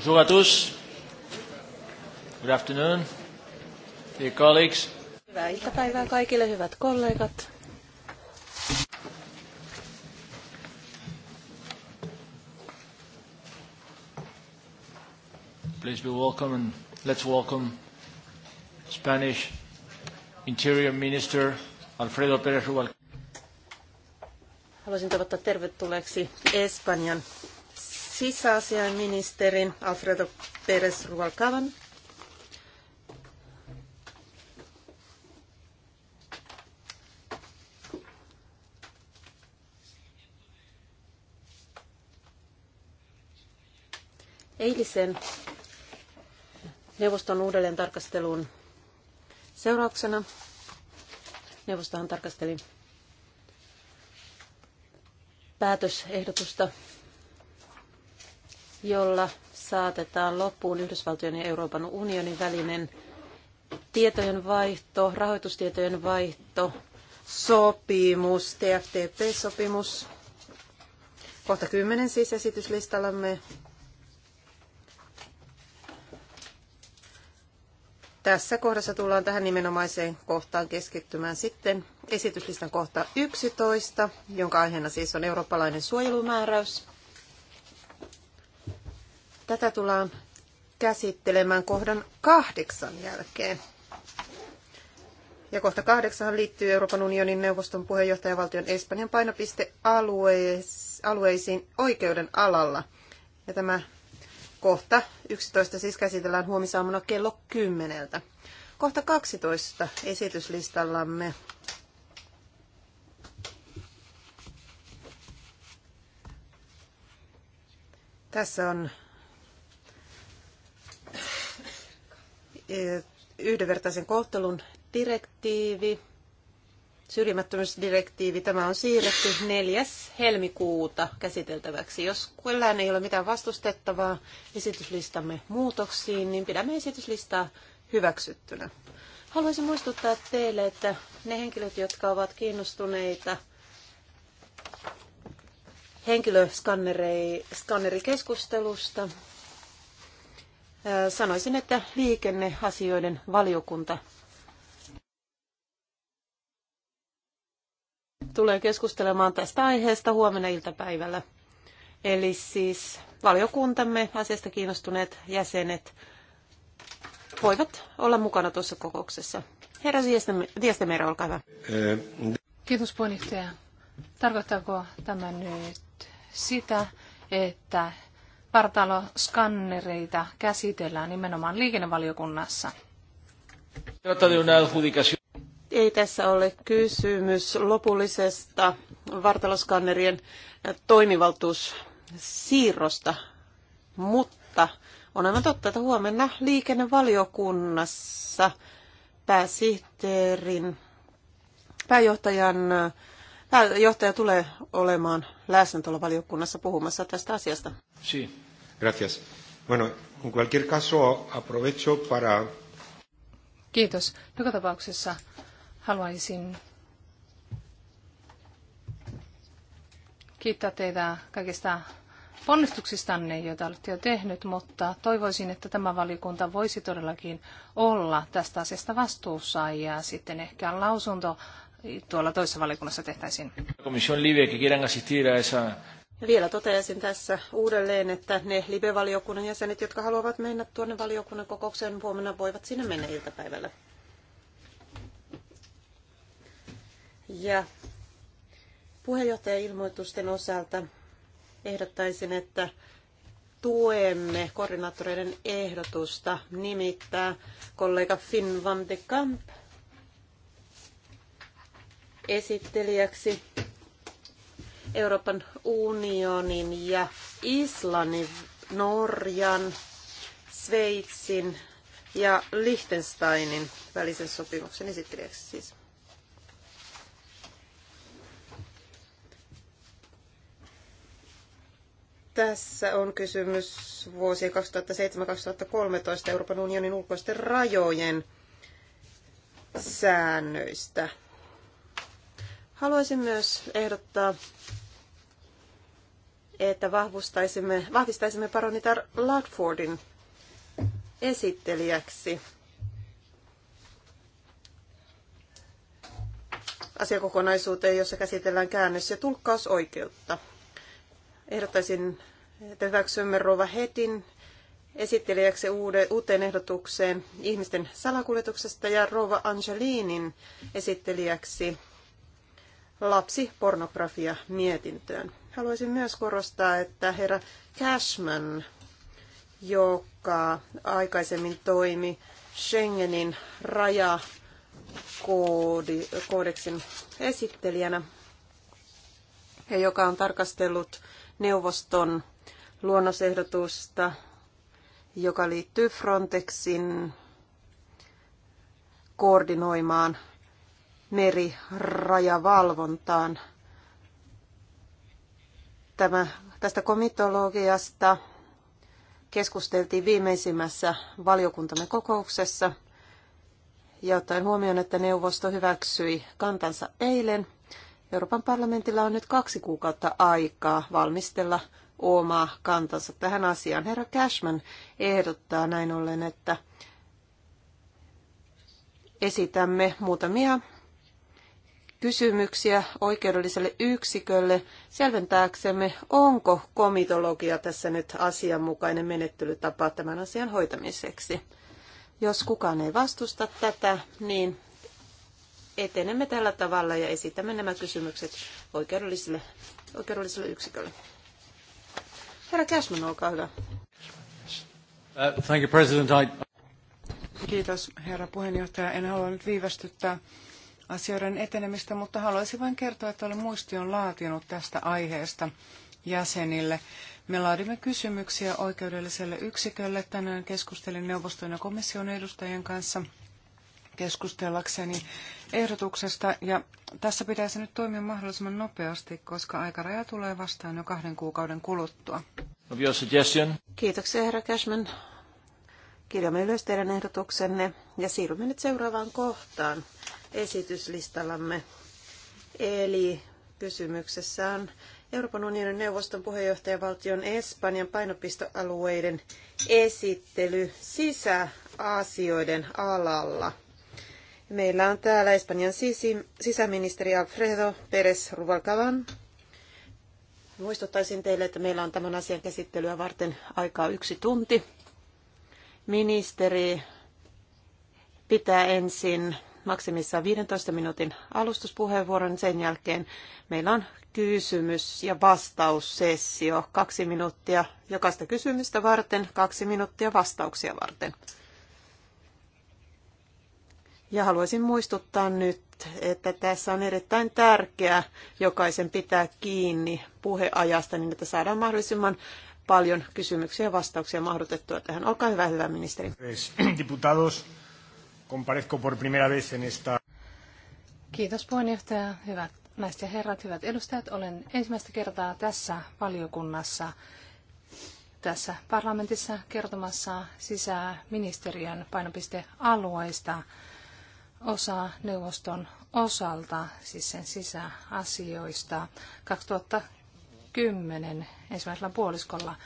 Bonjour à tous. Good afternoon. Dear colleagues. Hyvää iltapäivää kaikille hyvät kollegat. Please be welcome and let's welcome Spanish Interior Minister Alfredo Pérez Rubalcaba. Haluaisin toivottaa tervetulleeksi Espanjan sisäasiainministerin Alfredo Pérez Rualcavan. Eilisen neuvoston uudelleen tarkastelun seurauksena neuvostohan tarkasteli päätösehdotusta jolla saatetaan loppuun Yhdysvaltojen ja Euroopan unionin välinen tietojen vaihto, rahoitustietojen vaihto, sopimus, TFTP-sopimus. Kohta kymmenen siis esityslistallamme. Tässä kohdassa tullaan tähän nimenomaiseen kohtaan keskittymään sitten esityslistan kohta 11, jonka aiheena siis on eurooppalainen suojelumääräys. Tätä tullaan käsittelemään kohdan kahdeksan jälkeen. Ja kohta kahdeksan liittyy Euroopan unionin neuvoston puheenjohtajavaltion Espanjan painopistealueisiin oikeuden alalla. Ja tämä kohta 11 siis käsitellään huomisaamuna kello kymmeneltä. Kohta 12 esityslistallamme Tässä on yhdenvertaisen kohtelun direktiivi, syrjimättömyysdirektiivi, tämä on siirretty 4. helmikuuta käsiteltäväksi. Jos kellään ei ole mitään vastustettavaa esityslistamme muutoksiin, niin pidämme esityslistaa hyväksyttynä. Haluaisin muistuttaa teille, että ne henkilöt, jotka ovat kiinnostuneita henkilöskannerikeskustelusta, Sanoisin, että liikenneasioiden valiokunta tulee keskustelemaan tästä aiheesta huomenna iltapäivällä. Eli siis valiokuntamme asiasta kiinnostuneet jäsenet voivat olla mukana tuossa kokouksessa. Herra Diestemere, olkaa hyvä. Kiitos puheenjohtaja. Tarkoittaako tämä nyt sitä, että partaloskannereita käsitellään nimenomaan liikennevaliokunnassa. Ei tässä ole kysymys lopullisesta vartaloskannerien äh, toimivaltuussiirrosta, mutta on aivan totta, että huomenna liikennevaliokunnassa pääsihteerin pääjohtajan äh, pääjohtaja tulee olemaan läsnä tuolla valiokunnassa puhumassa tästä asiasta. Sí, gracias. Bueno, en cualquier caso aprovecho para... Kiitos. Joka tapauksessa haluaisin kiittää teitä kaikista ponnistuksistanne, joita olette jo tehnyt, mutta toivoisin, että tämä valiokunta voisi todellakin olla tästä asiasta vastuussa ja sitten ehkä lausunto tuolla toisessa valiokunnassa tehtäisiin. Komission live, que quieran esa vielä toteaisin tässä uudelleen, että ne live-valiokunnan jäsenet, jotka haluavat mennä tuonne valiokunnan kokoukseen huomenna, voivat sinne mennä iltapäivällä. Ja puheenjohtajan ilmoitusten osalta ehdottaisin, että tuemme koordinaattoreiden ehdotusta nimittää kollega Finn van de Kamp esittelijäksi Euroopan unionin ja Islannin, Norjan, Sveitsin ja Liechtensteinin välisen sopimuksen esittelijäksi siis. Tässä on kysymys vuosien 2007-2013 Euroopan unionin ulkoisten rajojen säännöistä. Haluaisin myös ehdottaa, että vahvistaisimme, vahvistaisimme paronitar Ludfordin esittelijäksi asiakokonaisuuteen, jossa käsitellään käännös- ja tulkkausoikeutta. Ehdottaisin, että hyväksymme Rova Hetin esittelijäksi uuteen ehdotukseen ihmisten salakuljetuksesta ja Rova Angelinin esittelijäksi lapsipornografia mietintöön. Haluaisin myös korostaa, että herra Cashman, joka aikaisemmin toimi Schengenin rajakoodeksin esittelijänä ja joka on tarkastellut neuvoston luonnosehdotusta, joka liittyy Frontexin koordinoimaan merirajavalvontaan. Tämä, tästä komitologiasta keskusteltiin viimeisimmässä valiokuntamme kokouksessa. Ja ottaen huomioon, että neuvosto hyväksyi kantansa eilen, Euroopan parlamentilla on nyt kaksi kuukautta aikaa valmistella omaa kantansa tähän asiaan. Herra Cashman ehdottaa näin ollen, että esitämme muutamia kysymyksiä oikeudelliselle yksikölle selventääksemme, onko komitologia tässä nyt asianmukainen menettelytapa tämän asian hoitamiseksi. Jos kukaan ei vastusta tätä, niin etenemme tällä tavalla ja esitämme nämä kysymykset oikeudelliselle, oikeudelliselle yksikölle. Herra Käsman, olkaa hyvä. Uh, thank you, President. Kiitos, herra puheenjohtaja. En halua nyt viivästyttää asioiden etenemistä, mutta haluaisin vain kertoa, että olen muistion laatinut tästä aiheesta jäsenille. Me laadimme kysymyksiä oikeudelliselle yksikölle. Tänään keskustelin neuvoston ja komission edustajien kanssa keskustellakseni ehdotuksesta. Ja tässä pitäisi nyt toimia mahdollisimman nopeasti, koska aikaraja tulee vastaan jo kahden kuukauden kuluttua. Kiitoksia, herra Cashman. Kirjaamme ylös teidän ehdotuksenne. Ja siirrymme nyt seuraavaan kohtaan esityslistallamme. Eli kysymyksessä on Euroopan unionin neuvoston puheenjohtajavaltion Espanjan painopistoalueiden esittely sisäasioiden alalla. Meillä on täällä Espanjan sisäministeri Alfredo Pérez Rubalcaban. Muistuttaisin teille, että meillä on tämän asian käsittelyä varten aikaa yksi tunti. Ministeri pitää ensin maksimissaan 15 minuutin alustuspuheenvuoron. Sen jälkeen meillä on kysymys- ja vastaussessio. Kaksi minuuttia jokaista kysymystä varten, kaksi minuuttia vastauksia varten. Ja haluaisin muistuttaa nyt, että tässä on erittäin tärkeää jokaisen pitää kiinni puheajasta niin, että saadaan mahdollisimman paljon kysymyksiä ja vastauksia mahdotettua tähän. Olkaa hyvä, hyvä ministeri. Diputados. Comparezco por primera vez en esta... Kiitos puheenjohtaja. Hyvät naiset ja herrat, hyvät edustajat. Olen ensimmäistä kertaa tässä valiokunnassa, tässä parlamentissa kertomassa sisäministeriön painopistealueista osa neuvoston osalta, siis sen sisäasioista 2010 ensimmäisellä puoliskolla.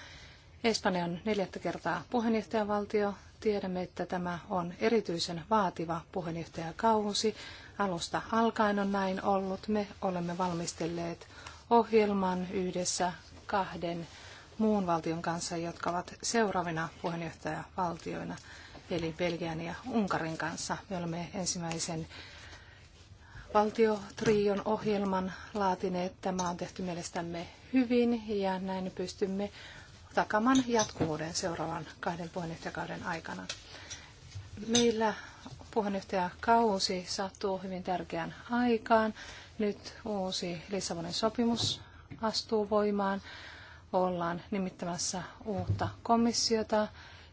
Espanja on neljättä kertaa puheenjohtajavaltio Tiedämme, että tämä on erityisen vaativa puheenjohtajakausi. Alusta alkaen on näin ollut. Me olemme valmistelleet ohjelman yhdessä kahden muun valtion kanssa, jotka ovat seuraavina puheenjohtajavaltioina, eli Belgian ja Unkarin kanssa. Me olemme ensimmäisen valtiotrion ohjelman laatineet. Tämä on tehty mielestämme hyvin ja näin pystymme takaman jatkuvuuden seuraavan kahden puheenjohtajakauden aikana. Meillä puheenjohtajakausi sattuu hyvin tärkeään aikaan. Nyt uusi Lissabonin sopimus astuu voimaan. Ollaan nimittämässä uutta komissiota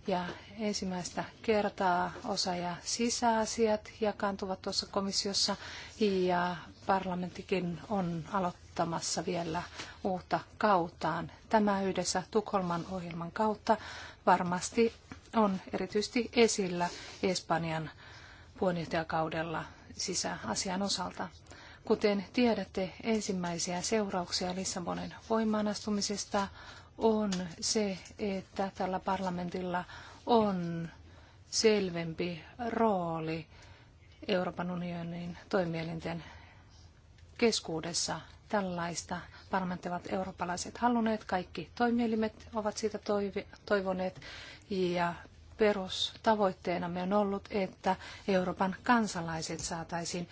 ja ensimmäistä kertaa osa- ja sisäasiat jakaantuvat tuossa komissiossa ja parlamenttikin on aloittanut aloittamassa vielä uutta kautaan. Tämä yhdessä Tukholman ohjelman kautta varmasti on erityisesti esillä Espanjan puheenjohtajakaudella sisäasian osalta. Kuten tiedätte, ensimmäisiä seurauksia Lissabonin voimaanastumisesta on se, että tällä parlamentilla on selvempi rooli Euroopan unionin toimielinten keskuudessa tällaista parlamenttivat ovat eurooppalaiset halunneet, kaikki toimielimet ovat siitä toivoneet ja me on ollut, että Euroopan kansalaiset saataisiin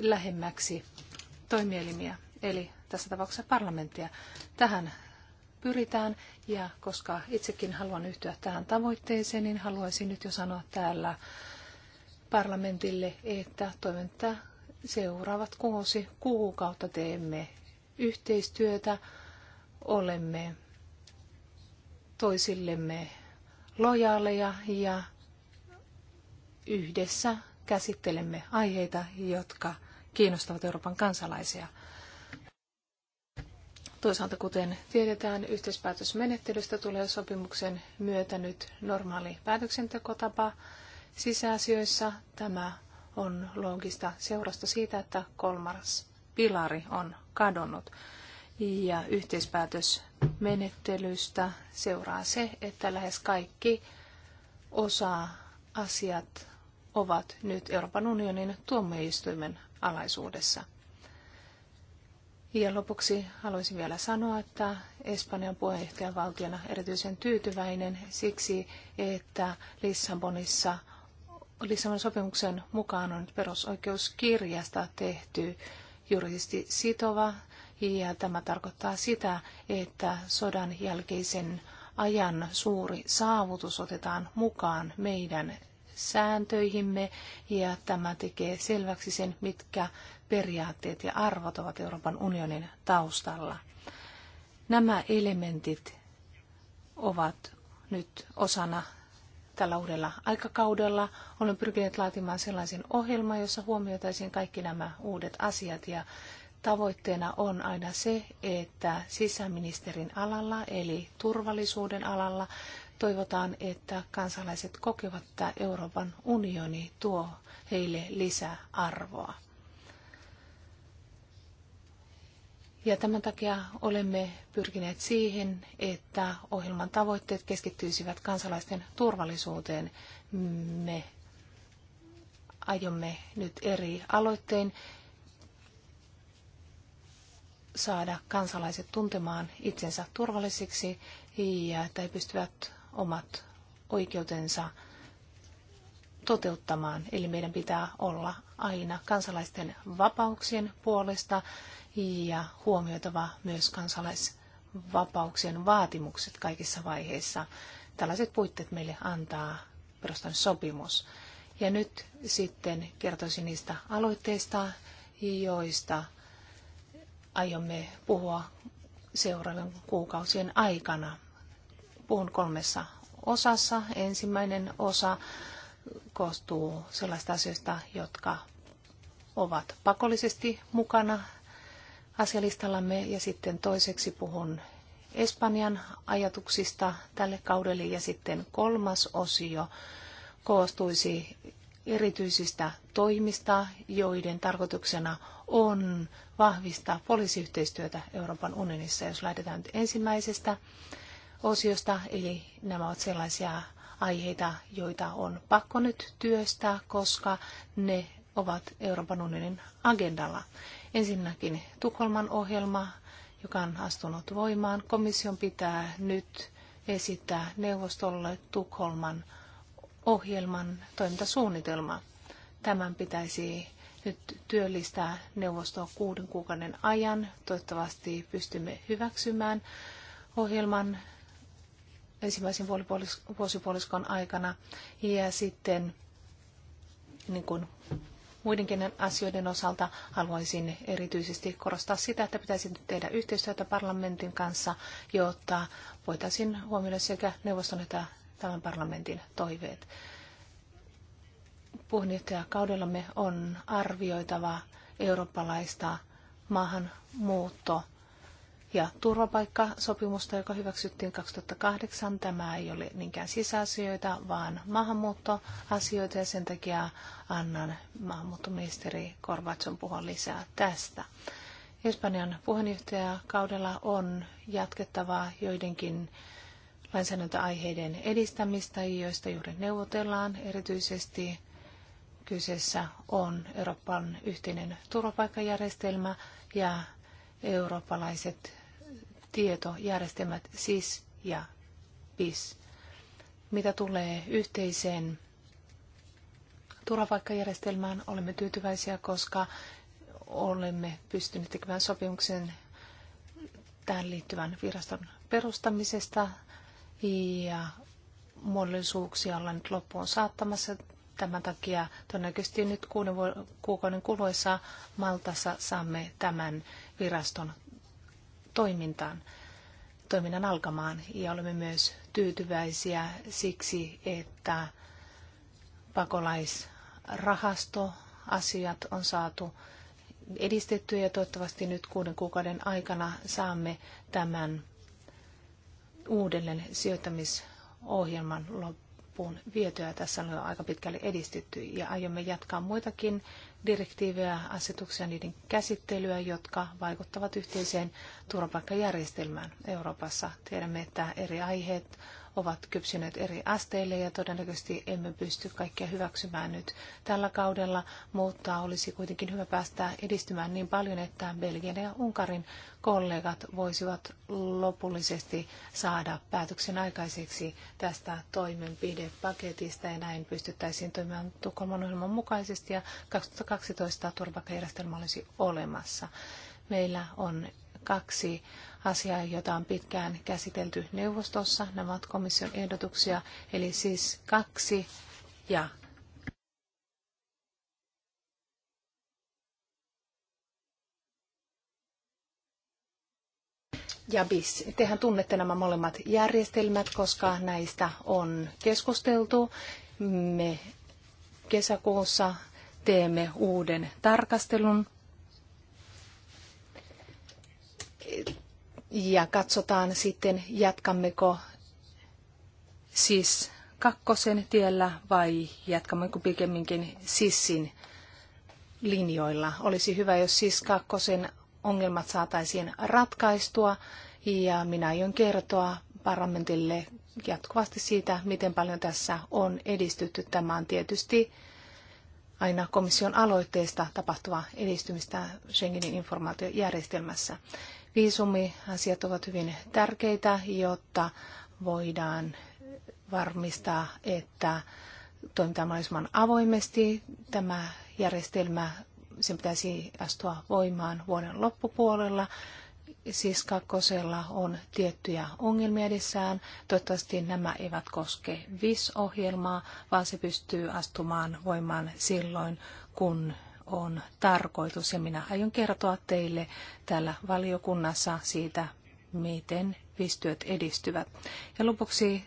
lähemmäksi toimielimiä, eli tässä tapauksessa parlamenttia. Tähän pyritään ja koska itsekin haluan yhtyä tähän tavoitteeseen, niin haluaisin nyt jo sanoa täällä parlamentille, että toimintaa Seuraavat kuusi kuukautta teemme yhteistyötä, olemme toisillemme lojaaleja ja yhdessä käsittelemme aiheita, jotka kiinnostavat Euroopan kansalaisia. Toisaalta, kuten tiedetään, yhteispäätösmenettelystä tulee sopimuksen myötä nyt normaali päätöksentekotapa sisäasioissa. Tämä on loogista seurasta siitä, että kolmas pilari on kadonnut. Ja yhteispäätösmenettelystä seuraa se, että lähes kaikki osa-asiat ovat nyt Euroopan unionin tuomioistuimen alaisuudessa. Ja lopuksi haluaisin vielä sanoa, että Espanjan valtiona erityisen tyytyväinen siksi, että Lissabonissa – Lissabonin sopimuksen mukaan on nyt perusoikeuskirjasta tehty juridisesti sitova, ja tämä tarkoittaa sitä, että sodan jälkeisen ajan suuri saavutus otetaan mukaan meidän sääntöihimme ja tämä tekee selväksi sen, mitkä periaatteet ja arvot ovat Euroopan unionin taustalla. Nämä elementit ovat nyt osana tällä uudella aikakaudella. Olen pyrkinyt laatimaan sellaisen ohjelman, jossa huomioitaisiin kaikki nämä uudet asiat ja tavoitteena on aina se, että sisäministerin alalla eli turvallisuuden alalla toivotaan, että kansalaiset kokevat, että Euroopan unioni tuo heille lisäarvoa. Ja tämän takia olemme pyrkineet siihen, että ohjelman tavoitteet keskittyisivät kansalaisten turvallisuuteen. Me aiomme nyt eri aloittein saada kansalaiset tuntemaan itsensä turvallisiksi ja että he pystyvät omat oikeutensa toteuttamaan. Eli meidän pitää olla aina kansalaisten vapauksien puolesta ja huomioitava myös kansalaisvapauksien vaatimukset kaikissa vaiheissa. Tällaiset puitteet meille antaa perustan sopimus. Ja nyt sitten kertoisin niistä aloitteista, joista aiomme puhua seuraavien kuukausien aikana. Puhun kolmessa osassa. Ensimmäinen osa koostuu sellaista asioista, jotka ovat pakollisesti mukana asialistallamme ja sitten toiseksi puhun Espanjan ajatuksista tälle kaudelle ja sitten kolmas osio koostuisi erityisistä toimista, joiden tarkoituksena on vahvistaa poliisiyhteistyötä Euroopan unionissa. Jos lähdetään nyt ensimmäisestä osiosta, eli nämä ovat sellaisia aiheita, joita on pakko nyt työstää, koska ne ovat Euroopan unionin agendalla. Ensinnäkin Tukholman ohjelma, joka on astunut voimaan. Komission pitää nyt esittää neuvostolle Tukholman ohjelman toimintasuunnitelma. Tämän pitäisi nyt työllistää neuvostoa kuuden kuukauden ajan. Toivottavasti pystymme hyväksymään ohjelman ensimmäisen vuosipuoliskon aikana ja sitten niin kuin muidenkin asioiden osalta haluaisin erityisesti korostaa sitä, että pitäisi tehdä yhteistyötä parlamentin kanssa, jotta voitaisiin huomioida sekä neuvoston että tämän parlamentin toiveet. Puheenjohtajakaudellamme on arvioitava eurooppalaista maahanmuuttoa ja turvapaikkasopimusta, joka hyväksyttiin 2008. Tämä ei ole niinkään sisäasioita, vaan maahanmuuttoasioita ja sen takia annan maahanmuuttoministeri Korvatson puhua lisää tästä. Espanjan puheenjohtajakaudella on jatkettava joidenkin lainsäädäntöaiheiden edistämistä, joista juuri neuvotellaan. Erityisesti kyseessä on Euroopan yhteinen turvapaikkajärjestelmä ja eurooppalaiset tietojärjestelmät SIS ja PIS. Mitä tulee yhteiseen turvapaikkajärjestelmään, olemme tyytyväisiä, koska olemme pystyneet tekemään sopimuksen tähän liittyvän viraston perustamisesta ja mahdollisuuksia ollaan nyt loppuun saattamassa. Tämän takia todennäköisesti nyt kuuden kuukauden kuluessa Maltassa saamme tämän viraston toimintaan, toiminnan alkamaan. Ja olemme myös tyytyväisiä siksi, että pakolaisrahastoasiat on saatu edistettyä ja toivottavasti nyt kuuden kuukauden aikana saamme tämän uudelleen sijoittamisohjelman loppuun vietyä. Tässä on jo aika pitkälle edistytty ja aiomme jatkaa muitakin direktiivejä, asetuksia, niiden käsittelyä, jotka vaikuttavat yhteiseen turvapaikkajärjestelmään Euroopassa. Tiedämme, että eri aiheet ovat kypsyneet eri asteille ja todennäköisesti emme pysty kaikkia hyväksymään nyt tällä kaudella, mutta olisi kuitenkin hyvä päästä edistymään niin paljon, että Belgian ja Unkarin kollegat voisivat lopullisesti saada päätöksen aikaiseksi tästä toimenpidepaketista ja näin pystyttäisiin toimimaan Tukholman ohjelman mukaisesti ja 2012 turvapaikkajärjestelmä olisi olemassa. Meillä on kaksi asia, jota on pitkään käsitelty neuvostossa. Nämä ovat komission ehdotuksia, eli siis kaksi ja ja BIS. Tehän tunnette nämä molemmat järjestelmät, koska näistä on keskusteltu. Me kesäkuussa teemme uuden tarkastelun ja katsotaan sitten, jatkammeko siis kakkosen tiellä vai jatkammeko pikemminkin sissin linjoilla. Olisi hyvä, jos siis kakkosen ongelmat saataisiin ratkaistua ja minä aion kertoa parlamentille jatkuvasti siitä, miten paljon tässä on edistytty. Tämä on tietysti aina komission aloitteesta tapahtuva edistymistä Schengenin informaatiojärjestelmässä. Viisumiasiat ovat hyvin tärkeitä, jotta voidaan varmistaa, että toimitaan mahdollisimman avoimesti. Tämä järjestelmä, sen pitäisi astua voimaan vuoden loppupuolella. Siis kakkosella on tiettyjä ongelmia edessään. Toivottavasti nämä eivät koske VIS-ohjelmaa, vaan se pystyy astumaan voimaan silloin, kun on tarkoitus. Ja minä aion kertoa teille täällä valiokunnassa siitä, miten vistyöt edistyvät. Ja lopuksi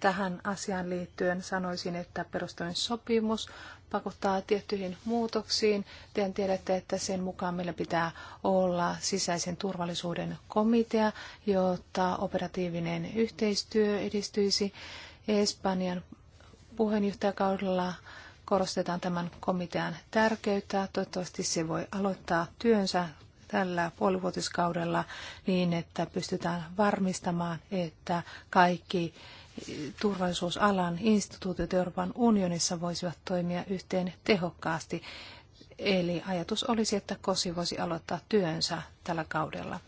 tähän asiaan liittyen sanoisin, että perustamissopimus pakottaa tiettyihin muutoksiin. Te tiedätte, että sen mukaan meillä pitää olla sisäisen turvallisuuden komitea, jotta operatiivinen yhteistyö edistyisi. Espanjan puheenjohtajakaudella korostetaan tämän komitean tärkeyttä. Toivottavasti se voi aloittaa työnsä tällä puolivuotiskaudella niin, että pystytään varmistamaan, että kaikki turvallisuusalan instituutiot Euroopan unionissa voisivat toimia yhteen tehokkaasti. Eli ajatus olisi, että KOSI voisi aloittaa työnsä tällä kaudella.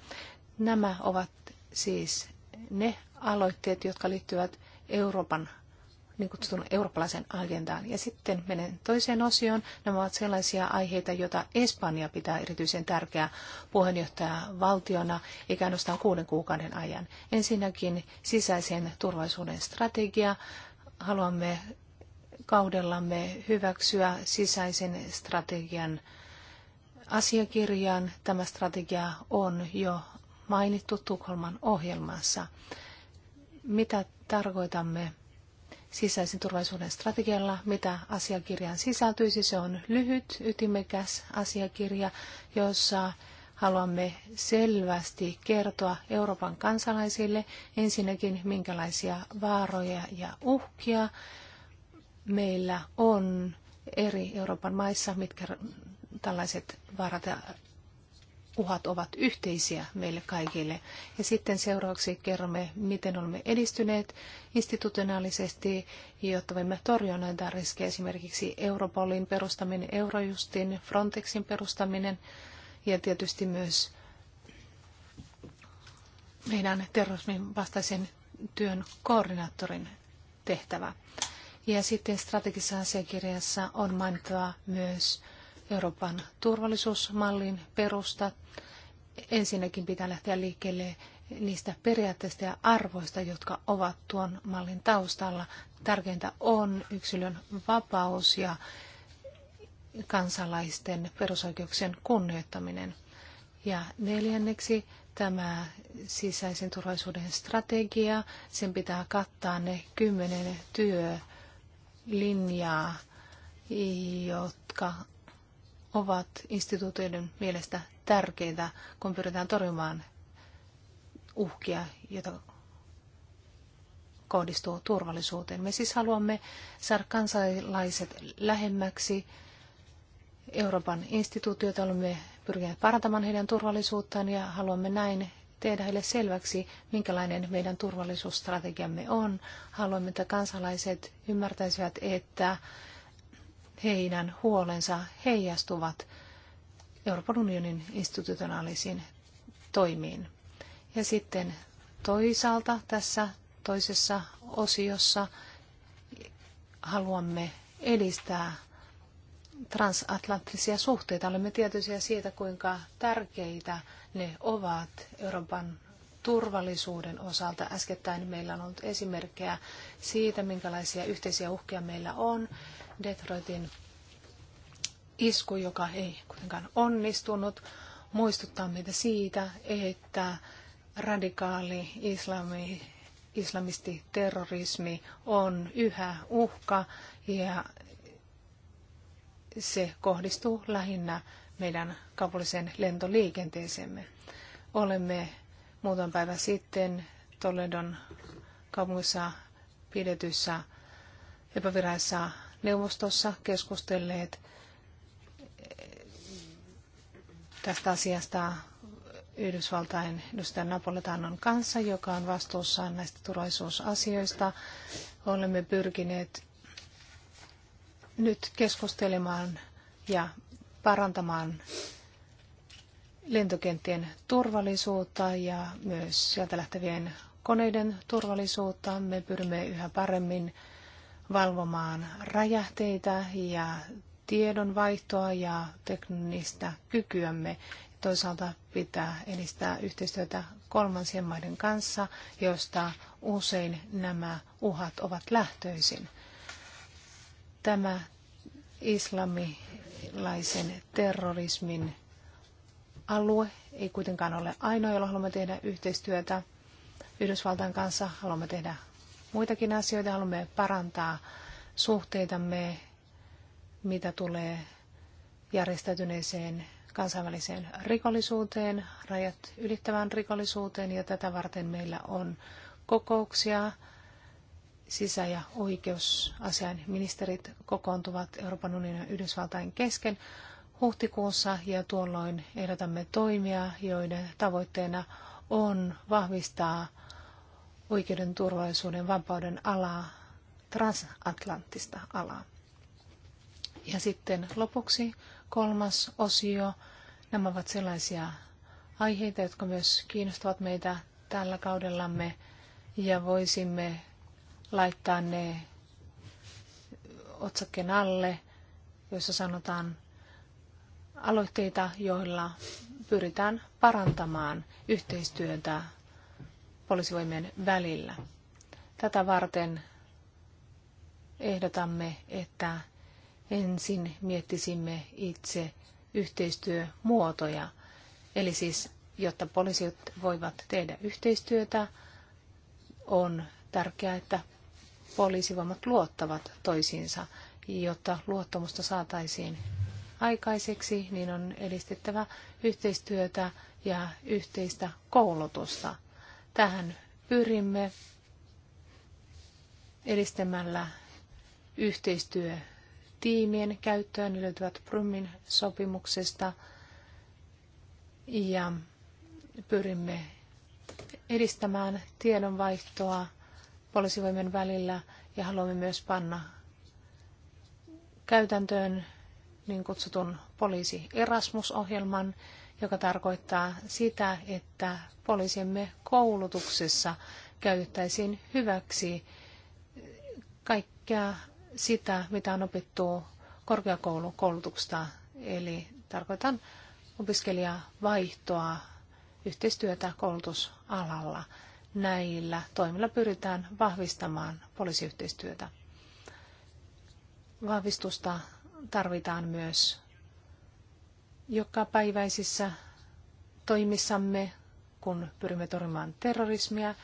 Nämä ovat siis ne aloitteet, jotka liittyvät Euroopan niin kutsutun eurooppalaisen agendaan. Ja sitten menen toiseen osioon. Nämä ovat sellaisia aiheita, joita Espanja pitää erityisen tärkeää valtiona, eikä ainoastaan kuuden kuukauden ajan. Ensinnäkin sisäisen turvallisuuden strategia. Haluamme kaudellamme hyväksyä sisäisen strategian asiakirjan. Tämä strategia on jo mainittu Tukholman ohjelmassa. Mitä tarkoitamme sisäisen turvallisuuden strategialla, mitä asiakirjaan sisältyisi. Se on lyhyt, ytimekäs asiakirja, jossa haluamme selvästi kertoa Euroopan kansalaisille ensinnäkin, minkälaisia vaaroja ja uhkia meillä on eri Euroopan maissa, mitkä tällaiset vaarat ja uhat ovat yhteisiä meille kaikille. Ja sitten seuraavaksi kerromme, miten olemme edistyneet institutionaalisesti, jotta voimme torjua näitä riskejä, esimerkiksi Europolin perustaminen, Eurojustin, Frontexin perustaminen ja tietysti myös meidän terrorismin vastaisen työn koordinaattorin tehtävä. Ja sitten strategisessa asiakirjassa on mainittava myös Euroopan turvallisuusmallin perusta. Ensinnäkin pitää lähteä liikkeelle niistä periaatteista ja arvoista, jotka ovat tuon mallin taustalla. Tärkeintä on yksilön vapaus ja kansalaisten perusoikeuksien kunnioittaminen. Ja neljänneksi tämä sisäisen turvallisuuden strategia, sen pitää kattaa ne kymmenen työlinjaa, jotka ovat instituutioiden mielestä tärkeitä, kun pyritään torjumaan uhkia, joita kohdistuu turvallisuuteen. Me siis haluamme saada kansalaiset lähemmäksi Euroopan instituutioita, olemme pyrkineet parantamaan heidän turvallisuuttaan ja haluamme näin tehdä heille selväksi, minkälainen meidän turvallisuusstrategiamme on. Haluamme, että kansalaiset ymmärtäisivät, että heidän huolensa heijastuvat Euroopan unionin institutionaalisiin toimiin. Ja sitten toisaalta tässä toisessa osiossa haluamme edistää transatlanttisia suhteita. Olemme tietoisia siitä, kuinka tärkeitä ne ovat Euroopan turvallisuuden osalta. Äskettäin meillä on ollut esimerkkejä siitä, minkälaisia yhteisiä uhkia meillä on. Detroitin isku, joka ei kuitenkaan onnistunut, muistuttaa meitä siitä, että radikaali islami, terrorismi on yhä uhka ja se kohdistuu lähinnä meidän kaupalliseen lentoliikenteeseemme. Olemme muutaman päivän sitten Toledon kaupungissa pidetyssä epävirallisessa neuvostossa keskustelleet tästä asiasta Yhdysvaltain edustajan Napoletanon kanssa, joka on vastuussaan näistä turvallisuusasioista. Olemme pyrkineet nyt keskustelemaan ja parantamaan lentokenttien turvallisuutta ja myös sieltä lähtevien koneiden turvallisuutta. Me pyrimme yhä paremmin valvomaan räjähteitä ja tiedonvaihtoa ja teknistä kykyämme. Toisaalta pitää edistää yhteistyötä kolmansien maiden kanssa, joista usein nämä uhat ovat lähtöisin. Tämä islamilaisen terrorismin alue ei kuitenkaan ole ainoa, jolla haluamme tehdä yhteistyötä. Yhdysvaltain kanssa haluamme tehdä muitakin asioita. Haluamme parantaa suhteitamme, mitä tulee järjestäytyneeseen kansainväliseen rikollisuuteen, rajat ylittävään rikollisuuteen ja tätä varten meillä on kokouksia. Sisä- ja oikeusasian ministerit kokoontuvat Euroopan unionin ja Yhdysvaltain kesken huhtikuussa ja tuolloin ehdotamme toimia, joiden tavoitteena on vahvistaa oikeuden, turvallisuuden, vapauden alaa, transatlanttista alaa. Ja sitten lopuksi kolmas osio. Nämä ovat sellaisia aiheita, jotka myös kiinnostavat meitä tällä kaudellamme ja voisimme laittaa ne otsakkeen alle, jossa sanotaan aloitteita, joilla pyritään parantamaan yhteistyötä poliisivoimien välillä. Tätä varten ehdotamme, että ensin miettisimme itse yhteistyömuotoja, eli siis jotta poliisit voivat tehdä yhteistyötä, on tärkeää, että poliisivoimat luottavat toisiinsa. Jotta luottamusta saataisiin aikaiseksi, niin on edistettävä yhteistyötä ja yhteistä koulutusta. Tähän pyrimme edistämällä yhteistyötiimien käyttöön. Ne löytyvät Prumin sopimuksesta ja pyrimme edistämään tiedonvaihtoa poliisivoimien välillä ja haluamme myös panna käytäntöön niin kutsutun poliisi Erasmus-ohjelman, joka tarkoittaa sitä, että poliisimme koulutuksessa käytettäisiin hyväksi kaikkea sitä, mitä on opittu korkeakoulukoulutuksesta. Eli tarkoitan opiskelijavaihtoa, yhteistyötä koulutusalalla. Näillä toimilla pyritään vahvistamaan poliisiyhteistyötä. Vahvistusta tarvitaan myös jokapäiväisissä toimissamme, kun pyrimme torjumaan terrorismia,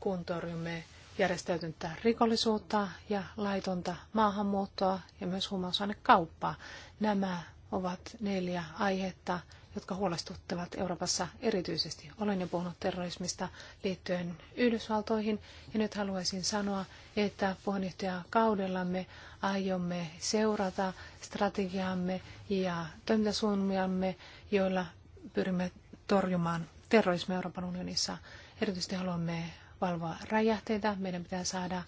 kun torjumme järjestäytynyttä rikollisuutta ja laitonta maahanmuuttoa ja myös huumausainekauppaa. Nämä ovat neljä aihetta, jotka huolestuttavat Euroopassa erityisesti. Olen jo puhunut terrorismista liittyen Yhdysvaltoihin ja nyt haluaisin sanoa, että puheenjohtajakaudellamme aiomme seurata strategiaamme ja toimintasuunnitelmiamme, joilla pyrimme torjumaan terrorismia Euroopan unionissa. Erityisesti haluamme valvoa räjähteitä. Meidän pitää saada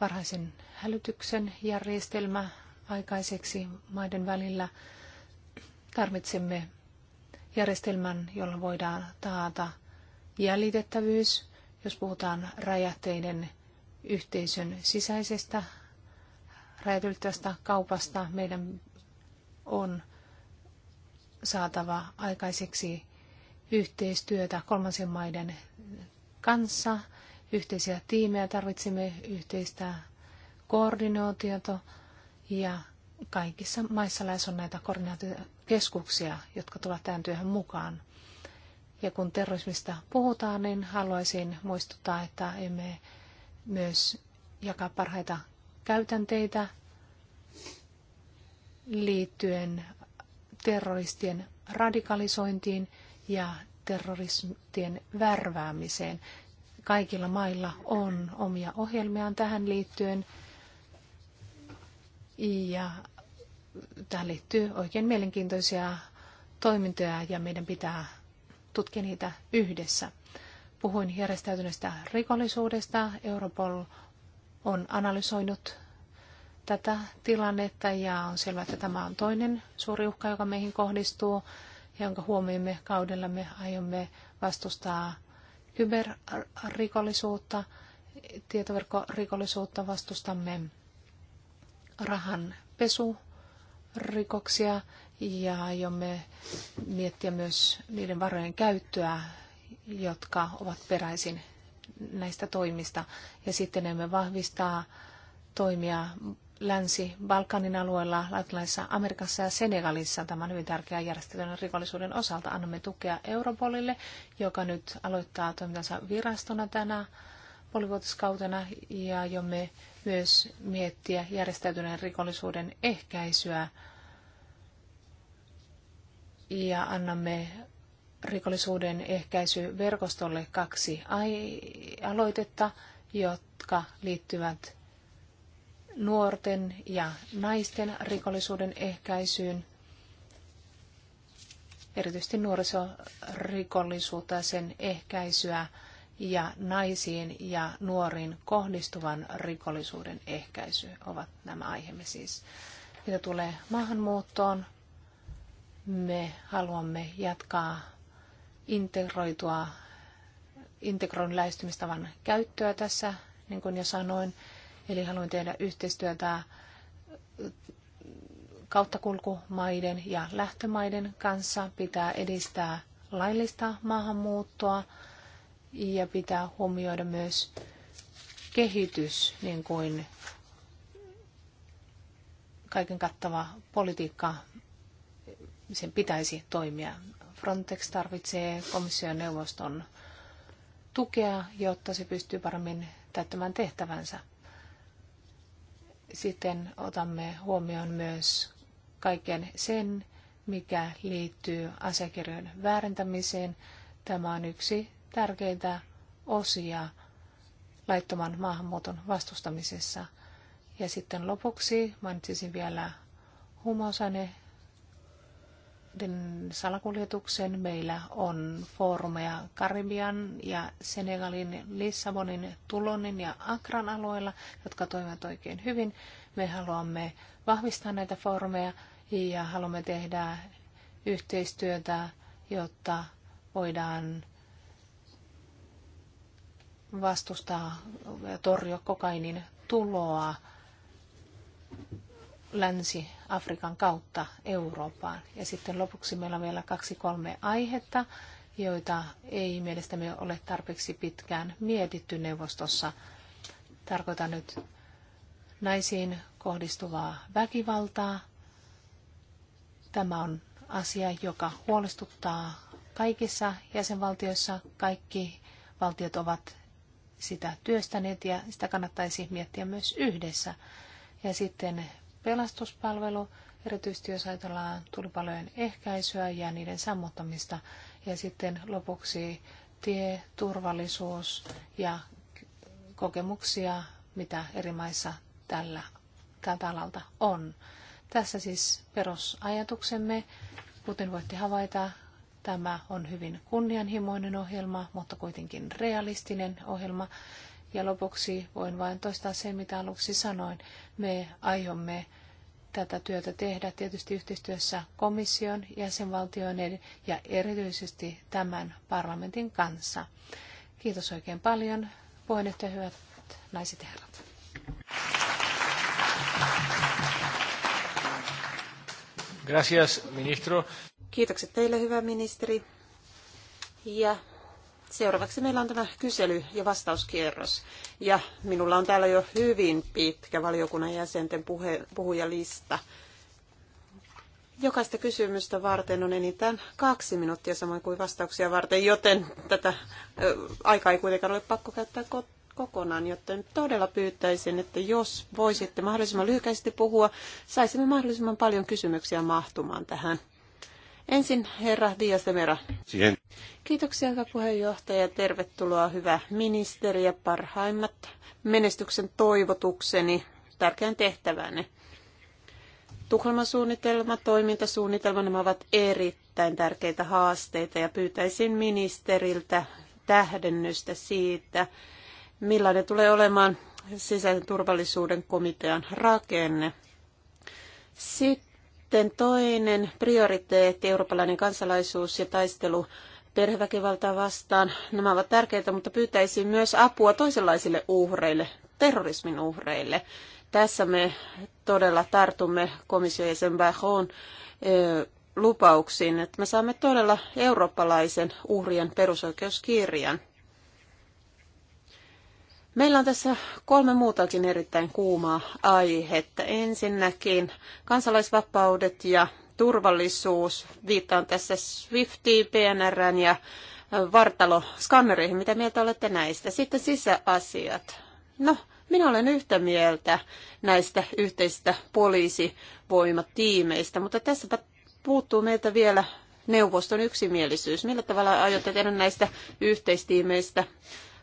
varhaisen hälytyksen järjestelmä aikaiseksi maiden välillä. Tarvitsemme järjestelmän, jolla voidaan taata jäljitettävyys, jos puhutaan räjähteiden yhteisön sisäisestä räjäytylittävästä kaupasta. Meidän on saatava aikaiseksi yhteistyötä kolmansien maiden kanssa, yhteisiä tiimejä, tarvitsemme yhteistä koordinaatiota ja kaikissa maissa lähes on näitä koordinaatiokeskuksia, jotka tulevat tämän työhön mukaan. Ja kun terrorismista puhutaan, niin haluaisin muistuttaa, että emme myös jakaa parhaita käytänteitä liittyen terroristien radikalisointiin ja terroristien värväämiseen. Kaikilla mailla on omia ohjelmiaan tähän liittyen ja tähän liittyy oikein mielenkiintoisia toimintoja ja meidän pitää tutkia niitä yhdessä. Puhuin järjestäytyneestä rikollisuudesta. Europol on analysoinut tätä tilannetta ja on selvää, että tämä on toinen suuri uhka, joka meihin kohdistuu, ja jonka huomioimme kaudella me aiomme vastustaa kyberrikollisuutta, tietoverkkorikollisuutta vastustamme rahan pesurikoksia ja aiomme miettiä myös niiden varojen käyttöä, jotka ovat peräisin näistä toimista. Ja sitten emme vahvistaa toimia Länsi-Balkanin alueella, Latinalaisessa Amerikassa ja Senegalissa. Tämä on hyvin tärkeää järjestetyn rikollisuuden osalta. Annamme tukea Europolille, joka nyt aloittaa toimintansa virastona tänä puolivuotiskautena ja jo me myös miettiä järjestäytyneen rikollisuuden ehkäisyä ja annamme rikollisuuden ehkäisyverkostolle kaksi aloitetta, jotka liittyvät nuorten ja naisten rikollisuuden ehkäisyyn, erityisesti nuorisorikollisuutta ja sen ehkäisyä ja naisiin ja nuoriin kohdistuvan rikollisuuden ehkäisy ovat nämä aiheemme siis. Mitä tulee maahanmuuttoon, me haluamme jatkaa integroitua, integroin lähestymistavan käyttöä tässä, niin kuin jo sanoin. Eli haluan tehdä yhteistyötä kauttakulkumaiden ja lähtömaiden kanssa. Pitää edistää laillista maahanmuuttoa ja pitää huomioida myös kehitys, niin kuin kaiken kattava politiikka, sen pitäisi toimia. Frontex tarvitsee komission neuvoston tukea, jotta se pystyy paremmin täyttämään tehtävänsä. Sitten otamme huomioon myös kaiken sen, mikä liittyy asiakirjojen väärentämiseen. Tämä on yksi tärkeitä osia laittoman maahanmuuton vastustamisessa. Ja sitten lopuksi mainitsisin vielä huumausaine salakuljetuksen. Meillä on foorumeja Karibian ja Senegalin, Lissabonin, Tulonin ja Akran alueilla, jotka toimivat oikein hyvin. Me haluamme vahvistaa näitä foorumeja ja haluamme tehdä yhteistyötä, jotta voidaan vastustaa ja torjua kokainin tuloa Länsi-Afrikan kautta Eurooppaan. Ja sitten lopuksi meillä on vielä kaksi kolme aihetta, joita ei mielestämme ole tarpeeksi pitkään mietitty neuvostossa. Tarkoitan nyt naisiin kohdistuvaa väkivaltaa. Tämä on asia, joka huolestuttaa kaikissa jäsenvaltioissa. Kaikki valtiot ovat sitä työstäneet ja sitä kannattaisi miettiä myös yhdessä. Ja sitten pelastuspalvelu, erityisesti jos ajatellaan tulipalojen ehkäisyä ja niiden sammuttamista. Ja sitten lopuksi turvallisuus ja kokemuksia, mitä eri maissa tällä, tältä alalta on. Tässä siis perusajatuksemme. Kuten voitte havaita, Tämä on hyvin kunnianhimoinen ohjelma, mutta kuitenkin realistinen ohjelma. Ja lopuksi voin vain toistaa sen, mitä aluksi sanoin. Me aiomme tätä työtä tehdä tietysti yhteistyössä komission, jäsenvaltioiden ja erityisesti tämän parlamentin kanssa. Kiitos oikein paljon. Puheenjohtaja, hyvät naiset ja herrat. Gracias, ministro. Kiitokset teille, hyvä ministeri. Ja seuraavaksi meillä on tämä kysely- ja vastauskierros. Ja minulla on täällä jo hyvin pitkä valiokunnan jäsenten puhe, puhujalista. Jokaista kysymystä varten on enintään kaksi minuuttia samoin kuin vastauksia varten, joten tätä aikaa ei kuitenkaan ole pakko käyttää kokonaan, joten todella pyytäisin, että jos voisitte mahdollisimman lyhykäisesti puhua, saisimme mahdollisimman paljon kysymyksiä mahtumaan tähän. Ensin herra Dias de Mera. Siihen. Kiitoksia hyvä puheenjohtaja. Tervetuloa hyvä ministeri ja parhaimmat menestyksen toivotukseni tärkeän tehtävänne. Tukholman suunnitelma, toimintasuunnitelma, nämä ovat erittäin tärkeitä haasteita ja pyytäisin ministeriltä tähdennystä siitä, millainen tulee olemaan sisäisen turvallisuuden komitean rakenne. Sitten sitten toinen prioriteetti, eurooppalainen kansalaisuus ja taistelu perheväkivaltaa vastaan. Nämä ovat tärkeitä, mutta pyytäisin myös apua toisenlaisille uhreille, terrorismin uhreille. Tässä me todella tartumme komission jäsen Bajon lupauksiin, että me saamme todella eurooppalaisen uhrien perusoikeuskirjan. Meillä on tässä kolme muutakin erittäin kuumaa aihetta. Ensinnäkin kansalaisvapaudet ja turvallisuus. Viittaan tässä Swiftiin, PNRn ja vartaloskannereihin. Mitä mieltä olette näistä? Sitten sisäasiat. No, minä olen yhtä mieltä näistä yhteisistä poliisivoimatiimeistä, mutta tässä puuttuu meiltä vielä neuvoston yksimielisyys. Millä tavalla aiotte tehdä näistä yhteistiimeistä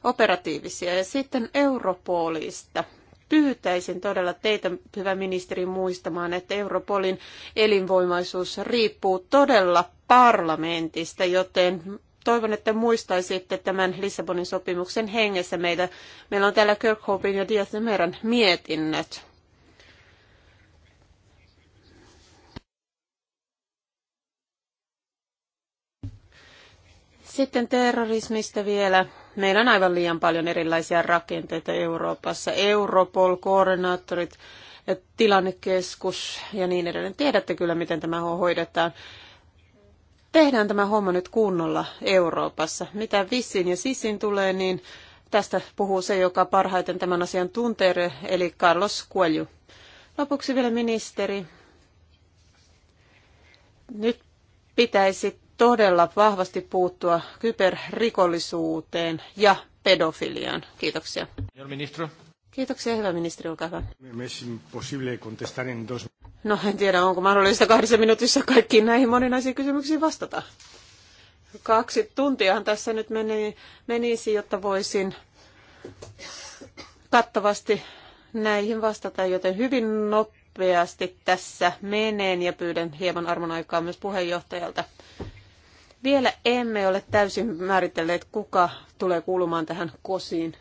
operatiivisia. Ja sitten Europolista. Pyytäisin todella teitä, hyvä ministeri, muistamaan, että Europolin elinvoimaisuus riippuu todella parlamentista, joten toivon, että muistaisitte tämän Lissabonin sopimuksen hengessä meitä. Meillä on täällä Kirkhopin ja Diaz Meran mietinnöt. Sitten terrorismista vielä. Meillä on aivan liian paljon erilaisia rakenteita Euroopassa. Europol, koordinaattorit, tilannekeskus ja niin edelleen. Tiedätte kyllä, miten tämä hoidetaan. Tehdään tämä homma nyt kunnolla Euroopassa. Mitä vissiin ja sisin tulee, niin tästä puhuu se, joka parhaiten tämän asian tuntee, eli Carlos Coelho. Lopuksi vielä ministeri. Nyt pitäisi todella vahvasti puuttua kyberrikollisuuteen ja pedofiliaan. Kiitoksia. Kiitoksia, hyvä ministeri, olkaa hyvä. No en tiedä, onko mahdollista kahdessa minuutissa kaikkiin näihin moninaisiin kysymyksiin vastata. Kaksi tuntiahan tässä nyt meni, menisi, jotta voisin kattavasti näihin vastata, joten hyvin nopeasti tässä meneen ja pyydän hieman armon aikaa myös puheenjohtajalta. Vielä emme ole täysin määritelleet, kuka tulee kuulumaan tähän kosiin.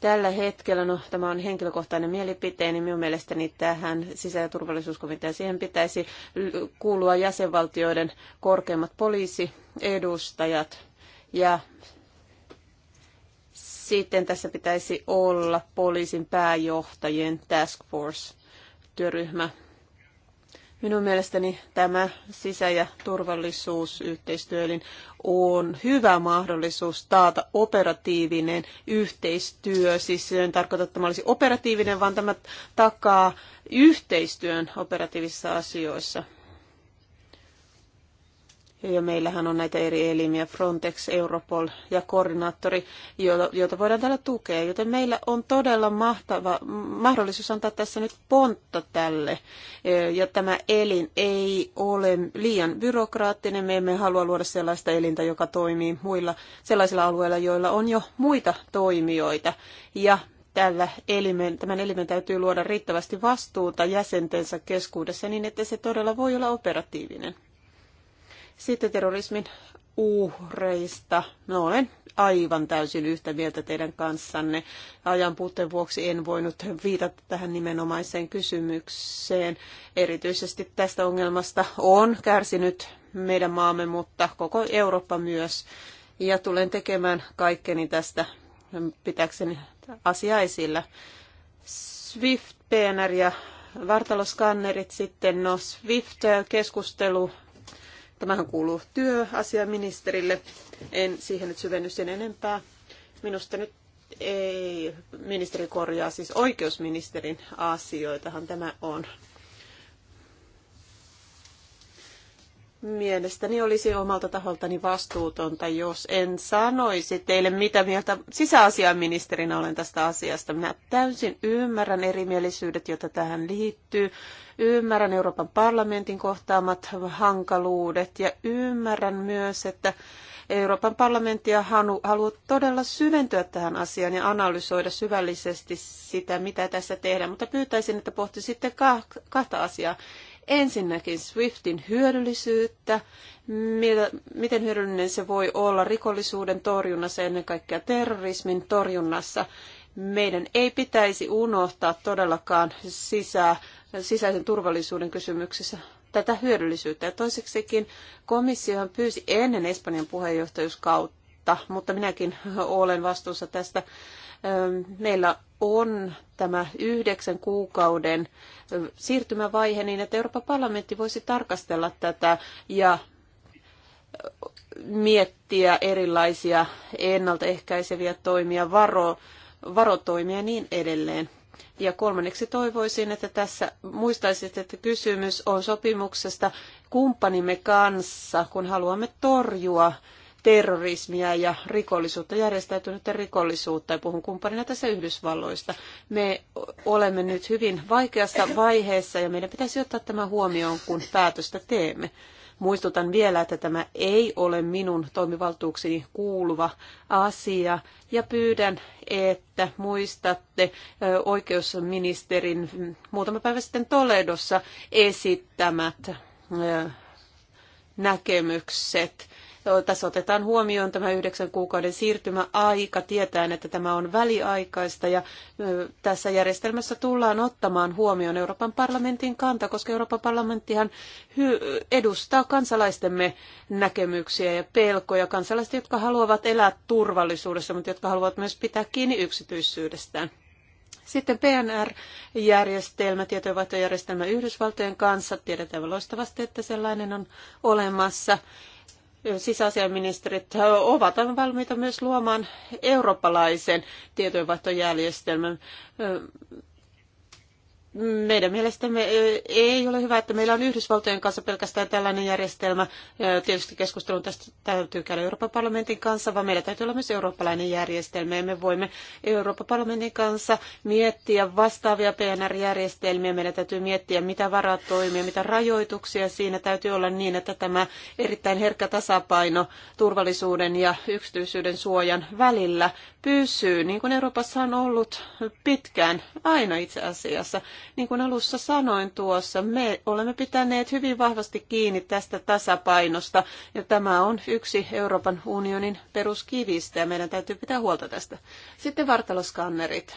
Tällä hetkellä, no tämä on henkilökohtainen mielipiteeni, niin minun mielestäni tähän sisä- ja turvallisuuskomiteaan siihen pitäisi kuulua jäsenvaltioiden korkeimmat poliisiedustajat ja sitten tässä pitäisi olla poliisin pääjohtajien task force työryhmä, Minun mielestäni tämä sisä- ja turvallisuusyhteistyölin on hyvä mahdollisuus taata operatiivinen yhteistyö. Siis ei tarkoita, että tämä olisi operatiivinen, vaan tämä takaa yhteistyön operatiivisissa asioissa. Ja meillähän on näitä eri elimiä, Frontex, Europol ja koordinaattori, joita voidaan täällä tukea. Joten meillä on todella mahtava mahdollisuus antaa tässä nyt pontta tälle. E, ja tämä elin ei ole liian byrokraattinen. Me emme halua luoda sellaista elintä, joka toimii muilla sellaisilla alueilla, joilla on jo muita toimijoita. Ja tällä elimen, tämän elimen täytyy luoda riittävästi vastuuta jäsentensä keskuudessa niin, että se todella voi olla operatiivinen. Sitten terrorismin uhreista. Mä no, olen aivan täysin yhtä mieltä teidän kanssanne. Ajan puutteen vuoksi en voinut viitata tähän nimenomaiseen kysymykseen. Erityisesti tästä ongelmasta on kärsinyt meidän maamme, mutta koko Eurooppa myös. Ja tulen tekemään kaikkeni tästä pitäkseni asia esillä. Swift, PNR ja vartaloskannerit sitten. No Swift-keskustelu Tämähän kuuluu työasiaministerille. En siihen nyt syvenny sen enempää. Minusta nyt ei, ministeri korjaa siis oikeusministerin asioitahan tämä on. Mielestäni olisi omalta taholtani vastuutonta, jos en sanoisi teille, mitä mieltä sisäasiaministerinä olen tästä asiasta. Minä täysin ymmärrän erimielisyydet, joita tähän liittyy. Ymmärrän Euroopan parlamentin kohtaamat hankaluudet ja ymmärrän myös, että Euroopan parlamentti ja Hanu haluaa todella syventyä tähän asiaan ja analysoida syvällisesti sitä, mitä tässä tehdään. Mutta pyytäisin, että pohtisitte kahta asiaa. Ensinnäkin SWIFTin hyödyllisyyttä, miten hyödyllinen se voi olla rikollisuuden torjunnassa, ennen kaikkea terrorismin torjunnassa. Meidän ei pitäisi unohtaa todellakaan sisä, sisäisen turvallisuuden kysymyksissä tätä hyödyllisyyttä. Ja toiseksikin komissiohan pyysi ennen Espanjan puheenjohtajuuskautta, mutta minäkin olen vastuussa tästä. Meillä on tämä yhdeksän kuukauden siirtymävaihe niin, että Euroopan parlamentti voisi tarkastella tätä ja miettiä erilaisia ennaltaehkäiseviä toimia, varo, varotoimia ja niin edelleen. Ja kolmanneksi toivoisin, että tässä muistaisitte, että kysymys on sopimuksesta kumppanimme kanssa, kun haluamme torjua terrorismia ja rikollisuutta, järjestäytynyttä rikollisuutta, ja puhun kumppanina tässä Yhdysvalloista. Me olemme nyt hyvin vaikeassa vaiheessa, ja meidän pitäisi ottaa tämä huomioon, kun päätöstä teemme. Muistutan vielä, että tämä ei ole minun toimivaltuuksiini kuuluva asia ja pyydän, että muistatte oikeusministerin muutama päivä sitten Toledossa esittämät näkemykset tässä otetaan huomioon tämä yhdeksän kuukauden siirtymäaika. tietäen, että tämä on väliaikaista ja tässä järjestelmässä tullaan ottamaan huomioon Euroopan parlamentin kanta, koska Euroopan parlamenttihan edustaa kansalaistemme näkemyksiä ja pelkoja. Kansalaiset, jotka haluavat elää turvallisuudessa, mutta jotka haluavat myös pitää kiinni yksityisyydestään. Sitten PNR-järjestelmä, tietojenvaihtojärjestelmä Yhdysvaltojen kanssa. Tiedetään loistavasti, että sellainen on olemassa sisäasiaministerit ovat aivan valmiita myös luomaan eurooppalaisen tietojenvaihtojärjestelmän meidän mielestämme ei ole hyvä, että meillä on Yhdysvaltojen kanssa pelkästään tällainen järjestelmä. Tietysti keskustelun tästä täytyy käydä Euroopan parlamentin kanssa, vaan meillä täytyy olla myös eurooppalainen järjestelmä. Ja me voimme Euroopan parlamentin kanssa miettiä vastaavia PNR-järjestelmiä. Meidän täytyy miettiä, mitä varat toimia, mitä rajoituksia siinä täytyy olla niin, että tämä erittäin herkkä tasapaino turvallisuuden ja yksityisyyden suojan välillä pysyy, niin kuin Euroopassa on ollut pitkään, aina itse asiassa. Niin kuin alussa sanoin tuossa, me olemme pitäneet hyvin vahvasti kiinni tästä tasapainosta, ja tämä on yksi Euroopan unionin peruskivistä, ja meidän täytyy pitää huolta tästä. Sitten vartaloskannerit.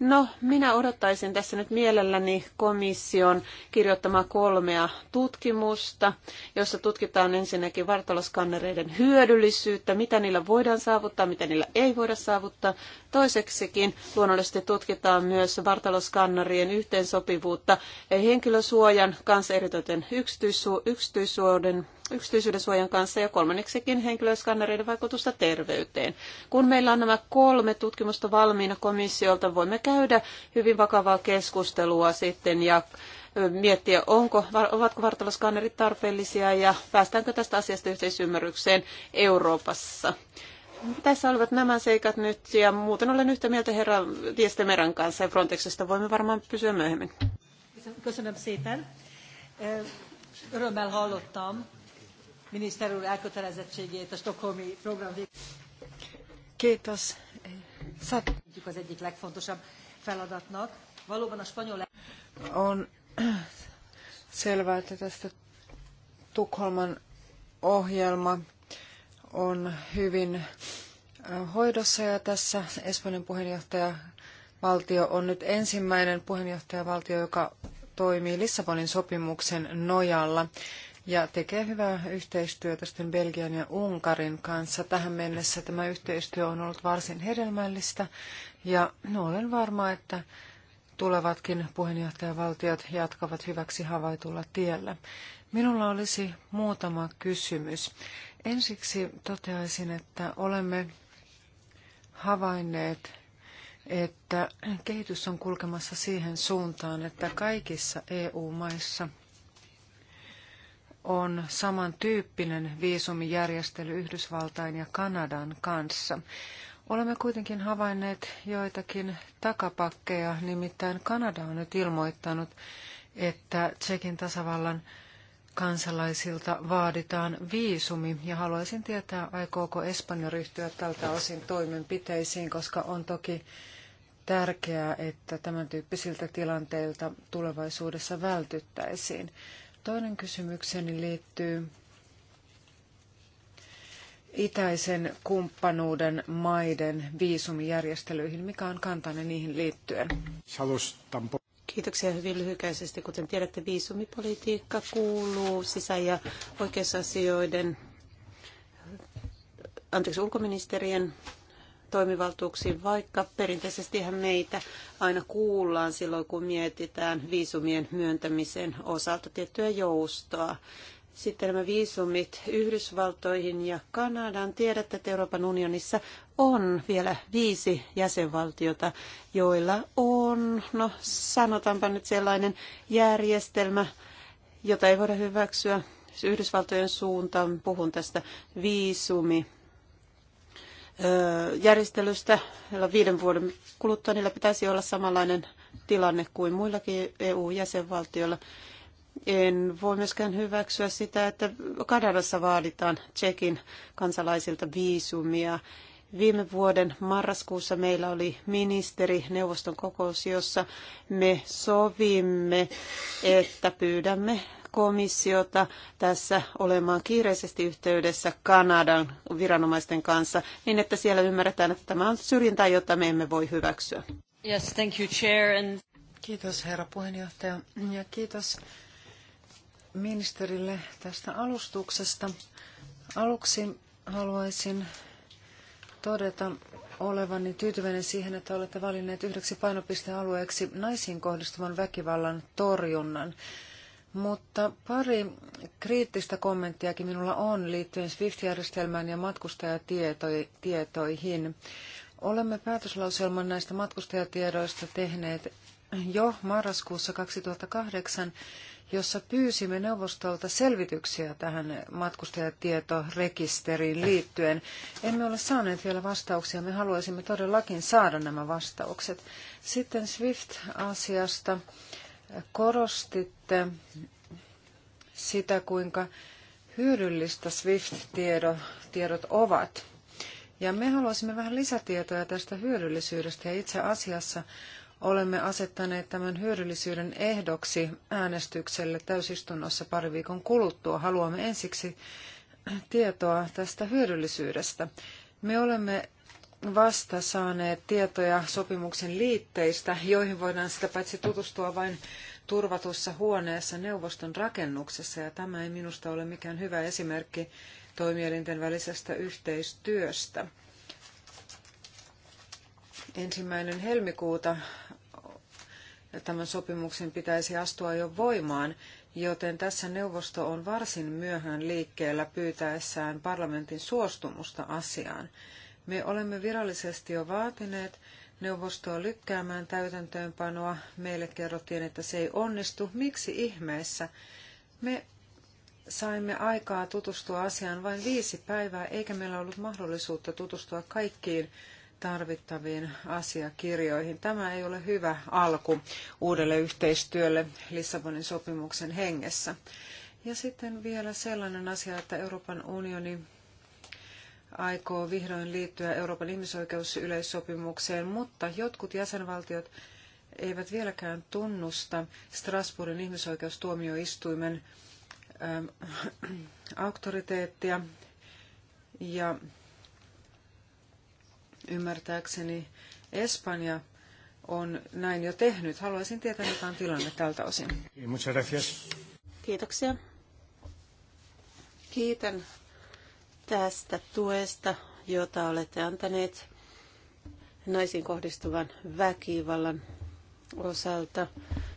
No, minä odottaisin tässä nyt mielelläni komission kirjoittamaa kolmea tutkimusta, jossa tutkitaan ensinnäkin vartaloskannereiden hyödyllisyyttä, mitä niillä voidaan saavuttaa, mitä niillä ei voida saavuttaa. Toiseksikin luonnollisesti tutkitaan myös vartaloskannarien yhteensopivuutta henkilösuojan kanssa eritoten yksityissu- yksityisuuden yksityisyyden suojan kanssa ja kolmanneksikin henkilöskannereiden vaikutusta terveyteen. Kun meillä on nämä kolme tutkimusta valmiina komissiolta, voimme käydä hyvin vakavaa keskustelua sitten ja miettiä, onko, ovatko vartaloskannerit tarpeellisia ja päästäänkö tästä asiasta yhteisymmärrykseen Euroopassa. Tässä olivat nämä seikat nyt ja muuten olen yhtä mieltä herra Viestemerän kanssa ja Frontexista voimme varmaan pysyä myöhemmin. Köszönöm szépen. Örömmel hallottam, miniszter úr elkötelezettségét a stokholmi program Kiitos. Az egyik legfontosabb feladatnak. Valóban a spanyol... On selvää, että tästä Tukholman ohjelma on hyvin hoidossa ja tässä Espanjan puheenjohtaja valtio on nyt ensimmäinen puheenjohtajavaltio, joka toimii Lissabonin sopimuksen nojalla ja tekee hyvää yhteistyötä sitten Belgian ja Unkarin kanssa. Tähän mennessä tämä yhteistyö on ollut varsin hedelmällistä ja olen varma, että tulevatkin puheenjohtajavaltiot jatkavat hyväksi havaitulla tiellä. Minulla olisi muutama kysymys. Ensiksi toteaisin, että olemme havainneet, että kehitys on kulkemassa siihen suuntaan, että kaikissa EU-maissa – on samantyyppinen viisumijärjestely Yhdysvaltain ja Kanadan kanssa. Olemme kuitenkin havainneet joitakin takapakkeja, nimittäin Kanada on nyt ilmoittanut, että Tsekin tasavallan kansalaisilta vaaditaan viisumi ja haluaisin tietää, aikooko Espanja ryhtyä tältä osin toimenpiteisiin, koska on toki tärkeää, että tämän tyyppisiltä tilanteilta tulevaisuudessa vältyttäisiin. Toinen kysymykseni liittyy itäisen kumppanuuden maiden viisumijärjestelyihin. Mikä on kantanne niihin liittyen? Kiitoksia hyvin lyhykäisesti. Kuten tiedätte, viisumipolitiikka kuuluu sisä- ja oikeusasioiden, anteeksi, ulkoministerien toimivaltuuksiin, vaikka perinteisestihän meitä aina kuullaan silloin, kun mietitään viisumien myöntämisen osalta tiettyä joustoa. Sitten nämä viisumit Yhdysvaltoihin ja Kanadaan. Tiedätte, että Euroopan unionissa on vielä viisi jäsenvaltiota, joilla on, no sanotaanpa nyt sellainen järjestelmä, jota ei voida hyväksyä Yhdysvaltojen suuntaan. Puhun tästä viisumi järjestelystä. Viiden vuoden kuluttua niillä pitäisi olla samanlainen tilanne kuin muillakin EU-jäsenvaltioilla. En voi myöskään hyväksyä sitä, että Kanadassa vaaditaan Tsekin kansalaisilta viisumia. Viime vuoden marraskuussa meillä oli ministerineuvoston kokous, jossa me sovimme, että pyydämme komissiota tässä olemaan kiireisesti yhteydessä Kanadan viranomaisten kanssa, niin että siellä ymmärretään, että tämä on syrjintää, jota me emme voi hyväksyä. Yes, thank you, chair, and... Kiitos herra puheenjohtaja ja kiitos ministerille tästä alustuksesta. Aluksi haluaisin todeta olevani tyytyväinen siihen, että olette valinneet yhdeksi painopistealueeksi naisiin kohdistuvan väkivallan torjunnan. Mutta pari kriittistä kommenttiakin minulla on liittyen SWIFT-järjestelmään ja matkustajatietoihin. Olemme päätöslauselman näistä matkustajatiedoista tehneet jo marraskuussa 2008, jossa pyysimme neuvostolta selvityksiä tähän matkustajatietorekisteriin liittyen. Emme ole saaneet vielä vastauksia, me haluaisimme todellakin saada nämä vastaukset. Sitten SWIFT-asiasta korostitte sitä, kuinka hyödyllistä SWIFT-tiedot ovat. Ja me haluaisimme vähän lisätietoja tästä hyödyllisyydestä ja itse asiassa olemme asettaneet tämän hyödyllisyyden ehdoksi äänestykselle täysistunnossa pari viikon kuluttua. Haluamme ensiksi tietoa tästä hyödyllisyydestä. Me olemme vasta saaneet tietoja sopimuksen liitteistä, joihin voidaan sitä paitsi tutustua vain turvatussa huoneessa neuvoston rakennuksessa, ja tämä ei minusta ole mikään hyvä esimerkki toimielinten välisestä yhteistyöstä. Ensimmäinen helmikuuta tämän sopimuksen pitäisi astua jo voimaan, joten tässä neuvosto on varsin myöhään liikkeellä pyytäessään parlamentin suostumusta asiaan. Me olemme virallisesti jo vaatineet neuvostoa lykkäämään täytäntöönpanoa. Meille kerrottiin, että se ei onnistu. Miksi ihmeessä? Me saimme aikaa tutustua asiaan vain viisi päivää, eikä meillä ollut mahdollisuutta tutustua kaikkiin tarvittaviin asiakirjoihin. Tämä ei ole hyvä alku uudelle yhteistyölle Lissabonin sopimuksen hengessä. Ja sitten vielä sellainen asia, että Euroopan unioni aikoo vihdoin liittyä Euroopan ihmisoikeusyleissopimukseen, mutta jotkut jäsenvaltiot eivät vieläkään tunnusta Strasbourgin ihmisoikeustuomioistuimen ähm, auktoriteettia. Ja ymmärtääkseni Espanja on näin jo tehnyt. Haluaisin tietää, mikä on tilanne tältä osin. Kiitoksia. Kiitän tästä tuesta, jota olette antaneet naisiin kohdistuvan väkivallan osalta.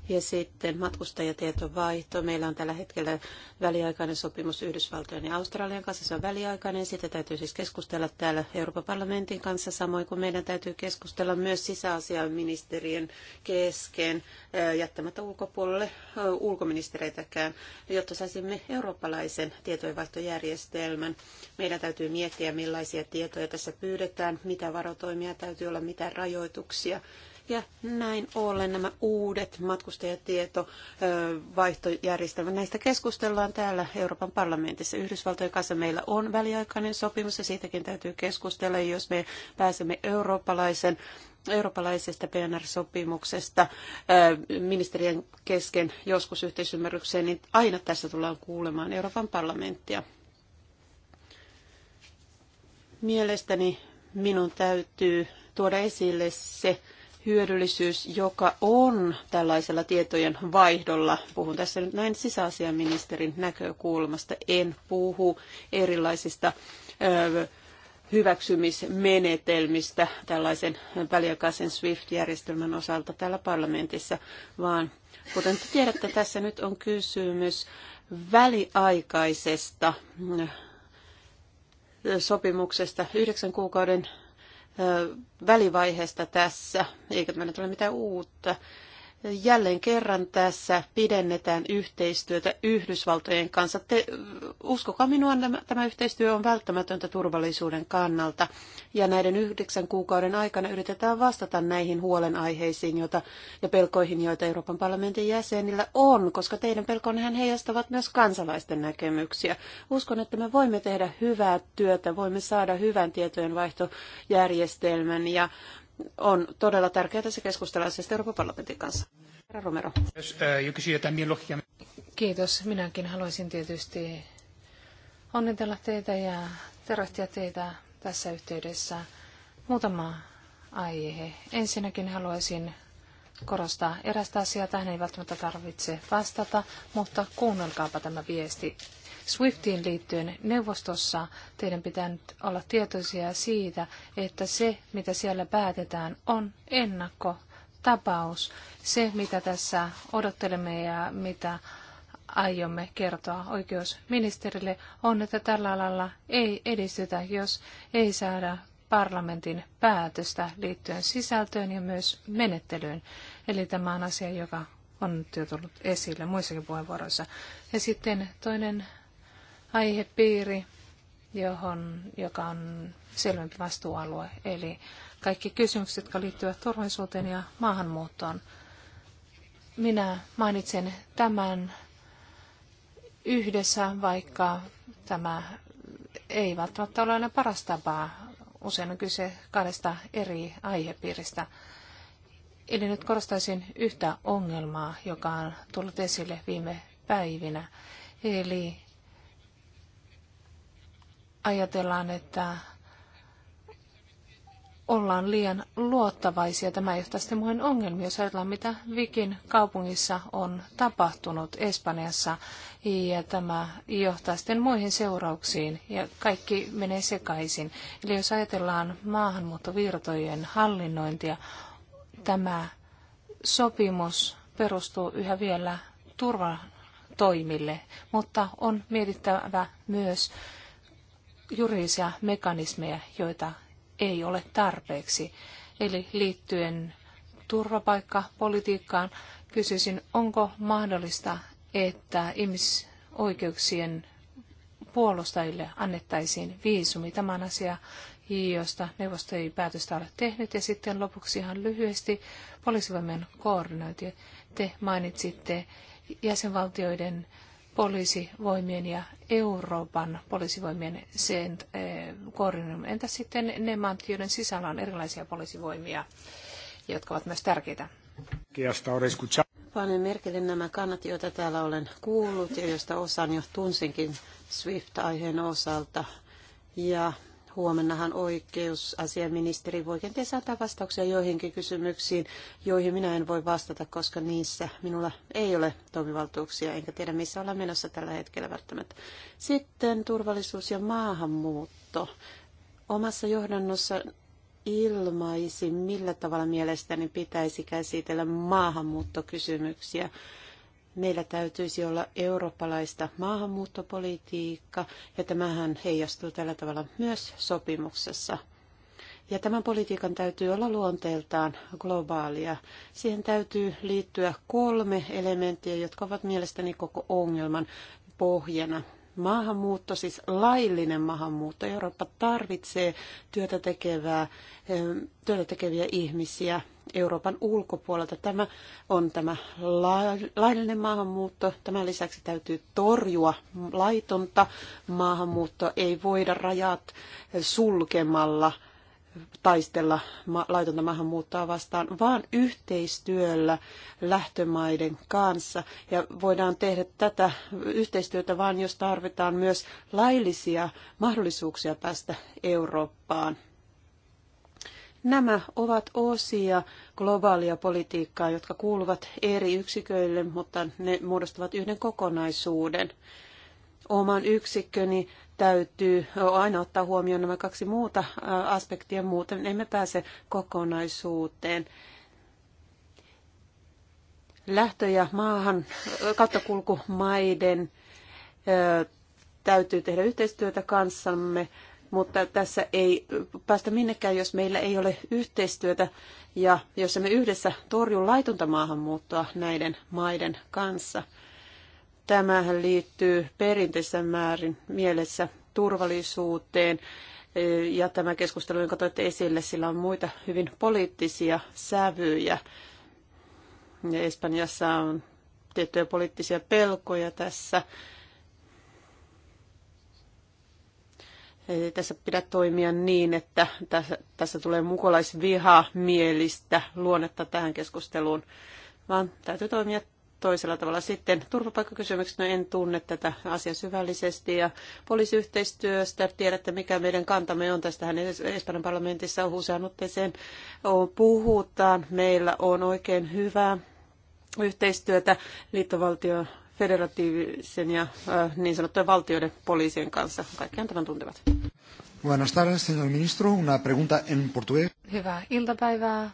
Ja sitten matkustajatietovaihto. Meillä on tällä hetkellä väliaikainen sopimus Yhdysvaltojen ja Australian kanssa. Se on väliaikainen. Sitä täytyy siis keskustella täällä Euroopan parlamentin kanssa, samoin kuin meidän täytyy keskustella myös sisäasiainministerien kesken, eh, jättämättä ulkopuolelle eh, ulkoministereitäkään, jotta saisimme eurooppalaisen tietojenvaihtojärjestelmän. Meidän täytyy miettiä, millaisia tietoja tässä pyydetään, mitä varotoimia täytyy olla, mitä rajoituksia ja näin ollen nämä uudet matkustajatietovaihtojärjestelmät, näistä keskustellaan täällä Euroopan parlamentissa. Yhdysvaltojen kanssa meillä on väliaikainen sopimus ja siitäkin täytyy keskustella, jos me pääsemme eurooppalaisen eurooppalaisesta PNR-sopimuksesta ministerien kesken joskus yhteisymmärrykseen, niin aina tässä tullaan kuulemaan Euroopan parlamenttia. Mielestäni minun täytyy tuoda esille se, hyödyllisyys, joka on tällaisella tietojen vaihdolla. Puhun tässä nyt näin sisäasiaministerin näkökulmasta. En puhu erilaisista hyväksymismenetelmistä tällaisen väliaikaisen SWIFT-järjestelmän osalta täällä parlamentissa, vaan kuten te tiedätte, tässä nyt on kysymys väliaikaisesta sopimuksesta yhdeksän kuukauden välivaiheesta tässä, eikä tämä tule ole mitään uutta. Jälleen kerran tässä pidennetään yhteistyötä Yhdysvaltojen kanssa. Te, uskokaa minua, tämä yhteistyö on välttämätöntä turvallisuuden kannalta. Ja näiden yhdeksän kuukauden aikana yritetään vastata näihin huolenaiheisiin joita, ja pelkoihin, joita Euroopan parlamentin jäsenillä on, koska teidän pelkonnehan heijastavat myös kansalaisten näkemyksiä. Uskon, että me voimme tehdä hyvää työtä, voimme saada hyvän tietojenvaihtojärjestelmän ja on todella tärkeää se keskustella asiasta Euroopan parlamentin kanssa. Herra Romero. Uh, Kiitos. Minäkin haluaisin tietysti onnitella teitä ja tervehtiä teitä tässä yhteydessä. Muutama aihe. Ensinnäkin haluaisin korostaa erästä asiaa. Tähän ei välttämättä tarvitse vastata, mutta kuunnelkaapa tämä viesti Swiftiin liittyen neuvostossa teidän pitää nyt olla tietoisia siitä, että se, mitä siellä päätetään, on tapaus, Se, mitä tässä odottelemme ja mitä aiomme kertoa oikeusministerille, on, että tällä alalla ei edistytä, jos ei saada parlamentin päätöstä liittyen sisältöön ja myös menettelyyn. Eli tämä on asia, joka on nyt jo tullut esille muissakin puheenvuoroissa. Ja sitten toinen aihepiiri, johon, joka on selvempi vastuualue, eli kaikki kysymykset, jotka liittyvät turvallisuuteen ja maahanmuuttoon. Minä mainitsen tämän yhdessä, vaikka tämä ei välttämättä ole aina paras tapa. Usein on kyse kahdesta eri aihepiiristä. Eli nyt korostaisin yhtä ongelmaa, joka on tullut esille viime päivinä, eli ajatellaan, että ollaan liian luottavaisia. Tämä johtaa sitten muihin ongelmiin, jos ajatellaan, mitä Vikin kaupungissa on tapahtunut Espanjassa. Ja tämä johtaa sitten muihin seurauksiin ja kaikki menee sekaisin. Eli jos ajatellaan maahanmuuttovirtojen hallinnointia, tämä sopimus perustuu yhä vielä turvatoimille, mutta on mietittävä myös juridisia mekanismeja, joita ei ole tarpeeksi. Eli liittyen turvapaikkapolitiikkaan kysyisin, onko mahdollista, että ihmisoikeuksien puolustajille annettaisiin viisumi. Tämä on asia, josta neuvosto ei päätöstä ole tehnyt. Ja sitten lopuksi ihan lyhyesti poliisivoimien koordinointi. Te mainitsitte jäsenvaltioiden poliisivoimien ja Euroopan poliisivoimien sen, eh, koordinoimaan. Entä sitten ne maat, joiden sisällä on erilaisia poliisivoimia, jotka ovat myös tärkeitä? Panen merkille nämä kannat, joita täällä olen kuullut ja joista osan jo tunsinkin SWIFT-aiheen osalta. Ja Huomennahan oikeusasiaministeri voi kenties antaa vastauksia joihinkin kysymyksiin, joihin minä en voi vastata, koska niissä minulla ei ole toimivaltuuksia, enkä tiedä missä ollaan menossa tällä hetkellä välttämättä. Sitten turvallisuus ja maahanmuutto. Omassa johdannossa ilmaisin, millä tavalla mielestäni pitäisi käsitellä maahanmuuttokysymyksiä meillä täytyisi olla eurooppalaista maahanmuuttopolitiikka, ja tämähän heijastuu tällä tavalla myös sopimuksessa. Ja tämän politiikan täytyy olla luonteeltaan globaalia. Siihen täytyy liittyä kolme elementtiä, jotka ovat mielestäni koko ongelman pohjana. Maahanmuutto, siis laillinen maahanmuutto. Eurooppa tarvitsee työtä, tekevää, työtä tekeviä ihmisiä Euroopan ulkopuolelta. Tämä on tämä laillinen maahanmuutto. Tämän lisäksi täytyy torjua laitonta maahanmuuttoa. Ei voida rajat sulkemalla taistella laitonta maahanmuuttoa vastaan, vaan yhteistyöllä lähtömaiden kanssa. Ja voidaan tehdä tätä yhteistyötä vain, jos tarvitaan myös laillisia mahdollisuuksia päästä Eurooppaan. Nämä ovat osia globaalia politiikkaa, jotka kuuluvat eri yksiköille, mutta ne muodostavat yhden kokonaisuuden. Oman yksikköni täytyy aina ottaa huomioon nämä kaksi muuta aspektia, muuten emme pääse kokonaisuuteen. Lähtö- ja maahan kattokulkumaiden täytyy tehdä yhteistyötä kanssamme, mutta tässä ei päästä minnekään, jos meillä ei ole yhteistyötä ja jos emme yhdessä torju laitonta maahanmuuttoa näiden maiden kanssa – Tämähän liittyy perinteisessä määrin mielessä turvallisuuteen. Ja tämä keskustelu, jonka toitte esille, sillä on muita hyvin poliittisia sävyjä. Ja Espanjassa on tiettyjä poliittisia pelkoja tässä. Ei tässä pidä toimia niin, että tässä, tässä tulee mukolaisviha mielistä luonnetta tähän keskusteluun, vaan täytyy toimia toisella tavalla. Sitten turvapaikkakysymykset, no en tunne tätä asiaa syvällisesti ja poliisiyhteistyöstä tiedätte mikä meidän kantamme on. Tästähän Espanjan parlamentissa on usean otteeseen puhutaan. Meillä on oikein hyvää yhteistyötä liittovaltio federatiivisen ja niin sanottujen valtioiden poliisien kanssa. Kaikkihan tämän tuntevat. Buenas tardes, señor ministro. Una pregunta en portugués. Hyvää iltapäivää,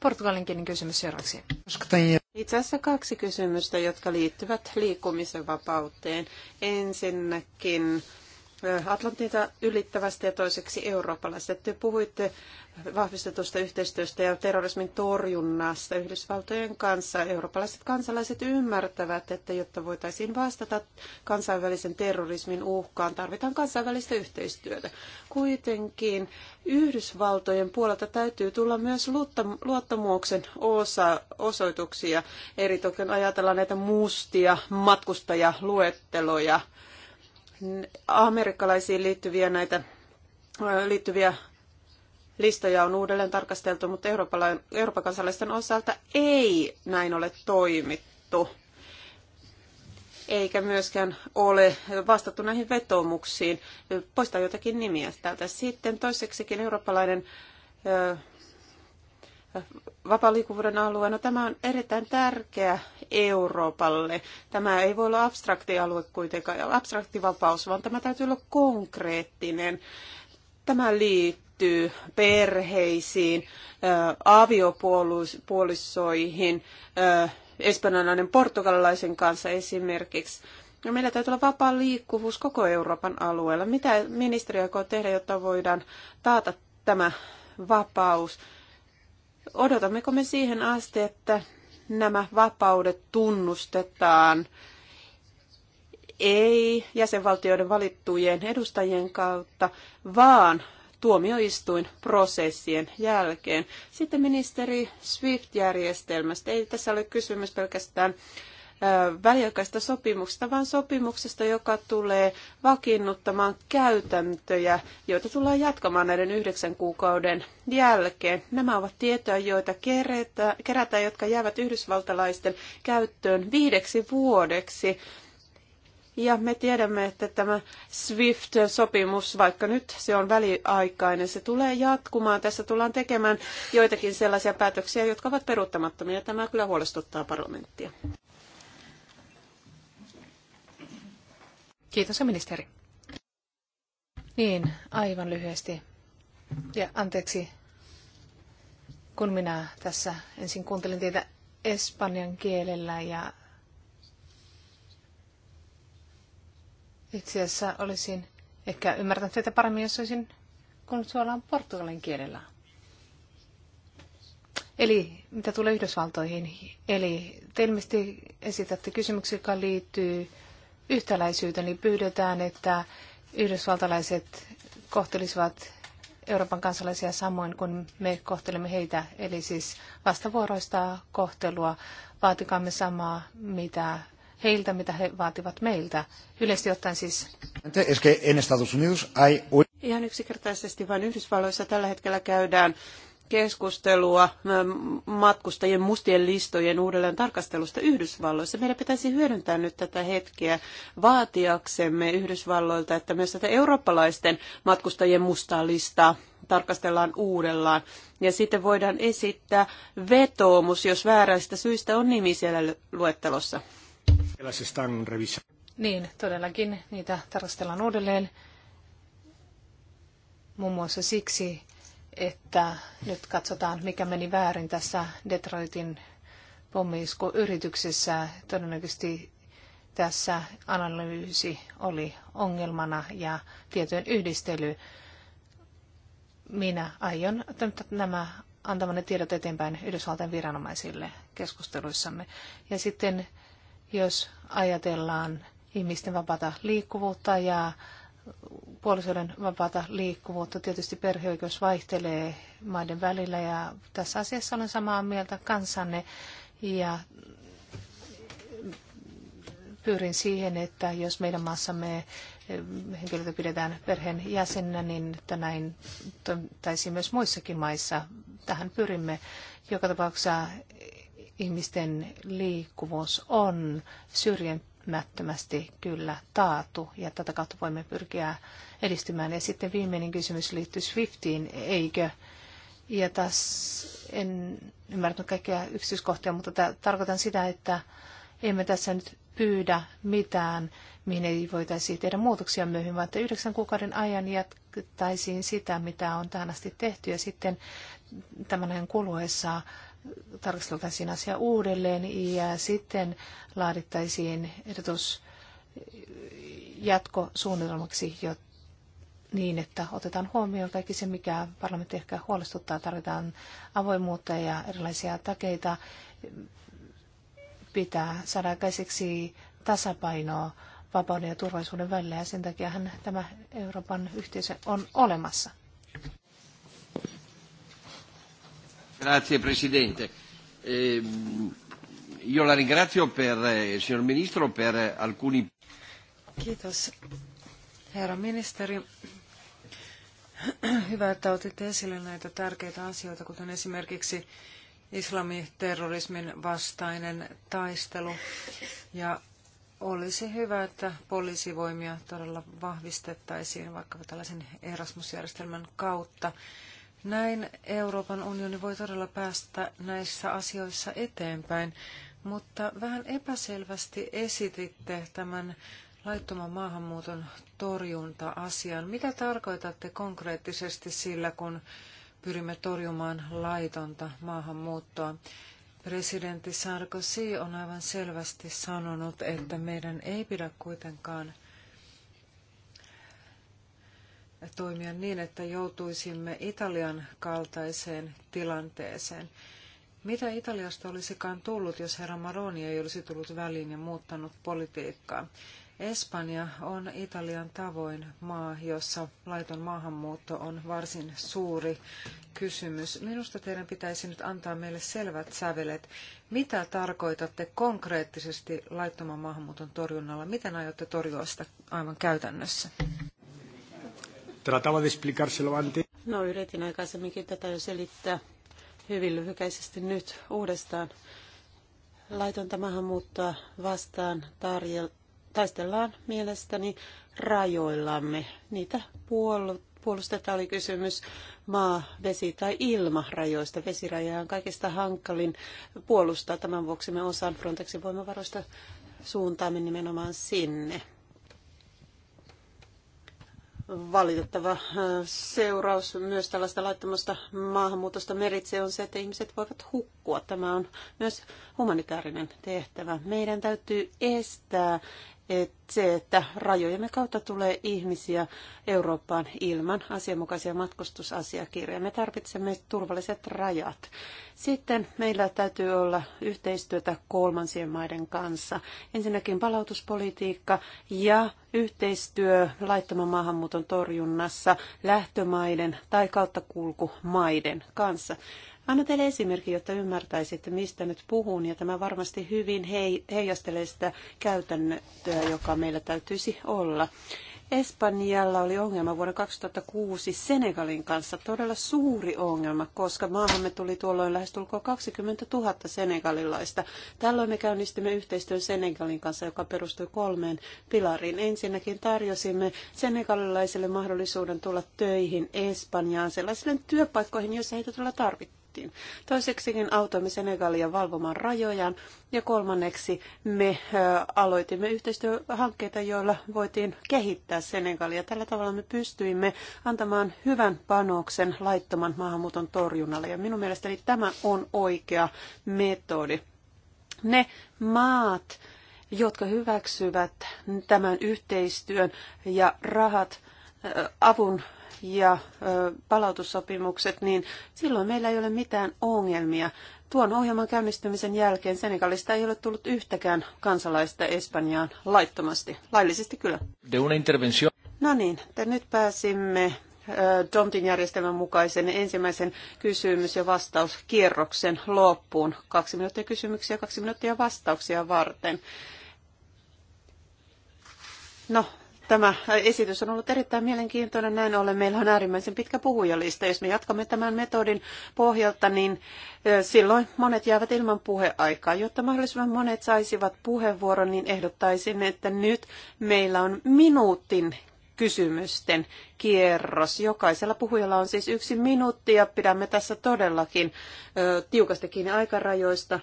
Portugalinkielinen kysymys seuraavaksi. Itse asiassa kaksi kysymystä, jotka liittyvät liikkumisen vapauteen. Ensinnäkin Atlantita ylittävästä ja toiseksi eurooppalaisesta. Te puhuitte vahvistetusta yhteistyöstä ja terrorismin torjunnasta Yhdysvaltojen kanssa. Eurooppalaiset kansalaiset ymmärtävät, että jotta voitaisiin vastata kansainvälisen terrorismin uhkaan, tarvitaan kansainvälistä yhteistyötä. Kuitenkin Yhdysvaltojen puolelta täytyy tulla myös luottamuksen osa, osoituksia. Eritoten ajatellaan näitä mustia matkustajaluetteloja. luetteloja amerikkalaisiin liittyviä näitä liittyviä listoja on uudelleen tarkasteltu, mutta Euroopan kansalaisten osalta ei näin ole toimittu. Eikä myöskään ole vastattu näihin vetoomuksiin. Poistaa jotakin nimiä täältä. Sitten toiseksikin eurooppalainen vapaan liikkuvuuden alue, no tämä on erittäin tärkeä Euroopalle. Tämä ei voi olla abstrakti alue kuitenkaan, abstrakti vapaus, vaan tämä täytyy olla konkreettinen. Tämä liittyy perheisiin, aviopuolisoihin, espanjalainen portugalilaisen kanssa esimerkiksi. No meillä täytyy olla vapaa liikkuvuus koko Euroopan alueella. Mitä ministeriö aikoo tehdä, jotta voidaan taata tämä vapaus? Odotammeko me siihen asti, että nämä vapaudet tunnustetaan ei jäsenvaltioiden valittujen edustajien kautta, vaan prosessien jälkeen. Sitten ministeri Swift-järjestelmästä. Ei tässä ole kysymys pelkästään väliaikaista sopimuksesta, vaan sopimuksesta, joka tulee vakiinnuttamaan käytäntöjä, joita tullaan jatkamaan näiden yhdeksän kuukauden jälkeen. Nämä ovat tietoja, joita kerätään, jotka jäävät yhdysvaltalaisten käyttöön viideksi vuodeksi. Ja me tiedämme, että tämä SWIFT-sopimus, vaikka nyt se on väliaikainen, se tulee jatkumaan. Tässä tullaan tekemään joitakin sellaisia päätöksiä, jotka ovat peruuttamattomia. Tämä kyllä huolestuttaa parlamenttia. Kiitos ministeri. Niin, aivan lyhyesti. Ja anteeksi, kun minä tässä ensin kuuntelin teitä espanjan kielellä ja itse asiassa olisin ehkä ymmärtänyt teitä paremmin, jos olisin kun suoraan portugalin kielellä. Eli mitä tulee Yhdysvaltoihin, eli te ilmeisesti esitätte kysymyksiä, joka liittyy yhtäläisyyttä, niin pyydetään, että yhdysvaltalaiset kohtelisivat Euroopan kansalaisia samoin kuin me kohtelemme heitä, eli siis vastavuoroista kohtelua, vaatikaamme samaa, mitä heiltä, mitä he vaativat meiltä. Yleisesti ottaen siis... Ihan yksinkertaisesti vain Yhdysvalloissa tällä hetkellä käydään keskustelua matkustajien mustien listojen uudelleen tarkastelusta Yhdysvalloissa. Meidän pitäisi hyödyntää nyt tätä hetkeä vaatiaksemme Yhdysvalloilta, että myös tätä eurooppalaisten matkustajien mustaa listaa tarkastellaan uudellaan. Ja sitten voidaan esittää vetoomus, jos vääräistä syistä on nimi siellä luettelossa. Niin, todellakin niitä tarkastellaan uudelleen. Muun muassa siksi, että nyt katsotaan, mikä meni väärin tässä Detroitin pommiiskuyrityksessä. Todennäköisesti tässä analyysi oli ongelmana ja tietojen yhdistely. Minä aion nämä antamanne tiedot eteenpäin Yhdysvaltain viranomaisille keskusteluissamme. Ja sitten jos ajatellaan ihmisten vapaata liikkuvuutta ja puolisoiden vapaata liikkuvuutta. Tietysti perheoikeus vaihtelee maiden välillä ja tässä asiassa olen samaa mieltä kansanne ja pyrin siihen, että jos meidän maassamme henkilöitä pidetään perheen jäsenenä, niin että näin toimittaisiin myös muissakin maissa. Tähän pyrimme. Joka tapauksessa ihmisten liikkuvuus on syrjen välttämättömästi kyllä taatu ja tätä kautta voimme pyrkiä edistymään. Ja sitten viimeinen kysymys liittyy Swiftiin, eikö? Ja taas en ymmärtänyt kaikkia yksityiskohtia, mutta tarkoitan sitä, että emme tässä nyt pyydä mitään, mihin ei voitaisi tehdä muutoksia myöhemmin, vaan että yhdeksän kuukauden ajan jatkettaisiin sitä, mitä on tähän asti tehty, ja sitten tämän ajan kuluessa tarkasteltaisiin asia uudelleen ja sitten laadittaisiin ehdotus jatkosuunnitelmaksi jo niin, että otetaan huomioon kaikki se, mikä parlamentti ehkä huolestuttaa. Tarvitaan avoimuutta ja erilaisia takeita. Pitää saada aikaiseksi tasapainoa vapauden ja turvallisuuden välillä ja sen takia tämä Euroopan yhteisö on olemassa. Grazie Presidente. Eh, io la ringrazio per, eh, signor Ministro, per alcuni... Kiitos, herra ministeri. Hyvä, että otitte esille näitä tärkeitä asioita, kuten esimerkiksi islamiterrorismin vastainen taistelu. Ja olisi hyvä, että poliisivoimia todella vahvistettaisiin vaikka tällaisen Erasmus-järjestelmän kautta. Näin Euroopan unioni voi todella päästä näissä asioissa eteenpäin, mutta vähän epäselvästi esititte tämän laittoman maahanmuuton torjunta-asian. Mitä tarkoitatte konkreettisesti sillä, kun pyrimme torjumaan laitonta maahanmuuttoa? Presidentti Sarkozy on aivan selvästi sanonut, että meidän ei pidä kuitenkaan – toimia niin, että joutuisimme Italian kaltaiseen tilanteeseen. Mitä Italiasta olisikaan tullut, jos herra Maroni ei olisi tullut väliin ja muuttanut politiikkaa? Espanja on Italian tavoin maa, jossa laiton maahanmuutto on varsin suuri kysymys. Minusta teidän pitäisi nyt antaa meille selvät sävelet. Mitä tarkoitatte konkreettisesti laittoman maahanmuuton torjunnalla? Miten aiotte torjua sitä aivan käytännössä? Trataba de explicárselo antes. No, yritin aikaisemminkin tätä jo selittää hyvin lyhykäisesti nyt uudestaan. Laitonta maahanmuuttoa vastaan tarjel, taistellaan mielestäni rajoillamme. Niitä puol- puolustetaan oli kysymys maa, vesi tai ilma rajoista. Vesiraja on kaikista hankalin puolustaa. Tämän vuoksi me osan Frontexin voimavaroista suuntaamme nimenomaan sinne valitettava äh, seuraus myös tällaista laittomasta maahanmuutosta meritse on se, että ihmiset voivat hukkua. Tämä on myös humanitaarinen tehtävä. Meidän täytyy estää että se, että rajojemme kautta tulee ihmisiä Eurooppaan ilman asianmukaisia matkustusasiakirjoja. Me tarvitsemme turvalliset rajat. Sitten meillä täytyy olla yhteistyötä kolmansien maiden kanssa. Ensinnäkin palautuspolitiikka ja yhteistyö laittoman maahanmuuton torjunnassa lähtömaiden tai kauttakulkumaiden kanssa. Anna teille esimerkki, jotta ymmärtäisitte, mistä nyt puhun, ja tämä varmasti hyvin heijastelee sitä käytäntöä, joka meillä täytyisi olla. Espanjalla oli ongelma vuonna 2006 Senegalin kanssa, todella suuri ongelma, koska maahamme tuli tuolloin lähestulkoon 20 000 senegalilaista. Tällöin me käynnistimme yhteistyön Senegalin kanssa, joka perustui kolmeen pilariin. Ensinnäkin tarjosimme senegalilaisille mahdollisuuden tulla töihin Espanjaan sellaisille työpaikkoihin, joissa heitä tulla tarvittiin Egyptiin. Toiseksikin niin autoimme Senegalia valvomaan rajojaan ja kolmanneksi me aloitimme yhteistyöhankkeita, joilla voitiin kehittää Senegalia. Tällä tavalla me pystyimme antamaan hyvän panoksen laittoman maahanmuuton torjunnalle ja minun mielestäni tämä on oikea metodi. Ne maat, jotka hyväksyvät tämän yhteistyön ja rahat, avun ja palautussopimukset, niin silloin meillä ei ole mitään ongelmia. Tuon ohjelman käynnistymisen jälkeen Senegalista ei ole tullut yhtäkään kansalaista Espanjaan laittomasti. Laillisesti kyllä. De una intervención. No niin, te nyt pääsimme Domtin järjestelmän mukaisen ensimmäisen kysymys- ja vastauskierroksen loppuun. Kaksi minuuttia kysymyksiä, kaksi minuuttia vastauksia varten. No, Tämä esitys on ollut erittäin mielenkiintoinen. Näin ollen meillä on äärimmäisen pitkä puhujalista. Jos me jatkamme tämän metodin pohjalta, niin silloin monet jäävät ilman puheaikaa. Jotta mahdollisimman monet saisivat puheenvuoron, niin ehdottaisin, että nyt meillä on minuutin kysymysten kierros. Jokaisella puhujalla on siis yksi minuutti ja pidämme tässä todellakin tiukastikin tiukasti kiinni aikarajoista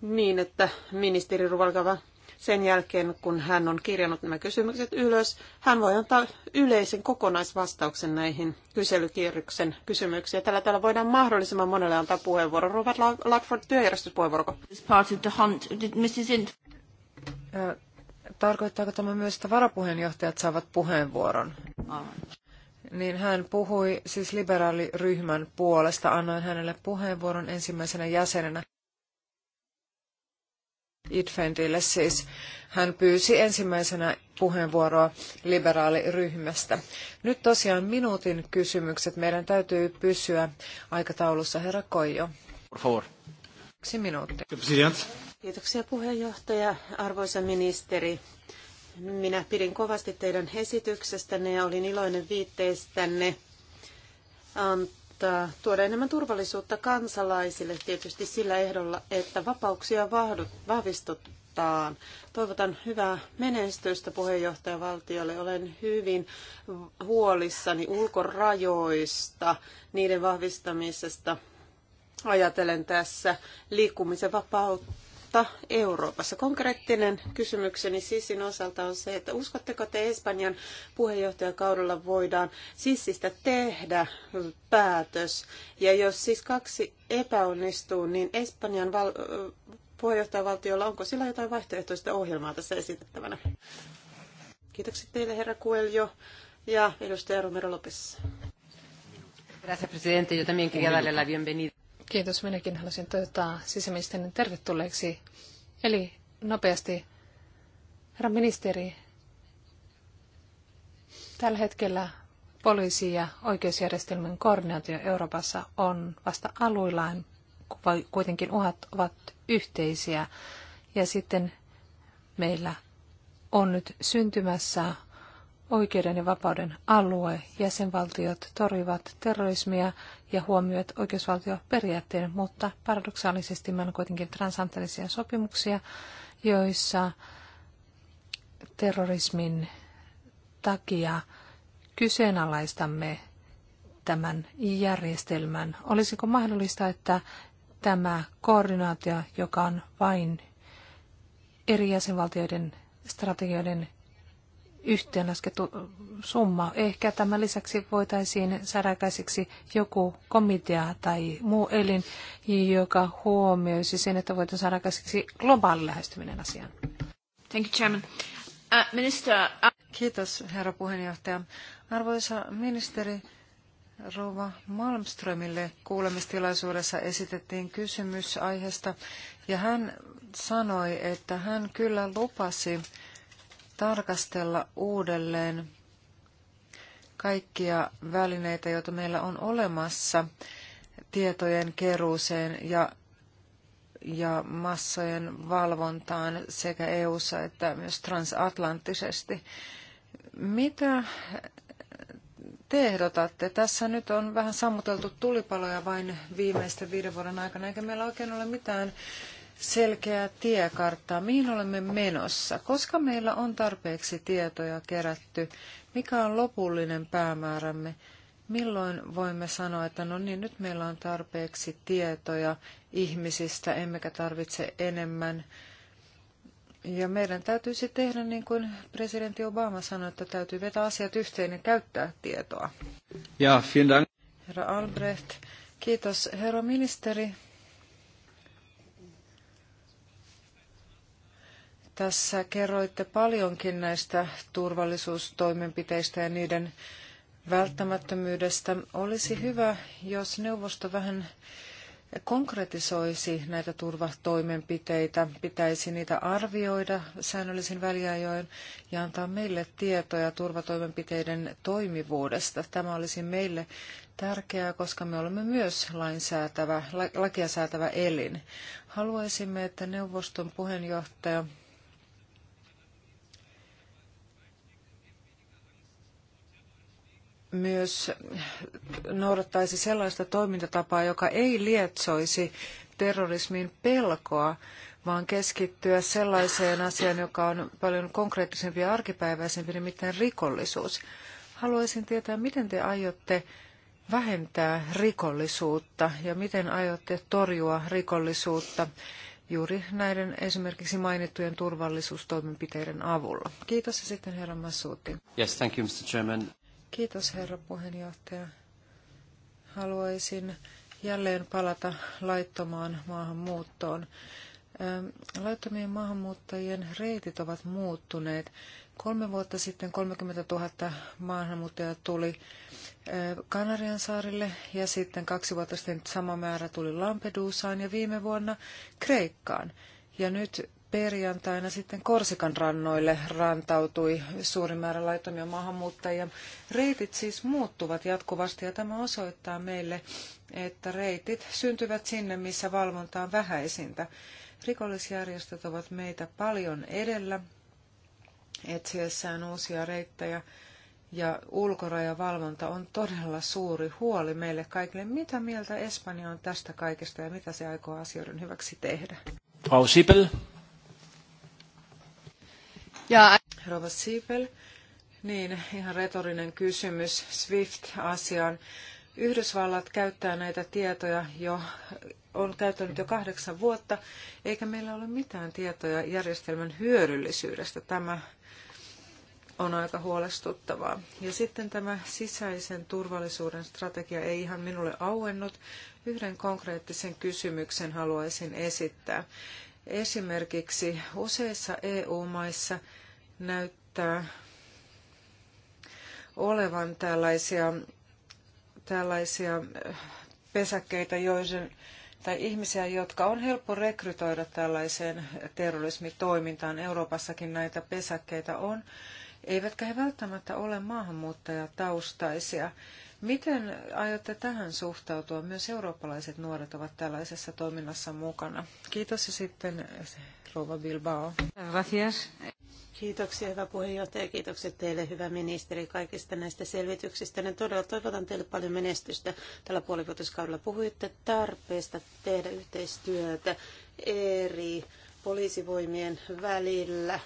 niin, että ministeri Ruvalkava sen jälkeen, kun hän on kirjannut nämä kysymykset ylös, hän voi antaa yleisen kokonaisvastauksen näihin kyselykierryksen kysymyksiin. Tällä tällä voidaan mahdollisimman monelle antaa puheenvuoro. Robert Ludford, työjärjestyspuheenvuoro. Tarkoittaako tämä myös, että varapuheenjohtajat saavat puheenvuoron? Niin hän puhui siis liberaaliryhmän puolesta. Annoin hänelle puheenvuoron ensimmäisenä jäsenenä. Itfendille siis. Hän pyysi ensimmäisenä puheenvuoroa liberaaliryhmästä. Nyt tosiaan minuutin kysymykset. Meidän täytyy pysyä aikataulussa. Herra Koijo. Por favor. Yksi minuutti. Kiitoksia puheenjohtaja, arvoisa ministeri. Minä pidin kovasti teidän esityksestänne ja olin iloinen viitteistänne että tuoda enemmän turvallisuutta kansalaisille tietysti sillä ehdolla, että vapauksia vahvistetaan. Toivotan hyvää menestystä puheenjohtajavaltiolle. Olen hyvin huolissani ulkorajoista, niiden vahvistamisesta. Ajatelen tässä liikkumisen vapautta mutta Euroopassa. Konkreettinen kysymykseni Sissin osalta on se, että uskotteko te Espanjan puheenjohtajakaudella voidaan Sissistä tehdä päätös? Ja jos siis kaksi epäonnistuu, niin Espanjan val- puheenjohtajavaltiolla onko sillä jotain vaihtoehtoista ohjelmaa tässä esitettävänä? Kiitokset teille herra Kueljo ja edustaja Romero Lopes. Gracias, presidente. Yo también quería darle la bienvenida. Kiitos. Minäkin haluaisin toivottaa sisäministerin tervetulleeksi. Eli nopeasti, herra ministeri, tällä hetkellä poliisi- ja oikeusjärjestelmän koordinaatio Euroopassa on vasta aluillaan, kuitenkin uhat ovat yhteisiä. Ja sitten meillä on nyt syntymässä oikeuden ja vapauden alue. Jäsenvaltiot torjuvat terrorismia ja huomioivat oikeusvaltioperiaatteen, mutta paradoksaalisesti meillä on kuitenkin transatlanttisia sopimuksia, joissa terrorismin takia kyseenalaistamme tämän järjestelmän. Olisiko mahdollista, että tämä koordinaatio, joka on vain eri jäsenvaltioiden strategioiden yhteenlaskettu summa. Ehkä tämän lisäksi voitaisiin saada joku komitea tai muu elin, joka huomioisi sen, että voitaisiin saada aikaiseksi globaali lähestyminen asiaan. Thank you, Chairman. Uh, minister, uh... Kiitos, herra puheenjohtaja. Arvoisa ministeri, Rouva Malmströmille kuulemistilaisuudessa esitettiin kysymys aiheesta, ja hän sanoi, että hän kyllä lupasi tarkastella uudelleen kaikkia välineitä, joita meillä on olemassa tietojen keruuseen ja, ja massojen valvontaan sekä EU:ssa että myös transatlanttisesti. Mitä te ehdotatte? Tässä nyt on vähän sammuteltu tulipaloja vain viimeisten viiden vuoden aikana, eikä meillä oikein ole mitään selkeää tiekartta, mihin olemme menossa, koska meillä on tarpeeksi tietoja kerätty, mikä on lopullinen päämäärämme, milloin voimme sanoa, että no niin, nyt meillä on tarpeeksi tietoja ihmisistä, emmekä tarvitse enemmän. Ja meidän täytyisi tehdä niin kuin presidentti Obama sanoi, että täytyy vetää asiat yhteen ja käyttää tietoa. Ja, vielen dank. Herra Albrecht, kiitos. Herra ministeri, Tässä kerroitte paljonkin näistä turvallisuustoimenpiteistä ja niiden välttämättömyydestä. Olisi hyvä, jos neuvosto vähän konkretisoisi näitä turvatoimenpiteitä, pitäisi niitä arvioida säännöllisin väliajoin ja antaa meille tietoja turvatoimenpiteiden toimivuudesta. Tämä olisi meille tärkeää, koska me olemme myös lainsäätävä, lakia säätävä elin. Haluaisimme, että neuvoston puheenjohtaja myös noudattaisi sellaista toimintatapaa, joka ei lietsoisi terrorismin pelkoa, vaan keskittyä sellaiseen asiaan, joka on paljon konkreettisempi ja arkipäiväisempi, nimittäin rikollisuus. Haluaisin tietää, miten te aiotte vähentää rikollisuutta ja miten aiotte torjua rikollisuutta juuri näiden esimerkiksi mainittujen turvallisuustoimenpiteiden avulla. Kiitos ja sitten herra Massuutti. Yes, thank you, Mr. Chairman. Kiitos herra puheenjohtaja. Haluaisin jälleen palata laittomaan maahanmuuttoon. Laittomien maahanmuuttajien reitit ovat muuttuneet. Kolme vuotta sitten 30 000 maahanmuuttajaa tuli Kanarian saarille ja sitten kaksi vuotta sitten sama määrä tuli Lampedusaan ja viime vuonna Kreikkaan. Ja nyt perjantaina sitten Korsikan rannoille rantautui suuri määrä laitomia maahanmuuttajia. Reitit siis muuttuvat jatkuvasti ja tämä osoittaa meille, että reitit syntyvät sinne, missä valvonta on vähäisintä. Rikollisjärjestöt ovat meitä paljon edellä etsiessään uusia reittejä ja ulkorajavalvonta on todella suuri huoli meille kaikille. Mitä mieltä Espanja on tästä kaikesta ja mitä se aikoo asioiden hyväksi tehdä? Frau ja... Rova Siepel, Niin, ihan retorinen kysymys SWIFT-asiaan. Yhdysvallat käyttää näitä tietoja jo, on käyttänyt jo kahdeksan vuotta, eikä meillä ole mitään tietoja järjestelmän hyödyllisyydestä. Tämä on aika huolestuttavaa. Ja sitten tämä sisäisen turvallisuuden strategia ei ihan minulle auennut. Yhden konkreettisen kysymyksen haluaisin esittää. Esimerkiksi useissa EU-maissa – näyttää olevan tällaisia, tällaisia äh, pesäkkeitä, joiden, tai ihmisiä, jotka on helppo rekrytoida tällaiseen terrorismitoimintaan. Euroopassakin näitä pesäkkeitä on, eivätkä he välttämättä ole maahanmuuttajataustaisia. Miten aiotte tähän suhtautua? Myös eurooppalaiset nuoret ovat tällaisessa toiminnassa mukana. Kiitos ja sitten Rova Bilbao. Gracias. Kiitoksia, hyvä puheenjohtaja. Kiitokset teille, hyvä ministeri, kaikista näistä selvityksistä. Ne todella toivotan teille paljon menestystä. Tällä puolivuotiskaudella puhuitte tarpeesta tehdä yhteistyötä eri poliisivoimien välillä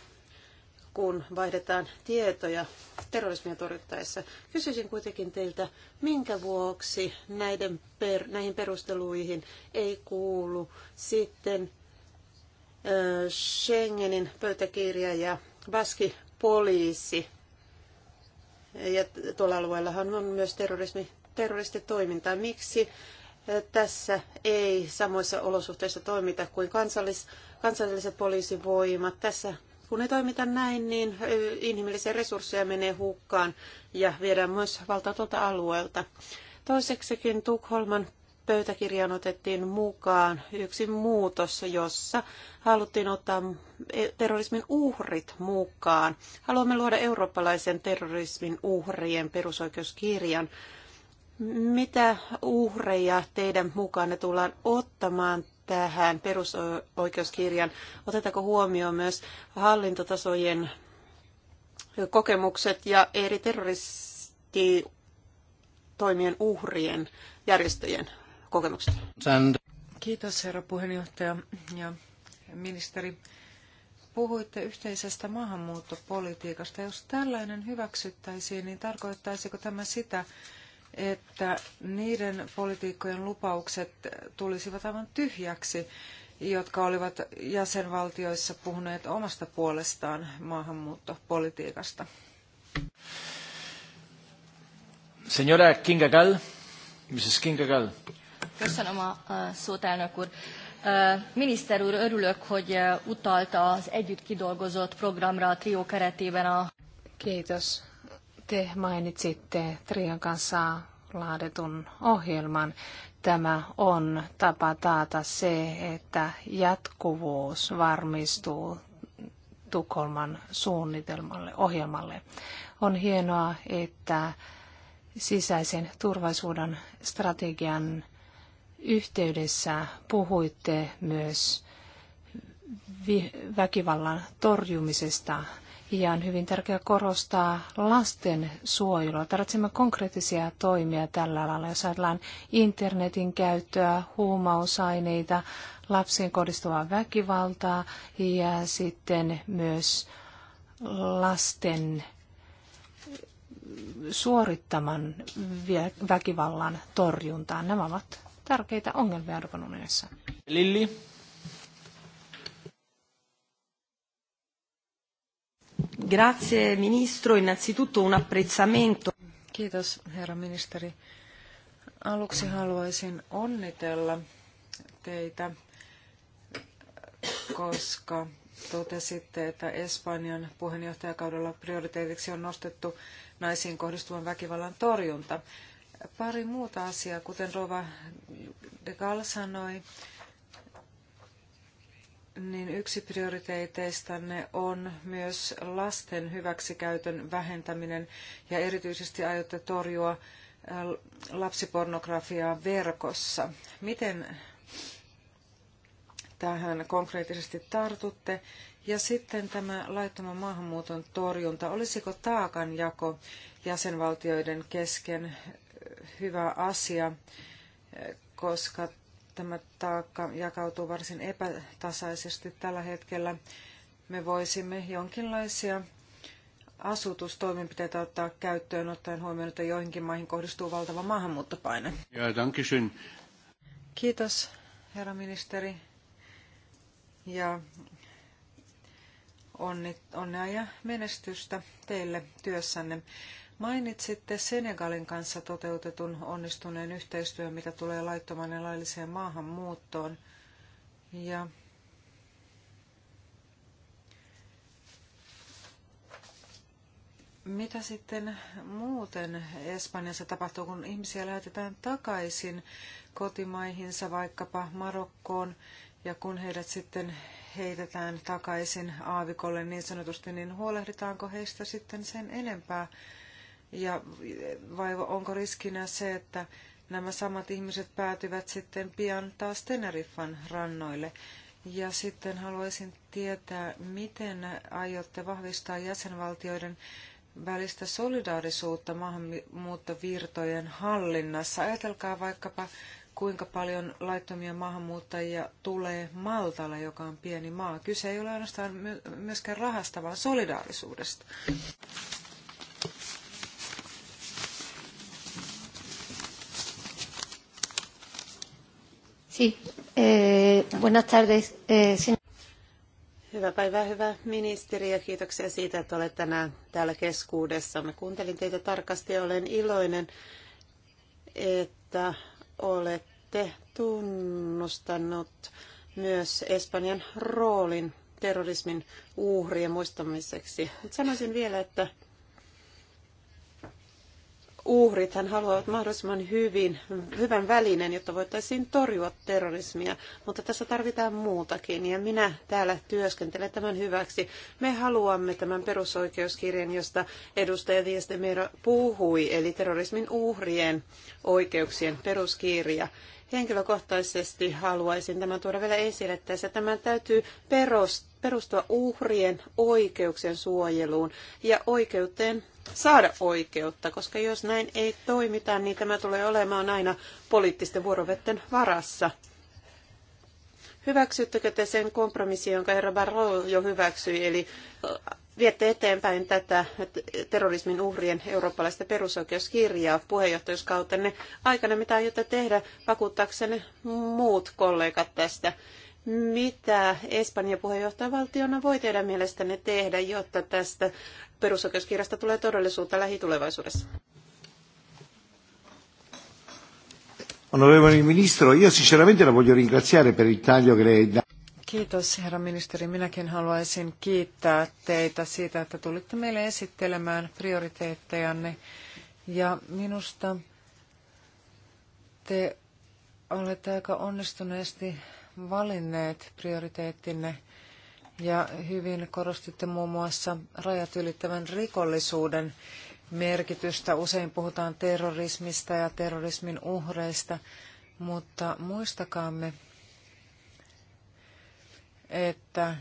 kun vaihdetaan tietoja terrorismia torjuttaessa. Kysyisin kuitenkin teiltä, minkä vuoksi näiden per, näihin perusteluihin ei kuulu sitten Schengenin pöytäkirja ja Baski poliisi. Ja tuolla alueellahan on myös terrorismi, terroristitoimintaa. Miksi eh, tässä ei samoissa olosuhteissa toimita kuin kansallis, kansalliset poliisivoimat? Tässä kun ei toimita näin, niin eh, inhimillisiä resursseja menee hukkaan ja viedään myös valta tuolta alueelta. Toiseksikin Tukholman pöytäkirjaan otettiin mukaan yksi muutos, jossa haluttiin ottaa e- terrorismin uhrit mukaan. Haluamme luoda eurooppalaisen terrorismin uhrien perusoikeuskirjan. Mitä uhreja teidän mukaan ne tullaan ottamaan tähän perusoikeuskirjan? Otetaanko huomioon myös hallintotasojen kokemukset ja eri terroristi toimien uhrien järjestöjen kokemukset. Kiitos herra puheenjohtaja ja ministeri. Puhuitte yhteisestä maahanmuuttopolitiikasta. Jos tällainen hyväksyttäisiin, niin tarkoittaisiko tämä sitä, että niiden politiikkojen lupaukset tulisivat aivan tyhjäksi, jotka olivat jäsenvaltioissa puhuneet omasta puolestaan maahanmuuttopolitiikasta? Señora Kinga Gall, Mrs. Kinga Gall. Köszönöm a szót, elnök úr. Miniszter úr, örülök, hogy utalta az együtt kidolgozott programra a trió keretében a... Kiitos. Te mainitsitte Trion kanssa laadetun ohjelman. Tämä on tapa taata se, että jatkuvuus varmistuu Tukholman suunnitelmalle, ohjelmalle. On hienoa, että sisäisen turvallisuuden strategian yhteydessä puhuitte myös väkivallan torjumisesta ja on hyvin tärkeää korostaa lasten suojelua. Tarvitsemme konkreettisia toimia tällä alalla, jos ajatellaan internetin käyttöä, huumausaineita, lapsiin kohdistuvaa väkivaltaa ja sitten myös lasten suorittaman väkivallan torjuntaa. Nämä ovat tärkeitä ongelmia Euroopan unionissa. Lilli. Grazie ministro, innanzitutto un apprezzamento. Kiitos herra ministeri. Aluksi haluaisin onnitella teitä, koska totesitte, että Espanjan puheenjohtajakaudella prioriteetiksi on nostettu naisiin kohdistuvan väkivallan torjunta. Pari muuta asiaa, kuten Rova de Gaulle sanoi, niin yksi prioriteeteistanne on myös lasten hyväksikäytön vähentäminen ja erityisesti aiotte torjua äh, lapsipornografiaa verkossa. Miten tähän konkreettisesti tartutte? Ja sitten tämä laittoman maahanmuuton torjunta. Olisiko taakanjako jäsenvaltioiden kesken hyvä asia, koska tämä taakka jakautuu varsin epätasaisesti tällä hetkellä. Me voisimme jonkinlaisia asutustoimenpiteitä ottaa käyttöön, ottaen huomioon, että joihinkin maihin kohdistuu valtava maahanmuuttopaine. Ja, Kiitos, herra ministeri. Ja onnea ja menestystä teille työssänne. Mainitsitte Senegalin kanssa toteutetun onnistuneen yhteistyön, mitä tulee laittoman ja lailliseen maahanmuuttoon. Ja mitä sitten muuten Espanjassa tapahtuu, kun ihmisiä lähetetään takaisin kotimaihinsa, vaikkapa Marokkoon, ja kun heidät sitten heitetään takaisin aavikolle niin sanotusti, niin huolehditaanko heistä sitten sen enempää? Ja vai onko riskinä se, että nämä samat ihmiset päätyvät sitten pian taas Teneriffan rannoille? Ja sitten haluaisin tietää, miten aiotte vahvistaa jäsenvaltioiden välistä solidaarisuutta maahanmuuttovirtojen hallinnassa. Ajatelkaa vaikkapa, kuinka paljon laittomia maahanmuuttajia tulee Maltalle, joka on pieni maa. Kyse ei ole ainoastaan myöskään rahasta, vaan solidaarisuudesta. Sí. Eh, buenas tardes. Eh, sin... Hyvää päivää, hyvä ministeri, ja kiitoksia siitä, että olet tänään täällä keskuudessamme. Kuuntelin teitä tarkasti ja olen iloinen, että olette tunnustanut myös Espanjan roolin terrorismin uhrien muistamiseksi. Sanoisin vielä, että uhrit hän haluavat mahdollisimman hyvin, hyvän välineen, jotta voitaisiin torjua terrorismia, mutta tässä tarvitaan muutakin ja minä täällä työskentelen tämän hyväksi. Me haluamme tämän perusoikeuskirjan, josta edustaja Viestemero puhui, eli terrorismin uhrien oikeuksien peruskirja. Henkilökohtaisesti haluaisin tämän tuoda vielä esille tässä. Tämän täytyy perust, perustua uhrien oikeuksien suojeluun ja oikeuteen saada oikeutta, koska jos näin ei toimita, niin tämä tulee olemaan aina poliittisten vuorovetten varassa. Hyväksyttekö te sen kompromissin, jonka herra Barro jo hyväksyi, eli äh, viette eteenpäin tätä terrorismin uhrien eurooppalaista perusoikeuskirjaa puheenjohtajuuskautenne aikana, mitä aiotte tehdä vakuuttaaksenne muut kollegat tästä mitä Espanja puheenjohtajavaltiona voi teidän mielestänne tehdä, jotta tästä perusoikeuskirjasta tulee todellisuutta lähitulevaisuudessa? Onorevoli ministro, io sinceramente la voglio ringraziare per il taglio che lei ha Kiitos, herra ministeri. Minäkin haluaisin kiittää teitä siitä, että tulitte meille esittelemään prioriteettejanne. Ja minusta te olette aika onnistuneesti valinneet prioriteettinne ja hyvin korostitte muun muassa rajat ylittävän rikollisuuden merkitystä. Usein puhutaan terrorismista ja terrorismin uhreista, mutta muistakaamme, että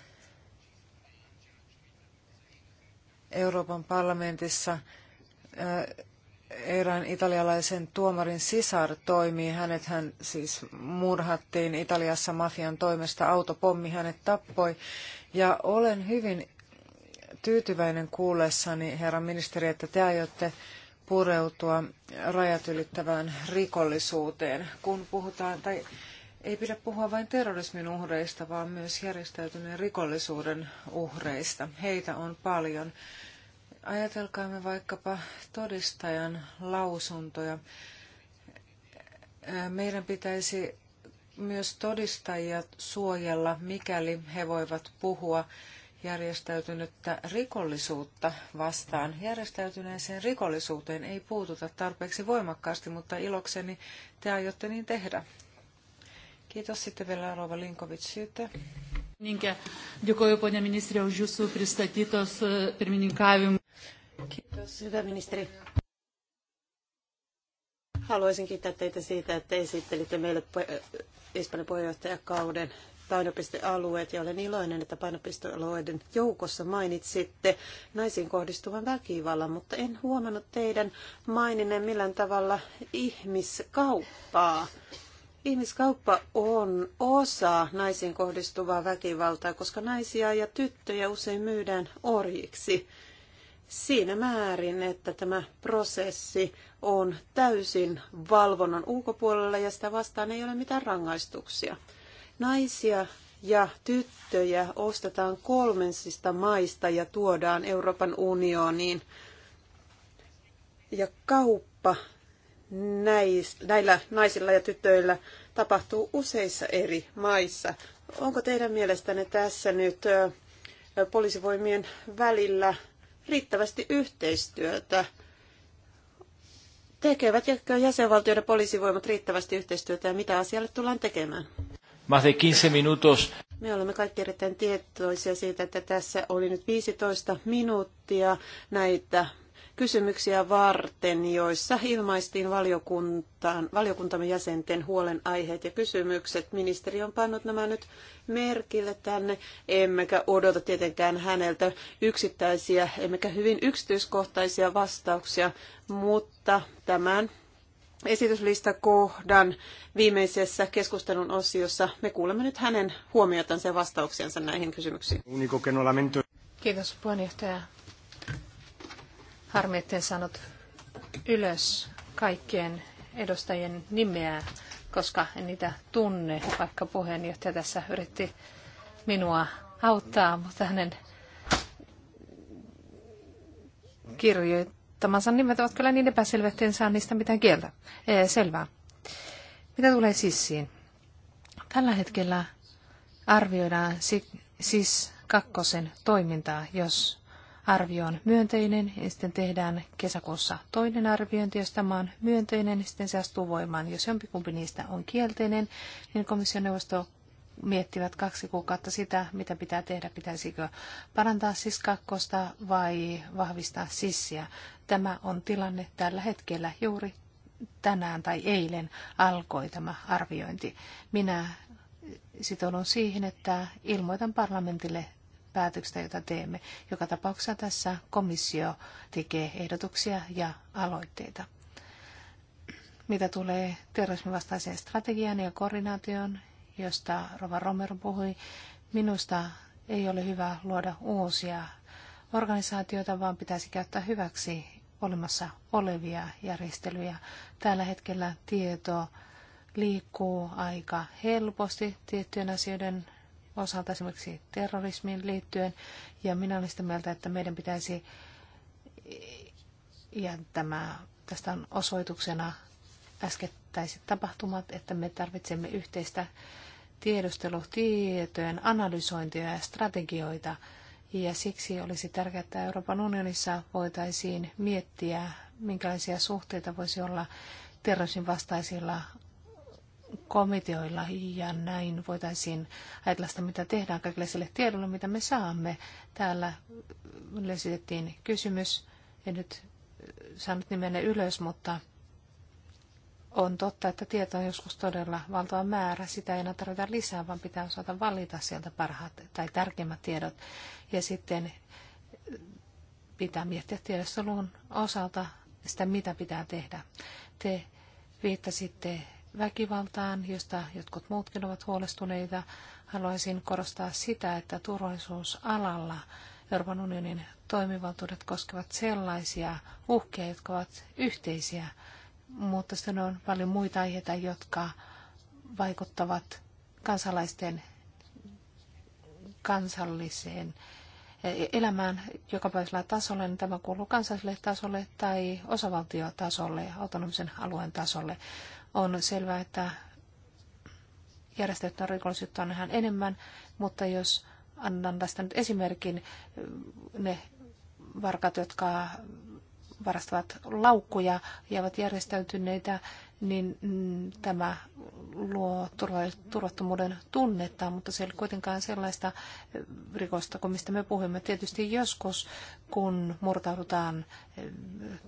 Euroopan parlamentissa erään italialaisen tuomarin sisar toimii. Hänet hän siis murhattiin Italiassa mafian toimesta, autopommi hänet tappoi. Ja olen hyvin tyytyväinen kuullessani, herra ministeri, että te aiotte pureutua rajat ylittävään rikollisuuteen, kun puhutaan, tai ei pidä puhua vain terrorismin uhreista, vaan myös järjestäytyneen rikollisuuden uhreista. Heitä on paljon. Ajatelkaamme vaikkapa todistajan lausuntoja. Meidän pitäisi myös todistajia suojella, mikäli he voivat puhua järjestäytynyttä rikollisuutta vastaan. Järjestäytyneeseen rikollisuuteen ei puututa tarpeeksi voimakkaasti, mutta ilokseni te aiotte niin tehdä. Kiitos sitten vielä Rova Linkovic-syyte. Dėkoju, ponia ministrė, už jūsų pristatytos e, pirmininkavimą. Kiitos, hyvä ministeri. Haluaisin kiittää teitä siitä, että esittelitte meille äh, Espanjan puheenjohtajakauden painopistealueet ja olen iloinen, että painopistealueiden joukossa mainitsitte naisiin kohdistuvan väkivallan, mutta en huomannut teidän maininneen millään tavalla ihmiskauppaa. Ihmiskauppa on osa naisiin kohdistuvaa väkivaltaa, koska naisia ja tyttöjä usein myydään orjiksi siinä määrin, että tämä prosessi on täysin valvonnan ulkopuolella ja sitä vastaan ei ole mitään rangaistuksia. Naisia ja tyttöjä ostetaan kolmensista maista ja tuodaan Euroopan unioniin. Ja kauppa näis, näillä naisilla ja tytöillä tapahtuu useissa eri maissa. Onko teidän mielestänne tässä nyt poliisivoimien välillä riittävästi yhteistyötä? Tekevätkö jäsenvaltioiden poliisivoimat riittävästi yhteistyötä ja mitä asialle tullaan tekemään? Más de 15 minutos. Me olemme kaikki erittäin tietoisia siitä, että tässä oli nyt 15 minuuttia näitä kysymyksiä varten, joissa ilmaistiin valiokuntaan, valiokuntamme jäsenten huolenaiheet ja kysymykset. Ministeri on pannut nämä nyt merkille tänne, emmekä odota tietenkään häneltä yksittäisiä, emmekä hyvin yksityiskohtaisia vastauksia, mutta tämän esityslistakohdan viimeisessä keskustelun osiossa me kuulemme nyt hänen huomiotansa ja vastauksiansa näihin kysymyksiin. No Kiitos puheenjohtaja. Harmi, etten saanut ylös kaikkien edustajien nimeä, koska en niitä tunne, vaikka puheenjohtaja tässä yritti minua auttaa, mutta hänen kirjoittamansa nimet ovat kyllä niin epäselvät, että en saa niistä mitään kieltä. Ee, selvää. Mitä tulee sissiin? Tällä hetkellä arvioidaan sis kakkosen toimintaa, jos arvio on myönteinen ja sitten tehdään kesäkuussa toinen arviointi, jos tämä on myönteinen, niin sitten se astuu voimaan. Jos jompikumpi niistä on kielteinen, niin komissioneuvosto miettivät kaksi kuukautta sitä, mitä pitää tehdä, pitäisikö parantaa siis kakkosta vai vahvistaa sissiä. Tämä on tilanne tällä hetkellä juuri tänään tai eilen alkoi tämä arviointi. Minä sitoudun siihen, että ilmoitan parlamentille päätöksistä, joita teemme. Joka tapauksessa tässä komissio tekee ehdotuksia ja aloitteita. Mitä tulee terrorismin vastaiseen strategiaan ja koordinaatioon, josta Rova Romero puhui, minusta ei ole hyvä luoda uusia organisaatioita, vaan pitäisi käyttää hyväksi olemassa olevia järjestelyjä. Tällä hetkellä tieto liikkuu aika helposti tiettyjen asioiden osalta esimerkiksi terrorismiin liittyen. Ja minä olen sitä mieltä, että meidän pitäisi, ja tämä, tästä on osoituksena äskettäiset tapahtumat, että me tarvitsemme yhteistä tiedustelutietojen analysointia ja strategioita. Ja siksi olisi tärkeää, että Euroopan unionissa voitaisiin miettiä, minkälaisia suhteita voisi olla terrorismin vastaisilla komiteoilla ja näin voitaisiin ajatella sitä, mitä tehdään kaikille sille tiedolle, mitä me saamme. Täällä esitettiin kysymys, en nyt eh, saanut nimenne ylös, mutta on totta, että tietoa on joskus todella valtava määrä. Sitä ei enää tarvita lisää, vaan pitää osata valita sieltä parhaat tai tärkeimmät tiedot. Ja sitten eh, pitää miettiä tiedostelun osalta sitä, mitä pitää tehdä. Te viittasitte väkivaltaan, josta jotkut muutkin ovat huolestuneita, haluaisin korostaa sitä, että turvallisuusalalla Euroopan unionin toimivaltuudet koskevat sellaisia uhkia, jotka ovat yhteisiä, mutta sitten on paljon muita aiheita, jotka vaikuttavat kansalaisten kansalliseen e, elämään jokapäiväisellä tasolla, niin tämä kuuluu kansalliselle tasolle tai osavaltiotasolle, autonomisen alueen tasolle. On selvää, että järjestettyä rikollisuutta on ihan enemmän, mutta jos annan tästä nyt esimerkin, ne varkat, jotka varastavat laukkuja ja ovat järjestäytyneitä, niin mm, tämä luo turvattomuuden tunnetta, mutta se ei ole kuitenkaan sellaista eh, rikosta kuin mistä me puhumme. Tietysti joskus, kun murtaudutaan eh,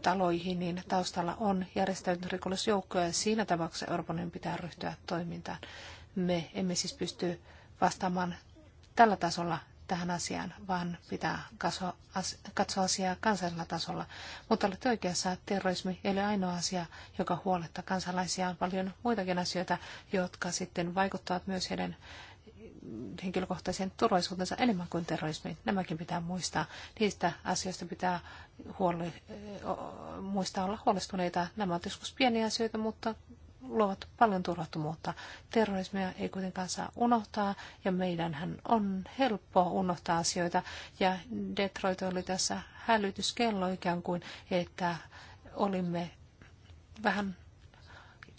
taloihin, niin taustalla on järjestäytynyt rikollisjoukkoja ja siinä tapauksessa Euroopan pitää ryhtyä toimintaan. Me emme siis pysty vastaamaan tällä tasolla tähän asiaan, vaan pitää katsoa, asiaa kansallisella tasolla. Mutta olette oikeassa, että terrorismi ei ole ainoa asia, joka huolettaa kansalaisia. On paljon muitakin asioita, jotka sitten vaikuttavat myös heidän henkilökohtaisen turvallisuutensa enemmän kuin terrorismi. Nämäkin pitää muistaa. Niistä asioista pitää huoli, muistaa olla huolestuneita. Nämä ovat joskus pieniä asioita, mutta luovat paljon turvattomuutta. Terrorismia ei kuitenkaan saa unohtaa ja meidänhän on helppoa unohtaa asioita. Ja Detroit oli tässä hälytyskello ikään kuin, että olimme vähän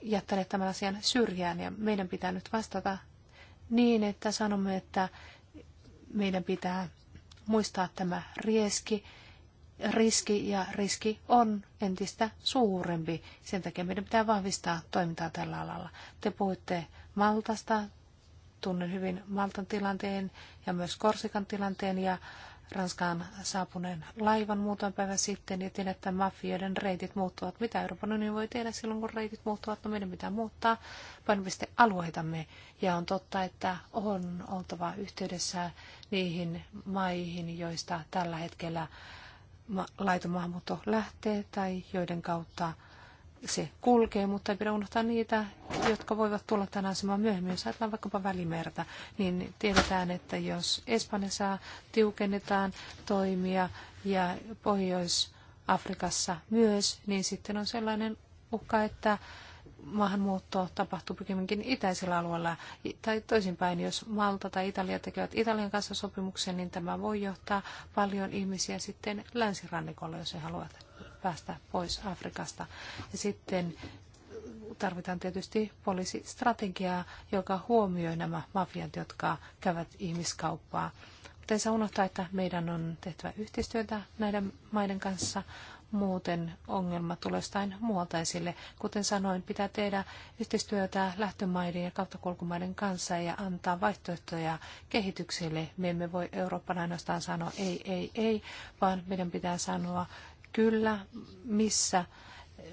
jättäneet tämän asian syrjään ja meidän pitää nyt vastata niin, että sanomme, että meidän pitää muistaa tämä rieski riski ja riski on entistä suurempi. Sen takia meidän pitää vahvistaa toimintaa tällä alalla. Te puhuitte Maltasta, tunnen hyvin Maltan tilanteen ja myös Korsikan tilanteen ja Ranskaan saapuneen laivan muutama päivä sitten ja tiedän, että mafioiden reitit muuttuvat. Mitä Euroopan unioni voi tehdä silloin, kun reitit muuttuvat? No meidän pitää muuttaa painopistealueitamme. Ja on totta, että on oltava yhteydessä niihin maihin, joista tällä hetkellä laiton maahanmuutto lähtee tai joiden kautta se kulkee, mutta ei pidä unohtaa niitä, jotka voivat tulla tänään asemaan myöhemmin. Jos ajatellaan vaikkapa välimerta, niin tiedetään, että jos Espanjassa tiukennetaan toimia ja Pohjois-Afrikassa myös, niin sitten on sellainen uhka, että maahanmuutto tapahtuu pikemminkin itäisellä alueella. Tai toisinpäin, jos Malta tai Italia tekevät Italian kanssa sopimuksen, niin tämä voi johtaa paljon ihmisiä sitten länsirannikolle, jos he haluavat päästä pois Afrikasta. Ja sitten tarvitaan tietysti poliisistrategiaa, joka huomioi nämä mafiat, jotka käyvät ihmiskauppaa. Mutta ei saa unohtaa, että meidän on tehtävä yhteistyötä näiden maiden kanssa, Muuten ongelma tulee jostain muualta esille. Kuten sanoin, pitää tehdä yhteistyötä lähtömaiden ja kauttakulkumaiden kanssa ja antaa vaihtoehtoja kehitykselle. Me emme voi Euroopan ainoastaan sanoa ei, ei, ei, vaan meidän pitää sanoa kyllä, missä eh,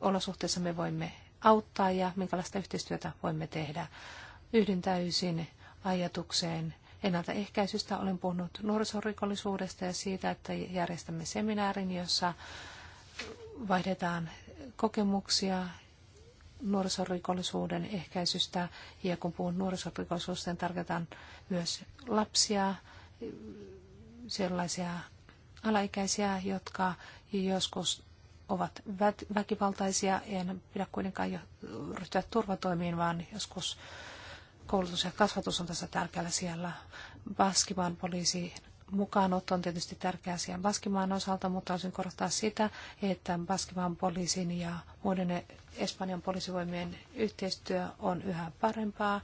olosuhteissa me voimme auttaa ja minkälaista yhteistyötä voimme tehdä. Yhdyn täysin ajatukseen ennaltaehkäisystä. Olen puhunut nuorisorikollisuudesta ja siitä, että järjestämme seminaarin, jossa vaihdetaan kokemuksia nuorisorikollisuuden ehkäisystä. Ja kun puhun nuorisorikollisuudesta, niin tarkoitan myös lapsia, sellaisia alaikäisiä, jotka joskus ovat väkivaltaisia. En pidä kuitenkaan ryhtyä turvatoimiin, vaan joskus koulutus ja kasvatus on tässä tärkeällä siellä. Baskimaan poliisi mukaanotto on tietysti tärkeä asia Baskimaan osalta, mutta haluaisin korostaa sitä, että Baskimaan poliisin ja muiden Espanjan poliisivoimien yhteistyö on yhä parempaa.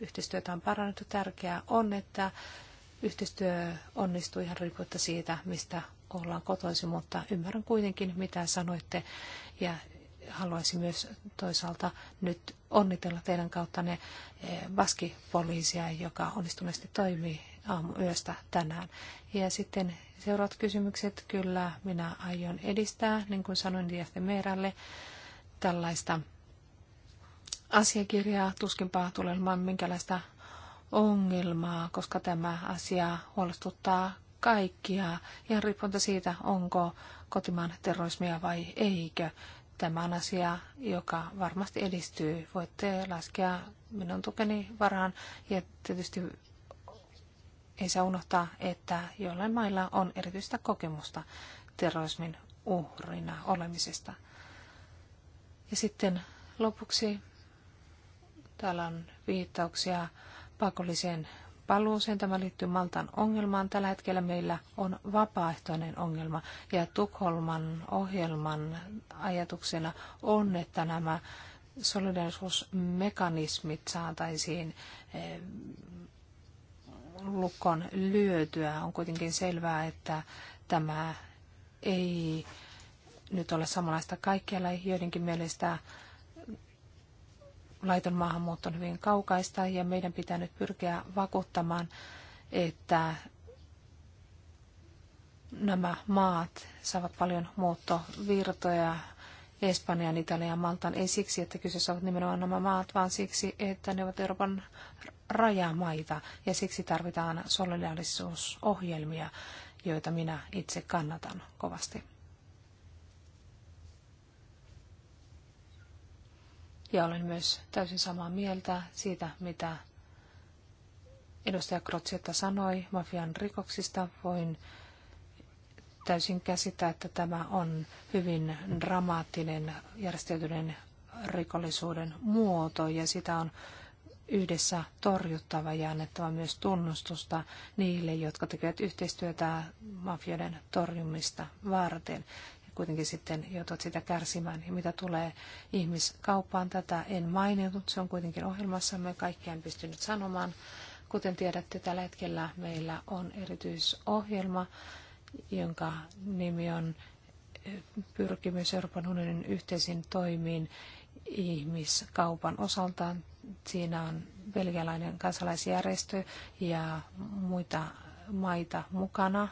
Yhteistyötä on parannettu. Tärkeää on, että yhteistyö onnistuu ihan riippumatta siitä, mistä ollaan kotoisin, mutta ymmärrän kuitenkin, mitä sanoitte. Ja haluaisin myös toisaalta nyt onnitella teidän kauttanne vaskipoliisia, eh, joka onnistuneesti toimii aamuyöstä tänään. Ja sitten seuraavat kysymykset. Kyllä minä aion edistää, niin kuin sanoin Diaste Meeralle, tällaista asiakirjaa. Tuskinpa tulemaan minkälaista ongelmaa, koska tämä asia huolestuttaa kaikkia, ihan riippumatta siitä, onko kotimaan terrorismia vai eikö. Tämä on asia, joka varmasti edistyy. Voitte laskea minun tukeni varaan ja tietysti ei saa unohtaa, että jollain mailla on erityistä kokemusta terrorismin uhrina olemisesta. Ja sitten lopuksi täällä on viittauksia pakolliseen paluuseen. Tämä liittyy Maltan ongelmaan. Tällä hetkellä meillä on vapaaehtoinen ongelma ja Tukholman ohjelman ajatuksena on, että nämä solidarisuusmekanismit saataisiin eh, lukon lyötyä. On kuitenkin selvää, että tämä ei nyt ole samanlaista kaikkialla. Joidenkin mielestä laiton maahanmuutto on hyvin kaukaista ja meidän pitää nyt pyrkiä vakuuttamaan, että nämä maat saavat paljon muuttovirtoja Espanjan, Italian, Maltan. Ei siksi, että kyseessä ovat nimenomaan nämä maat, vaan siksi, että ne ovat Euroopan rajamaita ja siksi tarvitaan solidaarisuusohjelmia, joita minä itse kannatan kovasti. Ja olen myös täysin samaa mieltä siitä, mitä edustaja Krotsietta sanoi mafian rikoksista. Voin täysin käsittää, että tämä on hyvin dramaattinen järjestäytyneen rikollisuuden muoto ja sitä on yhdessä torjuttava ja annettava myös tunnustusta niille, jotka tekevät yhteistyötä mafioiden torjumista varten kuitenkin sitten joutuvat sitä kärsimään. Ja mitä tulee ihmiskauppaan, tätä en maininnut, se on kuitenkin ohjelmassamme, kaikkien pystynyt sanomaan. Kuten tiedätte, tällä hetkellä meillä on erityisohjelma, jonka nimi on eh, pyrkimys Euroopan unionin yhteisiin toimiin ihmiskaupan osalta. Siinä on belgialainen kansalaisjärjestö ja muita maita mukana,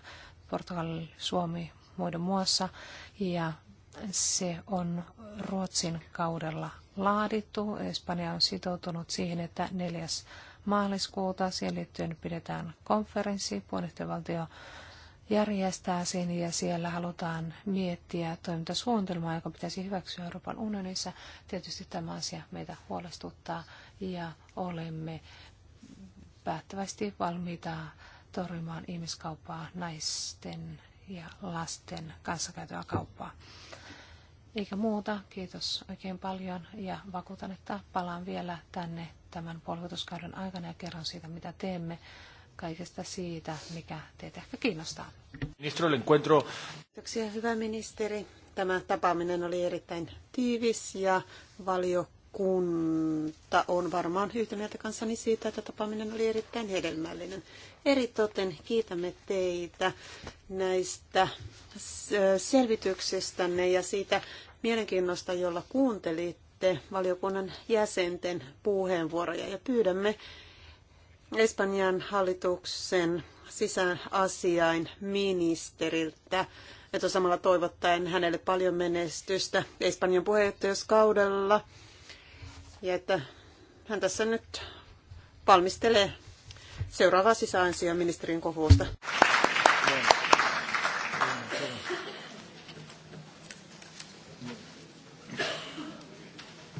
Portugal, Suomi muiden muassa, ja se on Ruotsin kaudella laadittu. Espanja on sitoutunut siihen, että neljäs maaliskuuta siihen liittyen pidetään konferenssi. Puheenjohtajavaltio järjestää sen ja siellä halutaan miettiä toimintasuunnitelmaa, joka pitäisi hyväksyä Euroopan unionissa. Tietysti tämä asia meitä huolestuttaa ja olemme päättävästi valmiita torjumaan ihmiskauppaa naisten ja lasten käytävää kauppaa. Eikä muuta, kiitos oikein paljon ja vakuutan, että palaan vielä tänne tämän polkutuskauden aikana ja kerron siitä, mitä teemme, kaikesta siitä, mikä teitä ehkä kiinnostaa. Ministeri, encuentro. Kiitoksia, hyvä ministeri. Tämä tapaaminen oli erittäin tiivis ja valiokunta on varmaan yhtä mieltä kanssani siitä, että tapaaminen oli erittäin hedelmällinen. Eritoten kiitämme teitä näistä selvityksistänne ja siitä mielenkiinnosta, jolla kuuntelitte valiokunnan jäsenten puheenvuoroja ja pyydämme Espanjan hallituksen sisäasiain ministeriltä että samalla toivottaen hänelle paljon menestystä Espanjan puheenjohtajuuskaudella. Ja että hän tässä nyt valmistelee Seuraava sisäänsiä ministerin kokousta.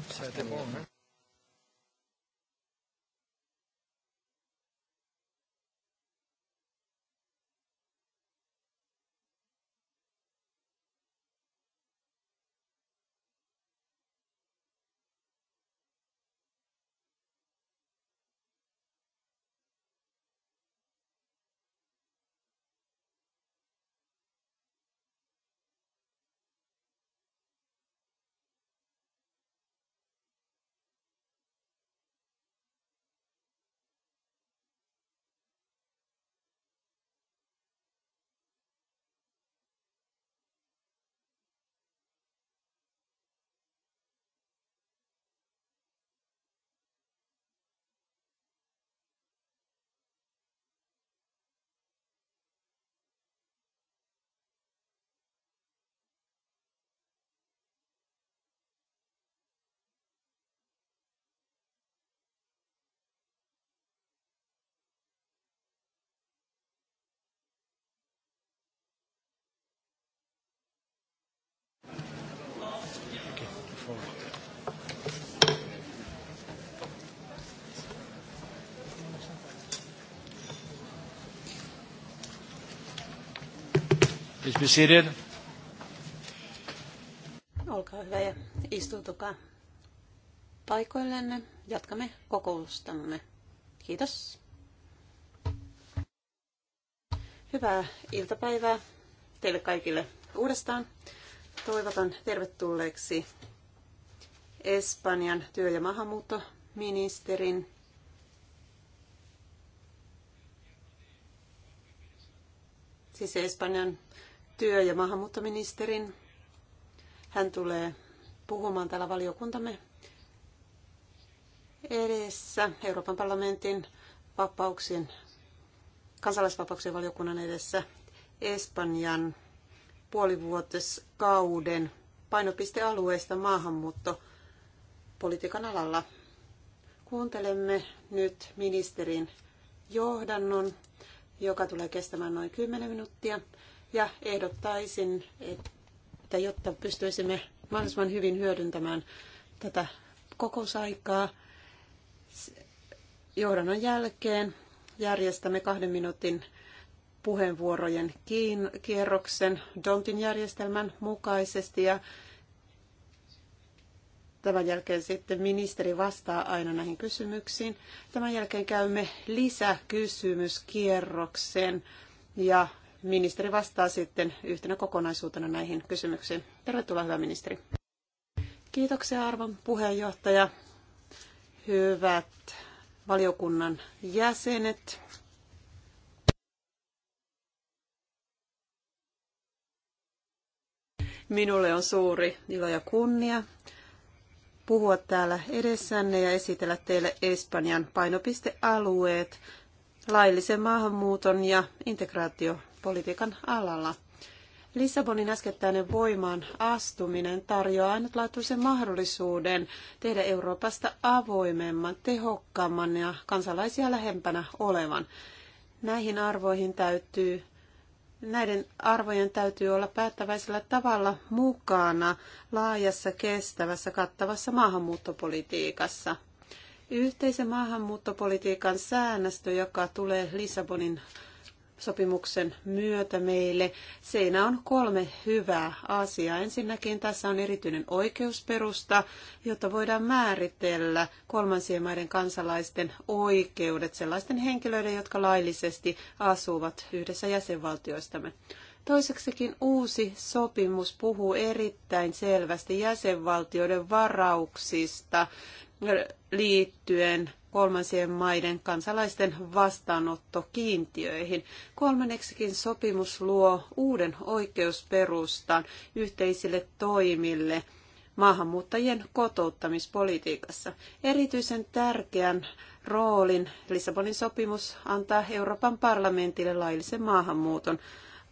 Siete Be seated. Olkaa hyvä ja istuutukaa paikoillenne. Jatkamme kokoustamme. Kiitos. Hyvää iltapäivää teille kaikille uudestaan. Toivotan tervetulleeksi Espanjan työ- ja maahanmuuttoministerin siis Espanjan työ- ja maahanmuuttoministerin. Hän tulee puhumaan täällä valiokuntamme edessä Euroopan parlamentin vapauksien, kansalaisvapauksien valiokunnan edessä Espanjan puolivuotiskauden painopistealueista maahanmuuttopolitiikan alalla. Kuuntelemme nyt ministerin johdannon, joka tulee kestämään noin 10 minuuttia ja ehdottaisin, että jotta pystyisimme mahdollisimman hyvin hyödyntämään tätä kokousaikaa johdannon jälkeen, järjestämme kahden minuutin puheenvuorojen kierroksen Dontin järjestelmän mukaisesti ja Tämän jälkeen sitten ministeri vastaa aina näihin kysymyksiin. Tämän jälkeen käymme lisäkysymyskierroksen ja ministeri vastaa sitten yhtenä kokonaisuutena näihin kysymyksiin. Tervetuloa, hyvä ministeri. Kiitoksia arvon puheenjohtaja. Hyvät valiokunnan jäsenet. Minulle on suuri ilo ja kunnia puhua täällä edessänne ja esitellä teille Espanjan painopistealueet laillisen maahanmuuton ja integraatio politiikan alalla. Lissabonin äskettäinen voimaan astuminen tarjoaa ainutlaatuisen mahdollisuuden tehdä Euroopasta avoimemman, tehokkaamman ja kansalaisia lähempänä olevan. Näihin arvoihin täytyy Näiden arvojen täytyy olla päättäväisellä tavalla mukana laajassa, kestävässä, kattavassa maahanmuuttopolitiikassa. Yhteisen maahanmuuttopolitiikan säännöstö, joka tulee Lissabonin sopimuksen myötä meille. Siinä on kolme hyvää asiaa. Ensinnäkin tässä on erityinen oikeusperusta, jotta voidaan määritellä kolmansien maiden kansalaisten oikeudet sellaisten henkilöiden, jotka laillisesti asuvat yhdessä jäsenvaltioistamme. Toiseksikin uusi sopimus puhuu erittäin selvästi jäsenvaltioiden varauksista liittyen kolmansien maiden kansalaisten vastaanottokiintiöihin. Kolmanneksikin sopimus luo uuden oikeusperustan yhteisille toimille maahanmuuttajien kotouttamispolitiikassa. Erityisen tärkeän roolin Lissabonin sopimus antaa Euroopan parlamentille laillisen maahanmuuton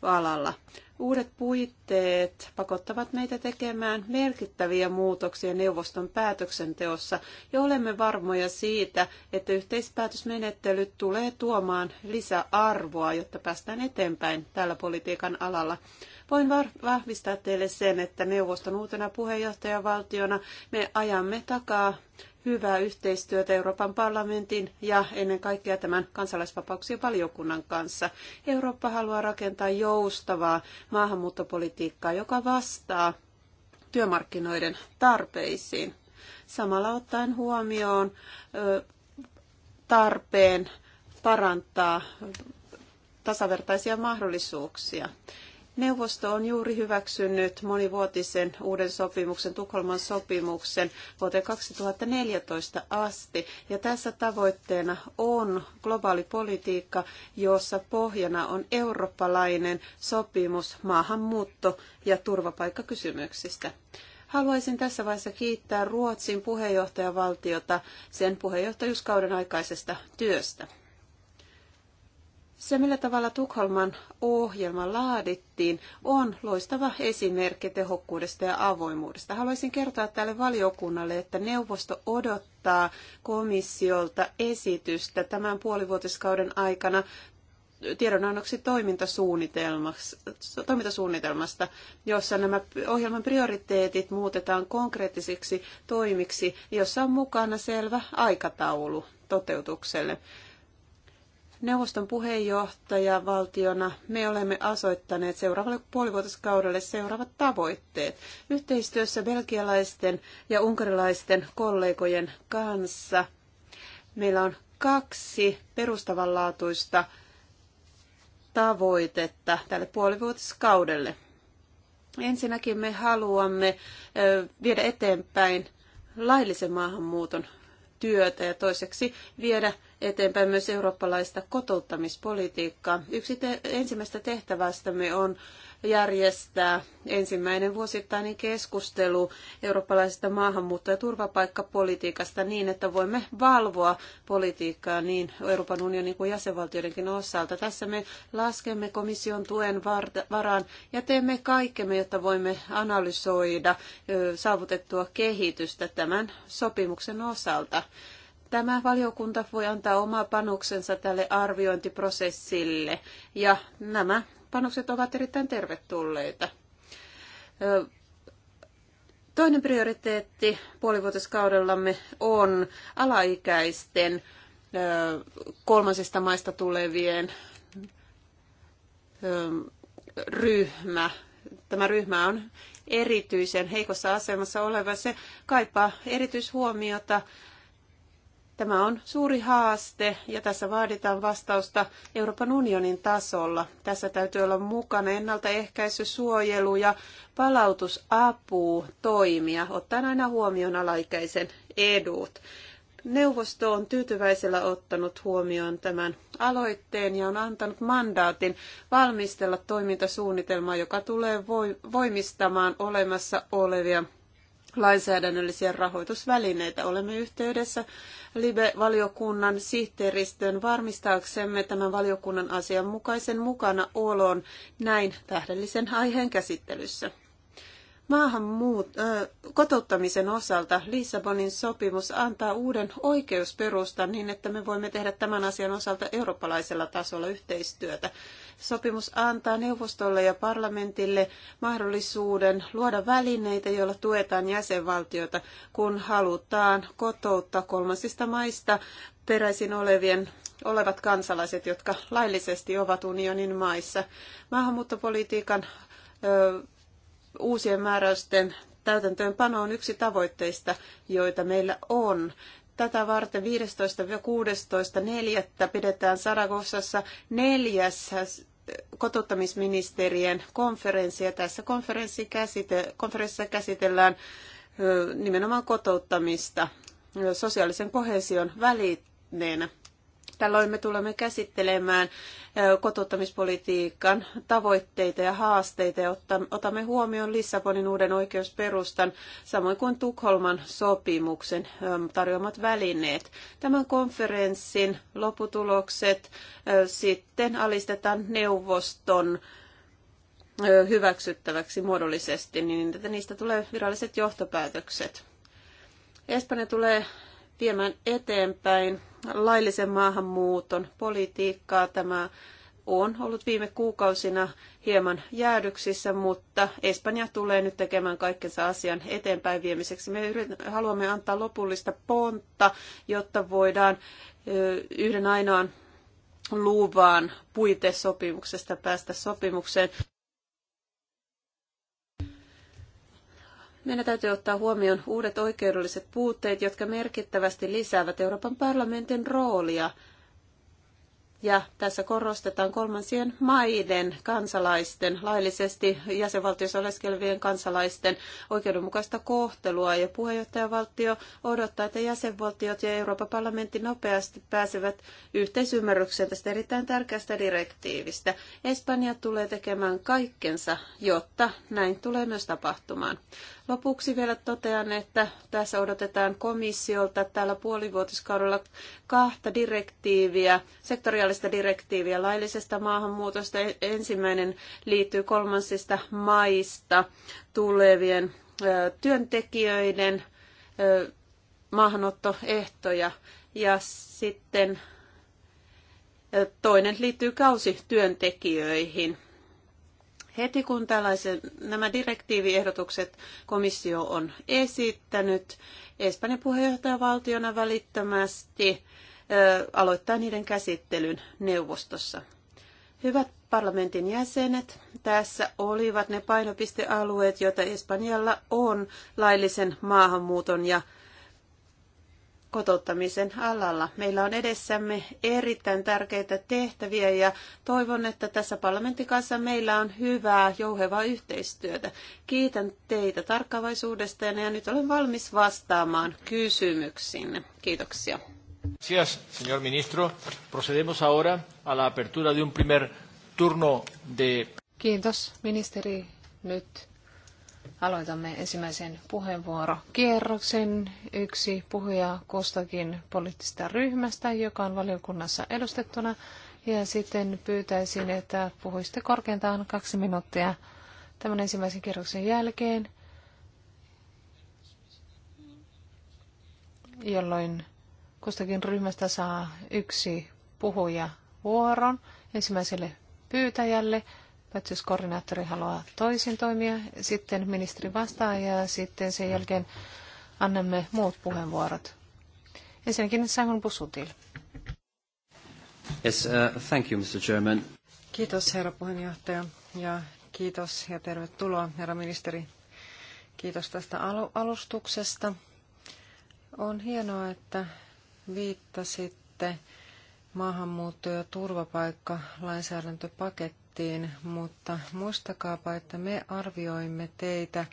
alalla. Uudet puitteet pakottavat meitä tekemään merkittäviä muutoksia neuvoston päätöksenteossa ja olemme varmoja siitä, että yhteispäätösmenettely tulee tuomaan lisäarvoa, jotta päästään eteenpäin tällä politiikan alalla. Voin vahvistaa teille sen, että neuvoston uutena puheenjohtajavaltiona me ajamme takaa hyvää yhteistyötä Euroopan parlamentin ja ennen kaikkea tämän kansalaisvapauksien valiokunnan kanssa. Eurooppa haluaa rakentaa joustavaa maahanmuuttopolitiikkaa, joka vastaa työmarkkinoiden tarpeisiin. Samalla ottaen huomioon tarpeen parantaa tasavertaisia mahdollisuuksia. Neuvosto on juuri hyväksynyt monivuotisen uuden sopimuksen, Tukholman sopimuksen, vuoteen 2014 asti. Ja tässä tavoitteena on globaali politiikka, jossa pohjana on eurooppalainen sopimus maahanmuutto- ja turvapaikkakysymyksistä. Haluaisin tässä vaiheessa kiittää Ruotsin puheenjohtajavaltiota sen puheenjohtajuuskauden aikaisesta työstä. Se, millä tavalla Tukholman ohjelma laadittiin, on loistava esimerkki tehokkuudesta ja avoimuudesta. Haluaisin kertoa tälle valiokunnalle, että neuvosto odottaa komissiolta esitystä tämän puolivuotiskauden aikana tiedonannoksi toimintasuunnitelmasta, jossa nämä ohjelman prioriteetit muutetaan konkreettisiksi toimiksi, jossa on mukana selvä aikataulu toteutukselle. Neuvoston puheenjohtaja valtiona me olemme asoittaneet seuraavalle puolivuotiskaudelle seuraavat tavoitteet. Yhteistyössä belgialaisten ja unkarilaisten kollegojen kanssa meillä on kaksi perustavanlaatuista tavoitetta tälle puolivuotiskaudelle. Ensinnäkin me haluamme viedä eteenpäin laillisen maahanmuuton työtä ja toiseksi viedä eteenpäin myös eurooppalaista kotouttamispolitiikkaa. Yksi te- ensimmäistä tehtävästämme on järjestää ensimmäinen vuosittainen keskustelu eurooppalaisesta maahanmuutto- ja turvapaikkapolitiikasta niin, että voimme valvoa politiikkaa niin Euroopan unionin kuin jäsenvaltioidenkin osalta. Tässä me laskemme komission tuen varaan ja teemme kaikkemme, jotta voimme analysoida saavutettua kehitystä tämän sopimuksen osalta. Tämä valiokunta voi antaa omaa panoksensa tälle arviointiprosessille ja nämä panokset ovat erittäin tervetulleita. Toinen prioriteetti puolivuotiskaudellamme on alaikäisten kolmansista maista tulevien ryhmä. Tämä ryhmä on erityisen heikossa asemassa oleva. Se kaipaa erityishuomiota Tämä on suuri haaste ja tässä vaaditaan vastausta Euroopan unionin tasolla. Tässä täytyy olla mukana ennaltaehkäisy, suojelu ja palautusapu toimia, ottaen aina huomioon alaikäisen edut. Neuvosto on tyytyväisellä ottanut huomioon tämän aloitteen ja on antanut mandaatin valmistella toimintasuunnitelmaa, joka tulee voimistamaan olemassa olevia lainsäädännöllisiä rahoitusvälineitä. Olemme yhteydessä LIBE-valiokunnan sihteeristön varmistaaksemme tämän valiokunnan asianmukaisen mukana oloon näin tähdellisen aiheen käsittelyssä. Maahanmuut, äh, kotouttamisen osalta Lissabonin sopimus antaa uuden oikeusperustan niin, että me voimme tehdä tämän asian osalta eurooppalaisella tasolla yhteistyötä. Sopimus antaa neuvostolle ja parlamentille mahdollisuuden luoda välineitä, joilla tuetaan jäsenvaltioita, kun halutaan kotouttaa kolmansista maista peräisin olevien olevat kansalaiset, jotka laillisesti ovat unionin maissa. Maahanmuuttopolitiikan uusien määräysten täytäntöönpano on yksi tavoitteista, joita meillä on. Tätä varten 15-16.4. pidetään Saragossassa neljäs kotouttamisministerien konferenssi. Ja tässä konferenssi käsite, konferenssissa käsitellään nimenomaan kotouttamista sosiaalisen kohesion välineenä. Tällöin me tulemme käsittelemään kotouttamispolitiikan tavoitteita ja haasteita ja otamme huomioon Lissabonin uuden oikeusperustan, samoin kuin Tukholman sopimuksen tarjoamat välineet. Tämän konferenssin loputulokset sitten alistetaan neuvoston hyväksyttäväksi muodollisesti, niin että niistä tulee viralliset johtopäätökset. Espanja tulee viemään eteenpäin laillisen maahanmuuton politiikkaa. Tämä on ollut viime kuukausina hieman jäädyksissä, mutta Espanja tulee nyt tekemään kaikkensa asian eteenpäin viemiseksi. Me haluamme antaa lopullista pontta, jotta voidaan yhden ainoan luvan puitesopimuksesta päästä sopimukseen. Meidän täytyy ottaa huomioon uudet oikeudelliset puutteet, jotka merkittävästi lisäävät Euroopan parlamentin roolia. Ja tässä korostetaan kolmansien maiden kansalaisten, laillisesti jäsenvaltiossa oleskelevien kansalaisten oikeudenmukaista kohtelua. Ja puheenjohtajavaltio odottaa, että jäsenvaltiot ja Euroopan parlamentti nopeasti pääsevät yhteisymmärrykseen tästä erittäin tärkeästä direktiivistä. Espanja tulee tekemään kaikkensa, jotta näin tulee myös tapahtumaan. Lopuksi vielä totean, että tässä odotetaan komissiolta täällä puolivuotiskaudella kahta direktiiviä, sektoriaalista direktiiviä laillisesta maahanmuutosta. E- ensimmäinen liittyy kolmansista maista tulevien työntekijöiden maahanottoehtoja ja sitten toinen liittyy kausityöntekijöihin – Heti kun tällaisen, nämä direktiiviehdotukset komissio on esittänyt, Espanjan puheenjohtajavaltiona välittömästi ö, aloittaa niiden käsittelyn neuvostossa. Hyvät parlamentin jäsenet, tässä olivat ne painopistealueet, joita Espanjalla on laillisen maahanmuuton ja kotouttamisen alalla. Meillä on edessämme erittäin tärkeitä tehtäviä ja toivon, että tässä parlamentin kanssa meillä on hyvää, jouhevaa yhteistyötä. Kiitän teitä tarkkaavaisuudesta ja nyt olen valmis vastaamaan kysymyksiin. Kiitoksia. Gracias, señor ministro. Procedemos ahora a la apertura de un primer turno de... Kiitos, ministeri. Nyt Aloitamme ensimmäisen puheenvuorokierroksen. Yksi puhuja kustakin poliittisesta ryhmästä, joka on valiokunnassa edustettuna. Ja sitten pyytäisin, että puhuisitte korkeintaan kaksi minuuttia tämän ensimmäisen kierroksen jälkeen, jolloin kustakin ryhmästä saa yksi puhuja vuoron ensimmäiselle pyytäjälle päätöskoordinaattori haluaa toisin toimia, sitten ministeri vastaa ja sitten sen jälkeen annamme muut puheenvuorot. Ensinnäkin Simon Busutil. Yes, uh, thank you, Mr. Chairman. Kiitos herra puheenjohtaja ja kiitos ja tervetuloa herra ministeri. Kiitos tästä alustuksesta. On hienoa, että viittasitte maahanmuutto- ja turvapaikkalainsäädäntöpakettiin puhuttiin, mutta muistakaapa, että me arvioimme teitä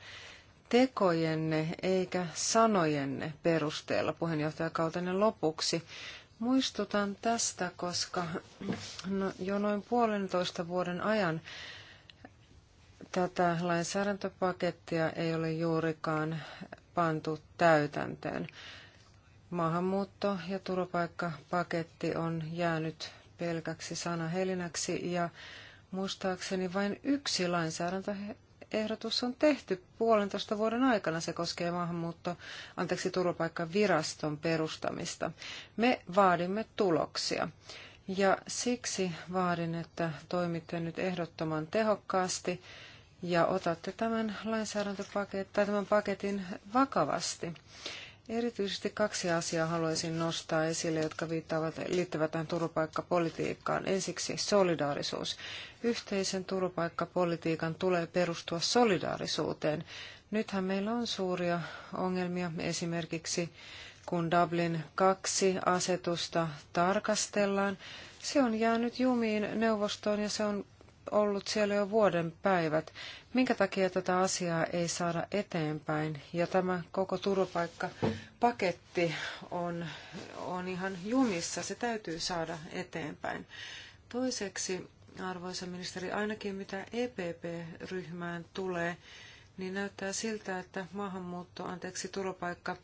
tekojenne eikä sanojenne perusteella puheenjohtajakautenen lopuksi. Muistutan tästä, koska no, jo noin puolentoista vuoden ajan tätä lainsäädäntöpakettia ei ole juurikaan pantu täytäntöön. Maahanmuutto- ja turvapaikkapaketti on jäänyt pelkäksi sanahelinäksi ja Muistaakseni vain yksi lainsäädäntöehdotus on tehty puolentoista vuoden aikana. Se koskee maahanmuutto, anteeksi, turvapaikkaviraston perustamista. Me vaadimme tuloksia. Ja siksi vaadin, että toimitte nyt ehdottoman tehokkaasti ja otatte tämän lainsäädäntöpaketin tai tämän paketin vakavasti. Erityisesti kaksi asiaa haluaisin nostaa esille, jotka viittaavat, liittyvät tähän turvapaikkapolitiikkaan. Ensiksi solidaarisuus. Yhteisen turvapaikkapolitiikan tulee perustua solidaarisuuteen. Nythän meillä on suuria ongelmia esimerkiksi kun Dublin 2 asetusta tarkastellaan. Se on jäänyt jumiin neuvostoon ja se on ollut siellä jo vuoden päivät. Minkä takia tätä asiaa ei saada eteenpäin? Ja tämä koko turvapaikkapaketti on, on ihan jumissa. Se täytyy saada eteenpäin. Toiseksi, arvoisa ministeri, ainakin mitä EPP-ryhmään tulee, niin näyttää siltä, että maahanmuutto, anteeksi, turvapaikka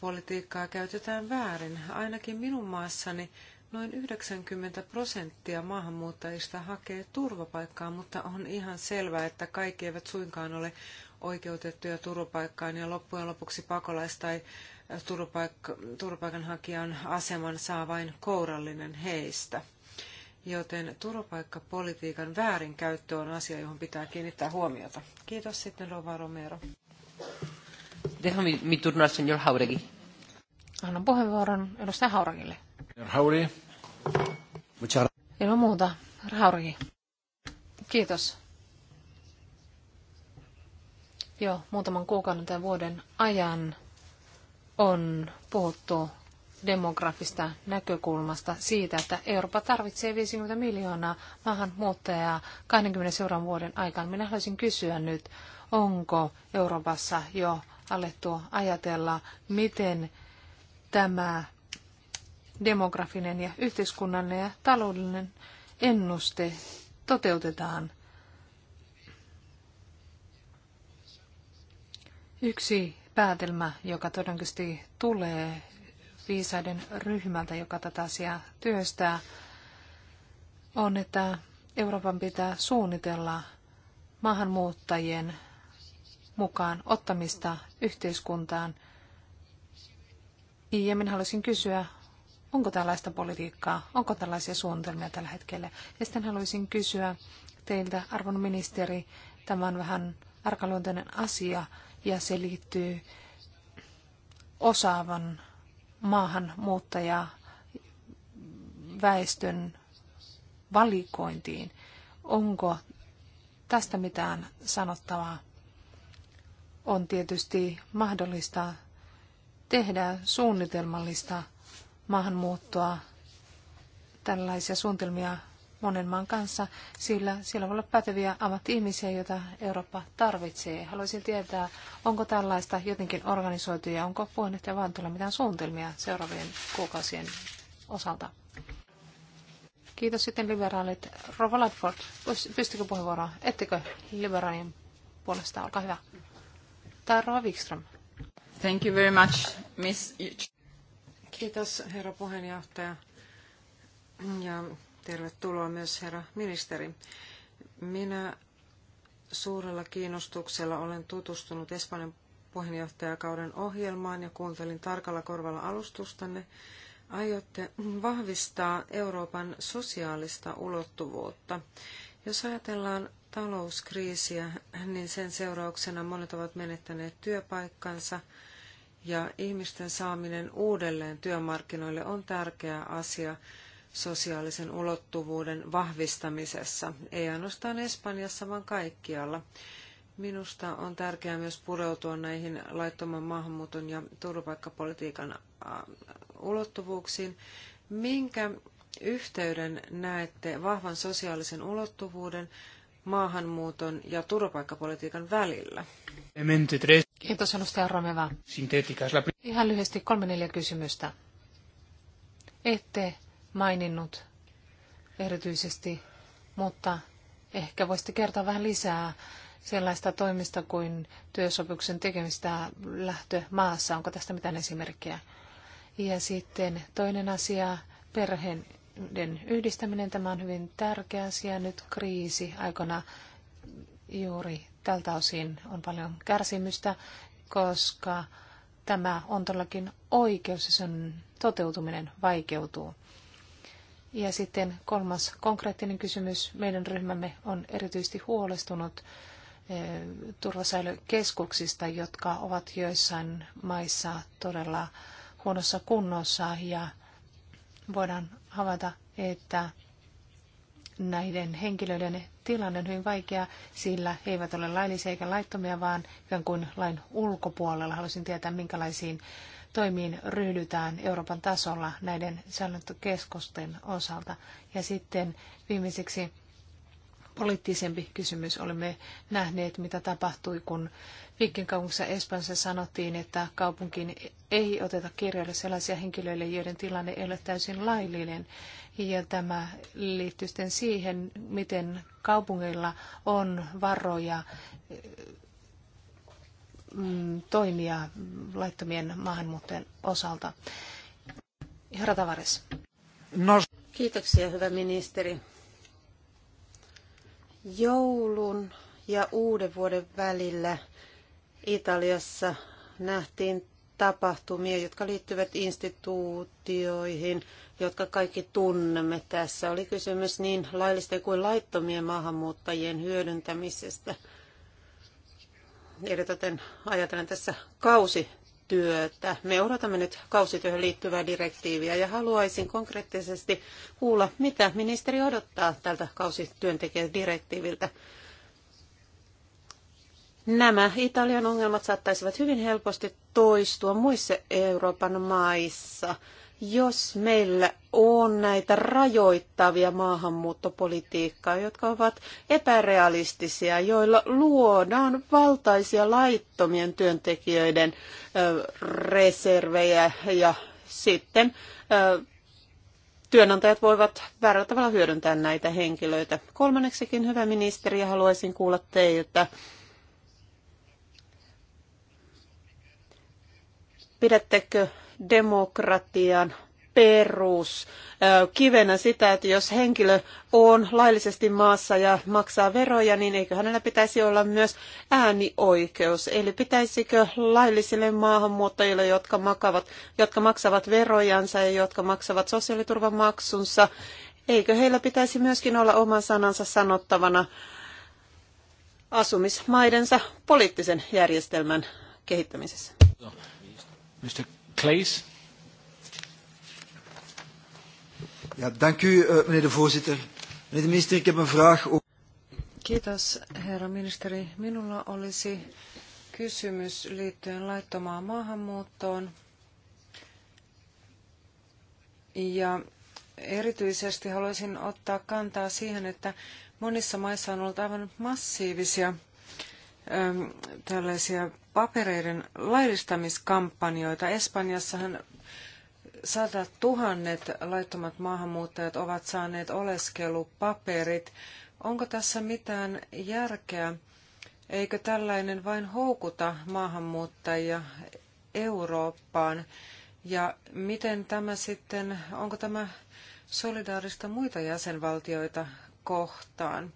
politiikkaa käytetään väärin. Ainakin minun maassani Noin 90 prosenttia maahanmuuttajista hakee turvapaikkaa, mutta on ihan selvää, että kaikki eivät suinkaan ole oikeutettuja turvapaikkaan ja loppujen lopuksi pakolais- tai turvapaikka, turvapaikanhakijan aseman saa vain kourallinen heistä. Joten turvapaikkapolitiikan väärinkäyttö on asia, johon pitää kiinnittää huomiota. Kiitos sitten Rova Romero. mi turno señor Annan puheenvuoron edustaja Hauregille. Hauri. Ilman muuta, Hauri. Kiitos. Jo muutaman kuukauden tai vuoden ajan on puhuttu demografista näkökulmasta siitä, että Eurooppa tarvitsee 50 miljoonaa maahanmuuttajaa 20 seuraavan vuoden aikana. Minä haluaisin kysyä nyt, onko Euroopassa jo alettu ajatella, miten tämä demografinen ja yhteiskunnallinen ja taloudellinen ennuste toteutetaan. Yksi päätelmä, joka todennäköisesti tulee viisaiden ryhmältä, joka tätä asiaa työstää, on, että Euroopan pitää suunnitella maahanmuuttajien mukaan ottamista yhteiskuntaan. Ja minä haluaisin kysyä, Onko tällaista politiikkaa? Onko tällaisia suunnitelmia tällä hetkellä? Ja sitten haluaisin kysyä teiltä, arvon ministeri, tämä on vähän arkaluontoinen asia ja se liittyy osaavan maahanmuuttaja väestön valikointiin. Onko tästä mitään sanottavaa? On tietysti mahdollista tehdä suunnitelmallista maahanmuuttoa, tällaisia suunnitelmia monen maan kanssa, sillä siellä voi olla päteviä ammatti-ihmisiä, joita Eurooppa tarvitsee. Haluaisin tietää, onko tällaista jotenkin organisoitu ja onko puheenjohtaja Vantola mitään suunnitelmia seuraavien kuukausien osalta? Kiitos sitten liberaalit. Rova Ladford, pystykö puheenvuoroa? Ettekö liberaalien puolesta? Olkaa hyvä. Tai Rova Wikström. Thank you very much, Miss Kiitos herra puheenjohtaja ja tervetuloa myös herra ministeri. Minä suurella kiinnostuksella olen tutustunut Espanjan puheenjohtajakauden ohjelmaan ja kuuntelin tarkalla korvalla alustustanne. Aiotte vahvistaa Euroopan sosiaalista ulottuvuutta. Jos ajatellaan talouskriisiä, niin sen seurauksena monet ovat menettäneet työpaikkansa – ja ihmisten saaminen uudelleen työmarkkinoille on tärkeä asia sosiaalisen ulottuvuuden vahvistamisessa, ei ainoastaan Espanjassa, vaan kaikkialla. Minusta on tärkeää myös pureutua näihin laittoman maahanmuuton ja turvapaikkapolitiikan ulottuvuuksiin. Minkä yhteyden näette vahvan sosiaalisen ulottuvuuden maahanmuuton ja turvapaikkapolitiikan välillä. Kiitos edustaja Romeva. Ihan lyhyesti kolme neljä kysymystä. Ette maininnut erityisesti, mutta ehkä voisitte kertoa vähän lisää sellaista toimista kuin työsopimuksen tekemistä lähtö maassa. Onko tästä mitään esimerkkejä? Ja sitten toinen asia, perheen niiden yhdistäminen, tämä on hyvin tärkeä asia nyt kriisi aikana juuri tältä osin on paljon kärsimystä, koska tämä on todellakin oikeus ja sen toteutuminen vaikeutuu. Ja sitten kolmas konkreettinen kysymys. Meidän ryhmämme on erityisesti huolestunut eh, turvasäilykeskuksista, jotka ovat joissain maissa todella huonossa kunnossa ja voidaan havaita, että näiden henkilöiden tilanne on hyvin vaikea, sillä he eivät ole laillisia eikä laittomia, vaan ikään kuin lain ulkopuolella. Haluaisin tietää, minkälaisiin toimiin ryhdytään Euroopan tasolla näiden säännöntökeskusten osalta. Ja sitten viimeiseksi poliittisempi kysymys. Olemme nähneet, mitä tapahtui, kun Viikin kaupungissa Espanjassa sanottiin, että kaupunkiin ei oteta kirjoille sellaisia henkilöille, joiden tilanne ei ole täysin laillinen. Ja tämä liittyy sitten siihen, miten kaupungeilla on varoja mm, toimia laittomien maahanmuuttajien osalta. Herra Tavares. Kiitoksia, hyvä ministeri. Joulun ja uuden vuoden välillä Italiassa nähtiin tapahtumia, jotka liittyvät instituutioihin, jotka kaikki tunnemme tässä. Oli kysymys niin laillisten kuin laittomien maahanmuuttajien hyödyntämisestä. Eritoten ajatellen tässä kausi työtä. Me odotamme nyt kausityöhön liittyvää direktiiviä ja haluaisin konkreettisesti kuulla, mitä ministeri odottaa tältä kausityöntekijädirektiiviltä. Nämä Italian ongelmat saattaisivat hyvin helposti toistua muissa Euroopan maissa – jos meillä on näitä rajoittavia maahanmuuttopolitiikkaa, jotka ovat epärealistisia, joilla luodaan valtaisia laittomien työntekijöiden reservejä ja sitten työnantajat voivat väärällä tavalla hyödyntää näitä henkilöitä. Kolmanneksikin, hyvä ministeri, haluaisin kuulla teiltä. Pidättekö demokratian perus kivenä sitä, että jos henkilö on laillisesti maassa ja maksaa veroja, niin eikö hänellä pitäisi olla myös äänioikeus? Eli pitäisikö laillisille maahanmuuttajille, jotka, makavat, jotka maksavat verojansa ja jotka maksavat sosiaaliturvamaksunsa, eikö heillä pitäisi myöskin olla oma sanansa sanottavana asumismaidensa poliittisen järjestelmän kehittämisessä? Mr. Claes. Ja, dank u, eh, meneer de voorzitter. Meneer de minister, ik heb een vraag. Kiitos, herra ministeri. Minulla olisi kysymys liittyen laittomaan maahanmuuttoon. Ja erityisesti haluaisin ottaa kantaa siihen, että monissa maissa on ollut aivan massiivisia Ähm, tällaisia papereiden laillistamiskampanjoita. Espanjassahan sadat tuhannet laittomat maahanmuuttajat ovat saaneet oleskelupaperit. Onko tässä mitään järkeä? Eikö tällainen vain houkuta maahanmuuttajia Eurooppaan? Ja miten tämä sitten, onko tämä solidaarista muita jäsenvaltioita kohtaan?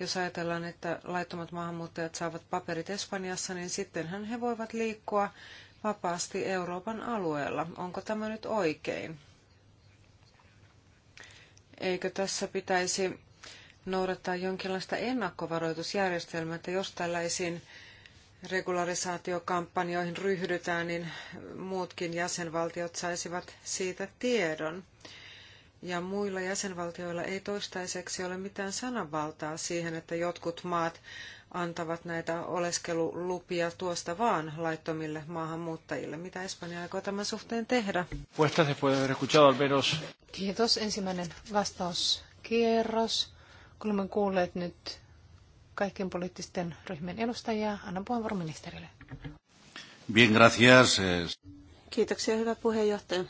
Jos ajatellaan, että laittomat maahanmuuttajat saavat paperit Espanjassa, niin sittenhän he voivat liikkua vapaasti Euroopan alueella. Onko tämä nyt oikein? Eikö tässä pitäisi noudattaa jonkinlaista ennakkovaroitusjärjestelmää, että jos tällaisiin regularisaatiokampanjoihin ryhdytään, niin muutkin jäsenvaltiot saisivat siitä tiedon ja muilla jäsenvaltioilla ei toistaiseksi ole mitään sananvaltaa siihen, että jotkut maat antavat näitä oleskelulupia tuosta vaan laittomille maahanmuuttajille. Mitä Espanja aikoo tämän suhteen tehdä? Kiitos. Ensimmäinen vastauskierros. Olemme kuulleet nyt kaikkien poliittisten ryhmien edustajia. Annan puheenvuoron ministerille. Bien, gracias. Kiitoksia, hyvä puheenjohtaja.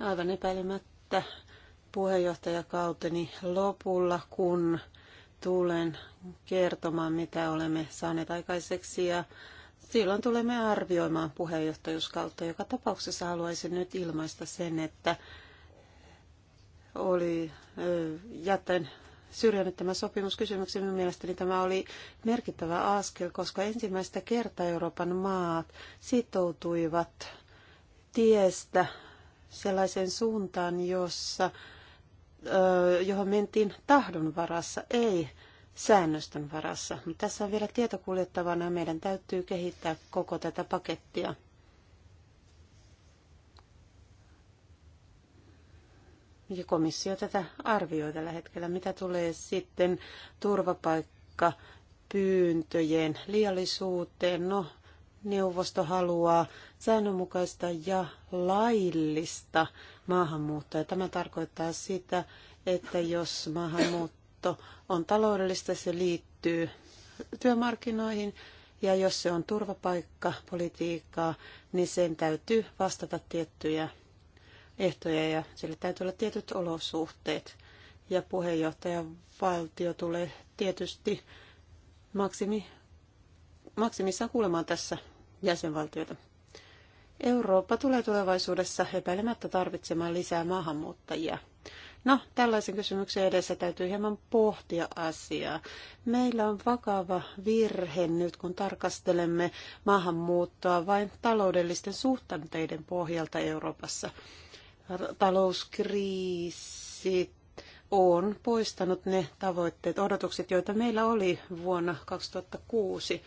Aivan epäilemättä puheenjohtajakauteni lopulla, kun tulen kertomaan, mitä olemme saaneet aikaiseksi ja silloin tulemme arvioimaan puheenjohtajuuskautta. Joka tapauksessa haluaisin nyt ilmaista sen, että oli jätän syrjännyt tämä sopimuskysymyksen. Minun mielestäni tämä oli merkittävä askel, koska ensimmäistä kertaa Euroopan maat sitoutuivat tiestä sellaiseen suuntaan, jossa johon mentiin tahdon varassa, ei säännöstön varassa. Tässä on vielä tieto kuljettavana ja meidän täytyy kehittää koko tätä pakettia. Ja komissio tätä arvioi tällä hetkellä, mitä tulee sitten turvapaikka pyyntöjen liiallisuuteen. No, neuvosto haluaa säännönmukaista ja laillista maahanmuuttoa. Tämä tarkoittaa sitä, että jos maahanmuutto on taloudellista, se liittyy työmarkkinoihin, ja jos se on turvapaikkapolitiikkaa, niin sen täytyy vastata tiettyjä ehtoja ja sillä täytyy olla tietyt olosuhteet. Ja puheenjohtajan valtio tulee tietysti maksimi, maksimissaan kuulemaan tässä jäsenvaltioita. Eurooppa tulee tulevaisuudessa epäilemättä tarvitsemaan lisää maahanmuuttajia. No, tällaisen kysymyksen edessä täytyy hieman pohtia asiaa. Meillä on vakava virhe nyt, kun tarkastelemme maahanmuuttoa vain taloudellisten suhtanteiden pohjalta Euroopassa. Talouskriisi on poistanut ne tavoitteet, odotukset, joita meillä oli vuonna 2006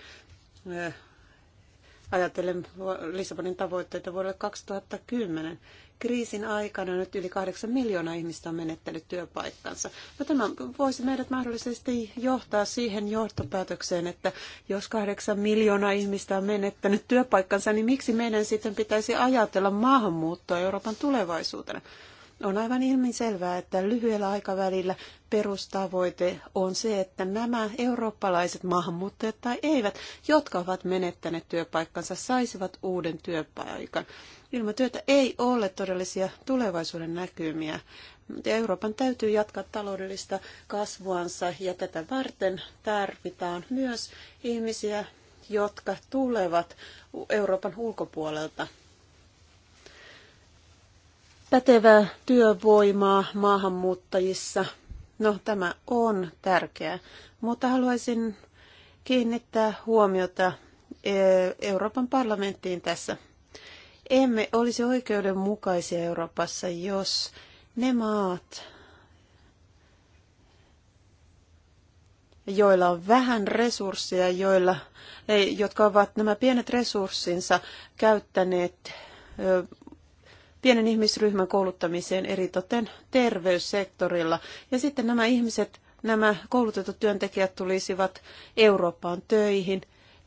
ajatellen Lissabonin tavoitteita vuodelle 2010. Kriisin aikana nyt yli 8 miljoonaa ihmistä on menettänyt työpaikkansa. No tämä voisi meidät mahdollisesti johtaa siihen johtopäätökseen, että jos 8 miljoonaa ihmistä on menettänyt työpaikkansa, niin miksi meidän sitten pitäisi ajatella maahanmuuttoa Euroopan tulevaisuutena? On aivan ilmiselvää, että lyhyellä aikavälillä perustavoite on se, että nämä eurooppalaiset maahanmuuttajat tai eivät, jotka ovat menettäneet työpaikkansa, saisivat uuden työpaikan. Ilman työtä ei ole todellisia tulevaisuuden näkymiä. Euroopan täytyy jatkaa taloudellista kasvuansa ja tätä varten tarvitaan myös ihmisiä, jotka tulevat Euroopan ulkopuolelta pätevää työvoimaa maahanmuuttajissa. No, tämä on tärkeää, mutta haluaisin kiinnittää huomiota e, Euroopan parlamenttiin tässä. Emme olisi oikeudenmukaisia Euroopassa, jos ne maat, joilla on vähän resursseja, joilla, e, jotka ovat nämä pienet resurssinsa käyttäneet e, pienen ihmisryhmän kouluttamiseen eritoten terveyssektorilla. Ja sitten nämä ihmiset, nämä koulutetut työntekijät tulisivat Eurooppaan töihin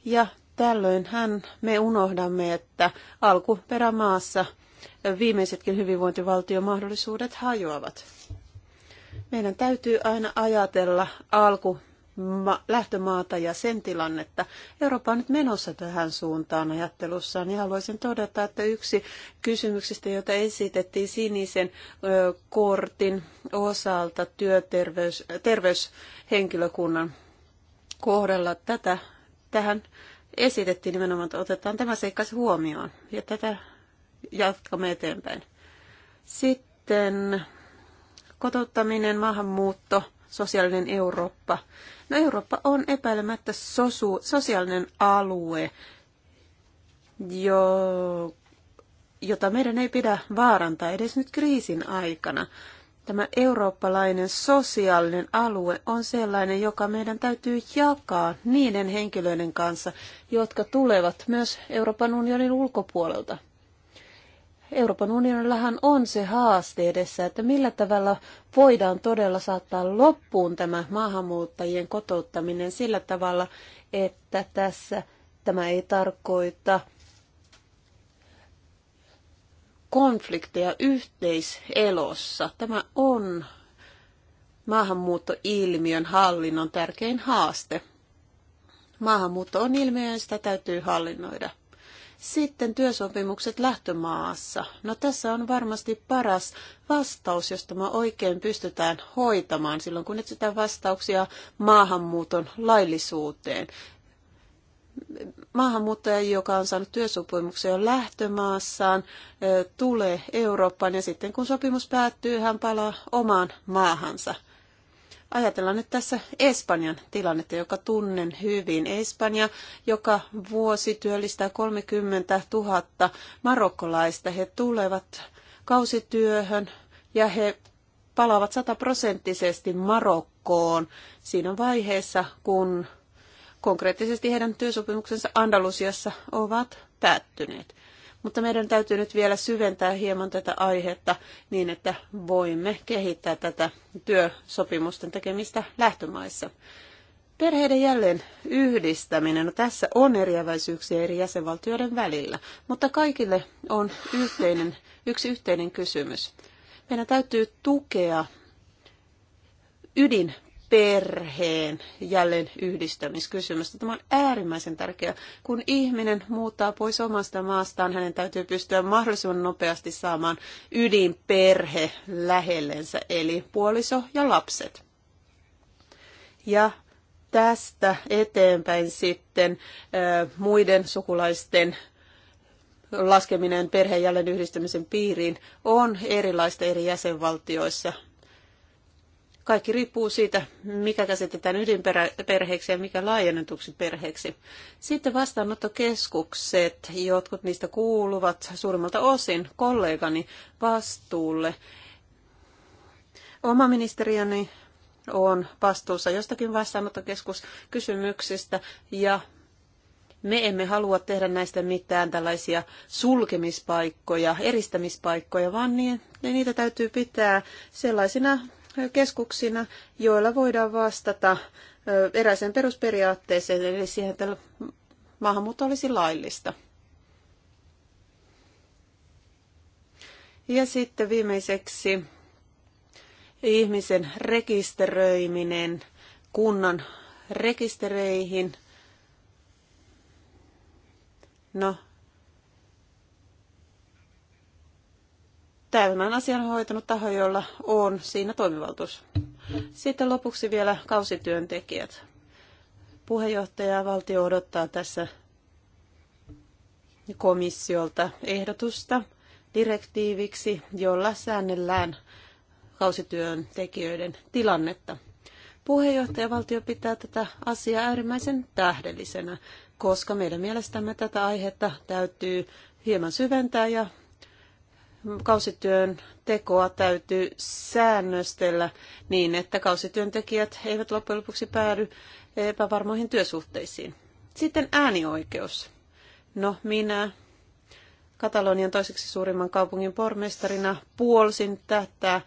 ja tällöin hän me unohdamme, että alkuperämaassa viimeisetkin hyvinvointivaltiomahdollisuudet hajoavat. Meidän täytyy aina ajatella alku ma- lähtömaata ja sen tilannetta. Eurooppa on nyt menossa tähän suuntaan ajattelussaan ja haluaisin todeta, että yksi kysymyksistä, jota esitettiin sinisen ö, kortin osalta työterveys, terveyshenkilökunnan kohdalla, tätä, tähän esitettiin nimenomaan, että otetaan tämä seikka huomioon ja tätä jatkamme eteenpäin. Sitten kotouttaminen, maahanmuutto, sosiaalinen Eurooppa. No Eurooppa on epäilemättä sosu, sosiaalinen alue, jo, jota meidän ei pidä vaarantaa edes nyt kriisin aikana. Tämä eurooppalainen sosiaalinen alue on sellainen, joka meidän täytyy jakaa niiden henkilöiden kanssa, jotka tulevat myös Euroopan unionin ulkopuolelta. Euroopan unionillahan on se haaste edessä, että millä tavalla voidaan todella saattaa loppuun tämä maahanmuuttajien kotouttaminen sillä tavalla, että tässä tämä ei tarkoita konflikteja yhteiselossa. Tämä on maahanmuuttoilmiön hallinnon tärkein haaste. Maahanmuutto on ilmiö ja sitä täytyy hallinnoida. Sitten työsopimukset lähtömaassa. No tässä on varmasti paras vastaus, jos tämä oikein pystytään hoitamaan silloin, kun etsitään vastauksia maahanmuuton laillisuuteen. Maahanmuuttaja, joka on saanut työsopimuksen jo lähtömaassaan, tulee Eurooppaan ja sitten kun sopimus päättyy, hän palaa omaan maahansa – Ajatellaan nyt tässä Espanjan tilannetta, joka tunnen hyvin. Espanja joka vuosi työllistää 30 000 marokkolaista. He tulevat kausityöhön ja he palaavat sataprosenttisesti Marokkoon siinä vaiheessa, kun konkreettisesti heidän työsopimuksensa Andalusiassa ovat päättyneet. Mutta meidän täytyy nyt vielä syventää hieman tätä aihetta niin, että voimme kehittää tätä työsopimusten tekemistä lähtömaissa. Perheiden jälleen yhdistäminen, no tässä on eriäväisyyksiä eri jäsenvaltioiden välillä, mutta kaikille on yhteinen, yksi yhteinen kysymys. Meidän täytyy tukea ydin perheen jälleen yhdistämiskysymystä. Tämä on äärimmäisen tärkeää. Kun ihminen muuttaa pois omasta maastaan, hänen täytyy pystyä mahdollisimman nopeasti saamaan ydinperhe lähellensä, eli puoliso ja lapset. Ja tästä eteenpäin sitten muiden sukulaisten laskeminen perheen jälleen yhdistämisen piiriin on erilaista eri jäsenvaltioissa kaikki riippuu siitä, mikä käsitetään ydinperheeksi ja mikä laajennetuksi perheeksi. Sitten vastaanottokeskukset, jotkut niistä kuuluvat suurimmalta osin kollegani vastuulle. Oma ministeriöni on vastuussa jostakin vastaanottokeskuskysymyksistä ja me emme halua tehdä näistä mitään tällaisia sulkemispaikkoja, eristämispaikkoja, vaan niin, niin niitä täytyy pitää sellaisina keskuksina, joilla voidaan vastata eräiseen perusperiaatteeseen, eli siihen, että maahanmuutto olisi laillista. Ja sitten viimeiseksi ihmisen rekisteröiminen kunnan rekistereihin. No, tämän asian hoitanut taho, jolla on siinä toimivaltuus. Sitten lopuksi vielä kausityöntekijät. Puheenjohtaja valtio odottaa tässä komissiolta ehdotusta direktiiviksi, jolla säännellään kausityöntekijöiden tilannetta. Puheenjohtajavaltio pitää tätä asiaa äärimmäisen tähdellisenä, koska meidän mielestämme tätä aihetta täytyy hieman syventää ja kausityön tekoa täytyy säännöstellä niin, että kausityöntekijät eivät loppujen lopuksi päädy epävarmoihin työsuhteisiin. Sitten äänioikeus. No minä Katalonian toiseksi suurimman kaupungin pormestarina puolsin tätä,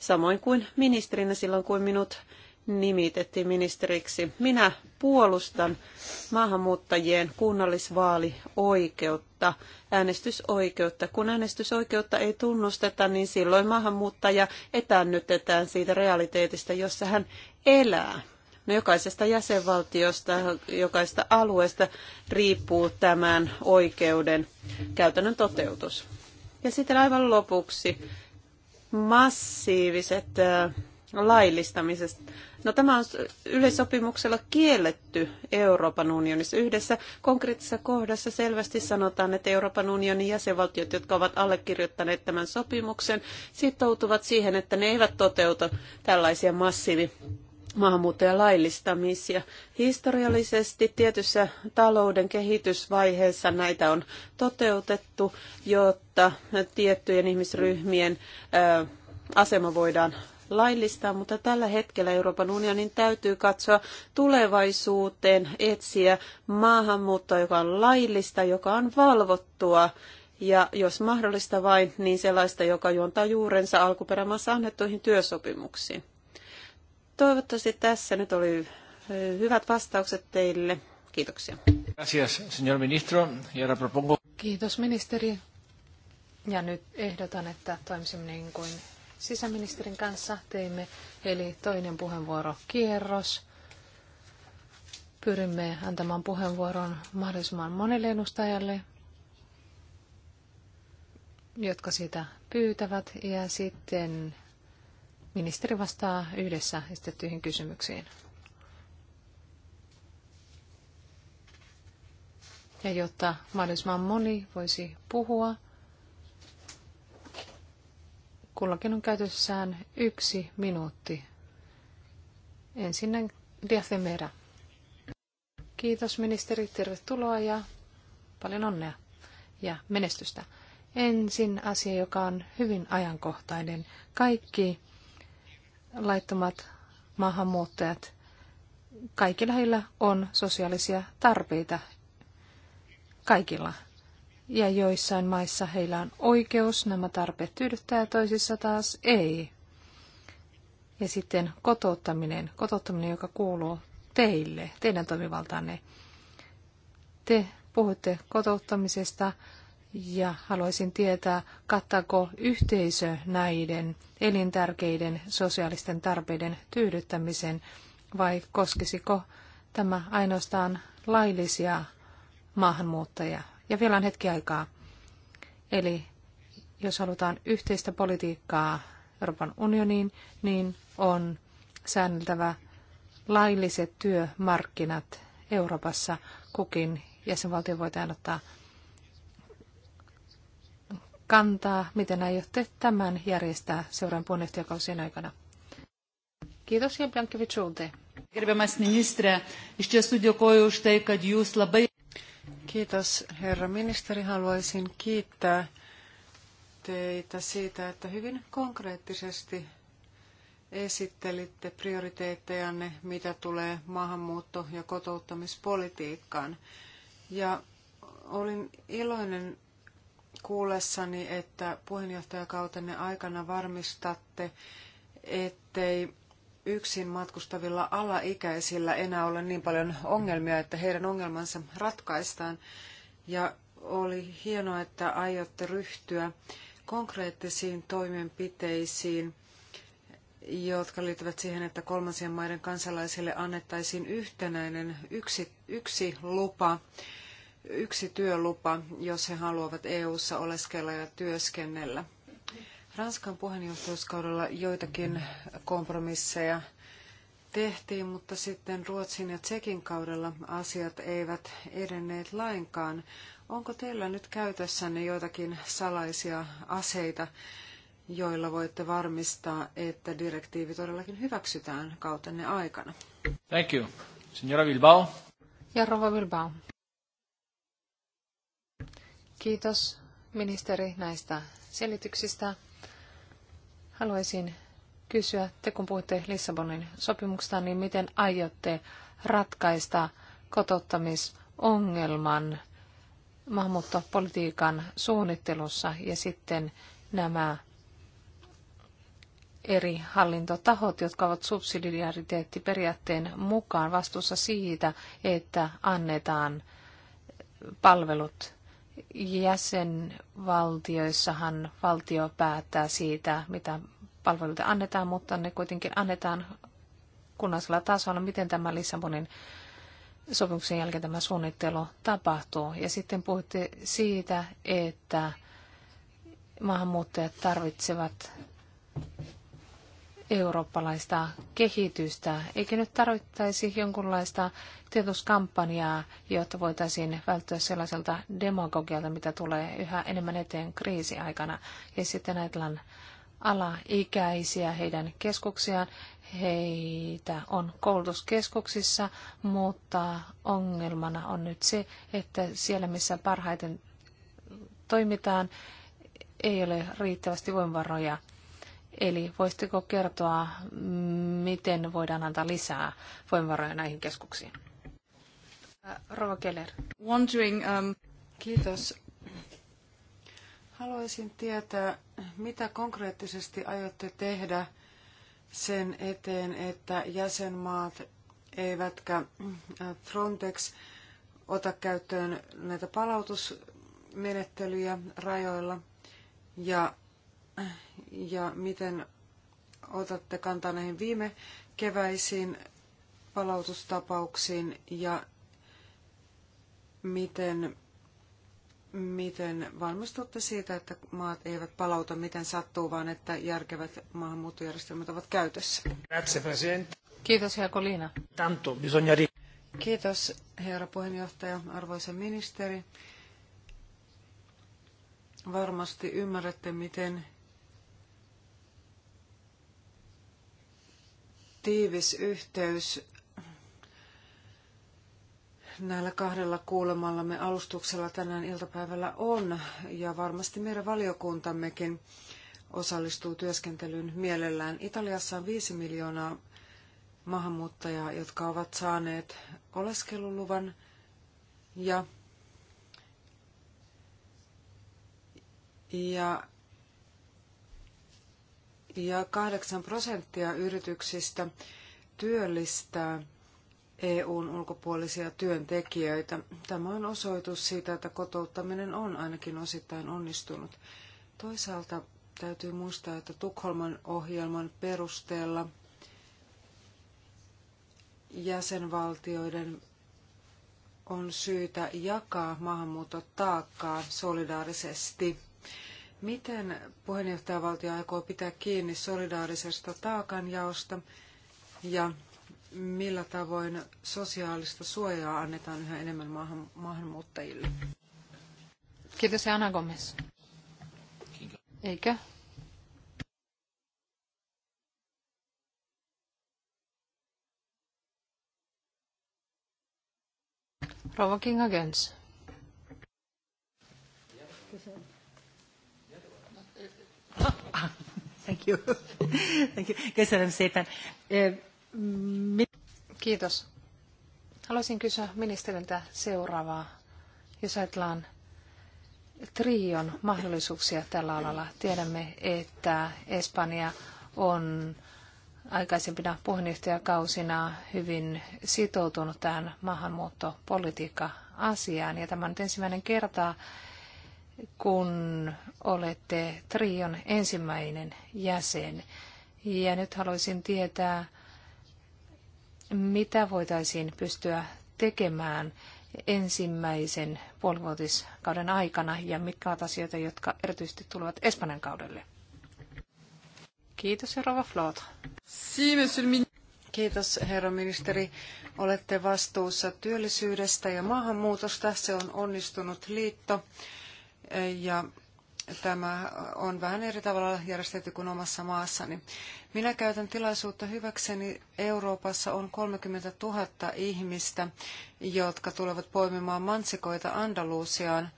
samoin kuin ministerinä silloin, kun minut nimitettiin ministeriksi. Minä puolustan maahanmuuttajien kunnallisvaalioikeutta, äänestysoikeutta. Kun äänestysoikeutta ei tunnusteta, niin silloin maahanmuuttaja etännytetään siitä realiteetista, jossa hän elää. No jokaisesta jäsenvaltiosta, jokaisesta alueesta riippuu tämän oikeuden käytännön toteutus. Ja sitten aivan lopuksi massiiviset äh, laillistamisesta. No tämä on yleissopimuksella kielletty Euroopan unionissa. Yhdessä konkreettisessa kohdassa selvästi sanotaan, että Euroopan unionin jäsenvaltiot, jotka ovat allekirjoittaneet tämän sopimuksen, sitoutuvat siihen, että ne eivät toteuta tällaisia massiivi maahanmuuttajan laillistamisia. Historiallisesti tietyssä talouden kehitysvaiheessa näitä on toteutettu, jotta tiettyjen ihmisryhmien asema voidaan laillistaa, mutta tällä hetkellä Euroopan unionin täytyy katsoa tulevaisuuteen, etsiä maahanmuuttoa, joka on laillista, joka on valvottua ja jos mahdollista vain, niin sellaista, joka juontaa juurensa alkuperämaassa annettuihin työsopimuksiin. Toivottavasti tässä nyt oli eh, hyvät vastaukset teille. Kiitoksia. Gracias, señor ministro. ahora propongo... Kiitos ministeri. Ja nyt ehdotan, että toimisimme niin kuin sisäministerin kanssa teimme, eli toinen puheenvuorokierros. Pyrimme antamaan puheenvuoron mahdollisimman monelle edustajalle, jotka sitä pyytävät, ja sitten ministeri vastaa yhdessä esitettyihin kysymyksiin. Ja jotta mahdollisimman moni voisi puhua, Kullakin on käytössään yksi minuutti. Ensinnäkin Diathemera. Kiitos ministeri, tervetuloa ja paljon onnea ja menestystä. Ensin asia, joka on hyvin ajankohtainen. Kaikki laittomat maahanmuuttajat, kaikilla heillä on sosiaalisia tarpeita. Kaikilla ja joissain maissa heillä on oikeus nämä tarpeet tyydyttää ja toisissa taas ei. Ja sitten kotouttaminen, kotouttaminen, joka kuuluu teille, teidän toimivaltaanne, Te puhutte kotouttamisesta ja haluaisin tietää, kattaako yhteisö näiden elintärkeiden sosiaalisten tarpeiden tyydyttämisen vai koskisiko tämä ainoastaan laillisia maahanmuuttajia, ja vielä on hetki aikaa. Eli jos halutaan yhteistä politiikkaa Euroopan unioniin, niin on säänneltävä lailliset työmarkkinat Euroopassa. Kukin jäsenvaltio voi ottaa kantaa, miten aiotte tämän järjestää seuraavan puheenjohtajakausien aikana. Kiitos ja Blankevich Gerbiamas ministre, iš tiesų dėkoju už tai, kad jūs labai... Kiitos herra ministeri. Haluaisin kiittää teitä siitä, että hyvin konkreettisesti esittelitte prioriteettejanne, mitä tulee maahanmuutto- ja kotouttamispolitiikkaan. Ja olin iloinen kuullessani, että puheenjohtajakautenne aikana varmistatte, ettei yksin matkustavilla alaikäisillä enää ole niin paljon ongelmia, että heidän ongelmansa ratkaistaan. Ja oli hienoa, että aiotte ryhtyä konkreettisiin toimenpiteisiin, jotka liittyvät siihen, että kolmansien maiden kansalaisille annettaisiin yhtenäinen yksi, yksi lupa, yksi työlupa, jos he haluavat EU-ssa oleskella ja työskennellä. Ranskan puheenjohtajuuskaudella joitakin kompromisseja tehtiin, mutta sitten Ruotsin ja Tsekin kaudella asiat eivät edenneet lainkaan. Onko teillä nyt käytössänne joitakin salaisia aseita, joilla voitte varmistaa, että direktiivi todellakin hyväksytään kautenne aikana? Thank you. Signora Bilbao. Ja Rova Bilbao. Kiitos ministeri näistä selityksistä. Haluaisin kysyä, te kun puhutte Lissabonin sopimuksesta, niin miten aiotte ratkaista kotottamisongelman maahanmuuttopolitiikan suunnittelussa ja sitten nämä eri hallintotahot, jotka ovat subsidiariteettiperiaatteen mukaan vastuussa siitä, että annetaan palvelut jäsenvaltioissahan valtio päättää siitä, mitä palveluita annetaan, mutta ne kuitenkin annetaan kunnallisella tasolla, miten tämä Lissabonin sopimuksen jälkeen tämä suunnittelu tapahtuu. Ja sitten puhutte siitä, että maahanmuuttajat tarvitsevat eurooppalaista kehitystä, eikä nyt tarvittaisi jonkunlaista tietoskampanjaa, jotta voitaisiin välttyä sellaiselta demagogialta, mitä tulee yhä enemmän eteen kriisiaikana. Ja sitten ajatellaan alaikäisiä heidän keskuksiaan. Heitä on koulutuskeskuksissa, mutta ongelmana on nyt se, että siellä missä parhaiten toimitaan, ei ole riittävästi voimavaroja Eli voisitteko kertoa, miten voidaan antaa lisää voimavaroja näihin keskuksiin? Äh, Rova Keller. Wondering, um... Kiitos. Haluaisin tietää, mitä konkreettisesti aiotte tehdä sen eteen, että jäsenmaat eivätkä äh, Frontex ota käyttöön näitä palautusmenettelyjä rajoilla ja ja miten otatte kantaa näihin viime keväisiin palautustapauksiin ja miten, miten valmistutte siitä, että maat eivät palauta miten sattuu, vaan että järkevät maahanmuuttojärjestelmät ovat käytössä? Kiitos, Kolina. Tanto, bisogna... Kiitos, herra puheenjohtaja, arvoisa ministeri. Varmasti ymmärrätte, miten tiivis yhteys näillä kahdella kuulemallamme alustuksella tänään iltapäivällä on, ja varmasti meidän valiokuntammekin osallistuu työskentelyyn mielellään. Italiassa on viisi miljoonaa maahanmuuttajaa, jotka ovat saaneet oleskeluluvan ja, ja ja 8 prosenttia yrityksistä työllistää EUn ulkopuolisia työntekijöitä. Tämä on osoitus siitä, että kotouttaminen on ainakin osittain onnistunut. Toisaalta täytyy muistaa, että Tukholman ohjelman perusteella jäsenvaltioiden on syytä jakaa maahanmuuton taakkaa solidaarisesti. Miten puheenjohtajavaltio aikoo pitää kiinni solidaarisesta taakanjaosta ja millä tavoin sosiaalista suojaa annetaan yhä enemmän maahan, maahanmuuttajille? Kiitos Anna Gomez. Eikö? Rouva Kinga Gens. Köszönöm szépen. Kiitos. Haluaisin kysyä ministeriltä seuraavaa. Jos ajatellaan trion mahdollisuuksia tällä alalla. Tiedämme, että Espanja on aikaisempina puheenjohtajakausina hyvin sitoutunut tähän maahanmuuttopolitiikka-asiaan. Ja tämä on nyt ensimmäinen kerta, kun olette Trion ensimmäinen jäsen. Ja nyt haluaisin tietää, mitä voitaisiin pystyä tekemään ensimmäisen puolivuotiskauden aikana ja mitkä ovat asioita, jotka erityisesti tulevat Espanjan kaudelle. Kiitos, Rova Flot. Kiitos, herra ministeri. Olette vastuussa työllisyydestä ja maahanmuutosta. Se on onnistunut liitto ja tämä on vähän eri tavalla järjestetty kuin omassa maassani. Minä käytän tilaisuutta hyväkseni. Euroopassa on 30 000 ihmistä, jotka tulevat poimimaan mansikoita Andalusiaan.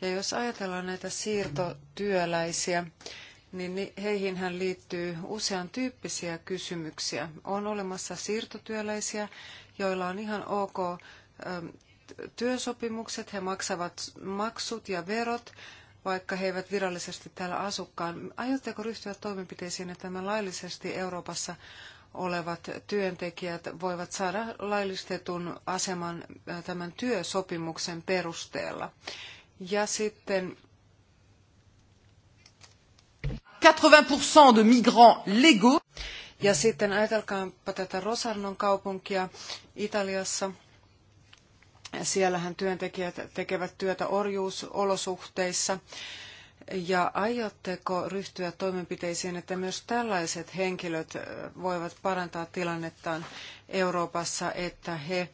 Ja jos ajatellaan näitä siirtotyöläisiä, niin heihin liittyy usean tyyppisiä kysymyksiä. On olemassa siirtotyöläisiä, joilla on ihan ok työsopimukset, he maksavat maksut ja verot, vaikka he eivät virallisesti täällä asukaan. Aiotteko ryhtyä toimenpiteisiin, että nämä laillisesti Euroopassa olevat työntekijät voivat saada laillistetun aseman äh, tämän työsopimuksen perusteella? Ja sitten 80% de migrants légaux. Ja sitten ajatelkaanpa tätä Rosarnon kaupunkia Italiassa. Siellähän työntekijät tekevät työtä orjuusolosuhteissa. Ja aiotteko ryhtyä toimenpiteisiin, että myös tällaiset henkilöt voivat parantaa tilannettaan Euroopassa, että he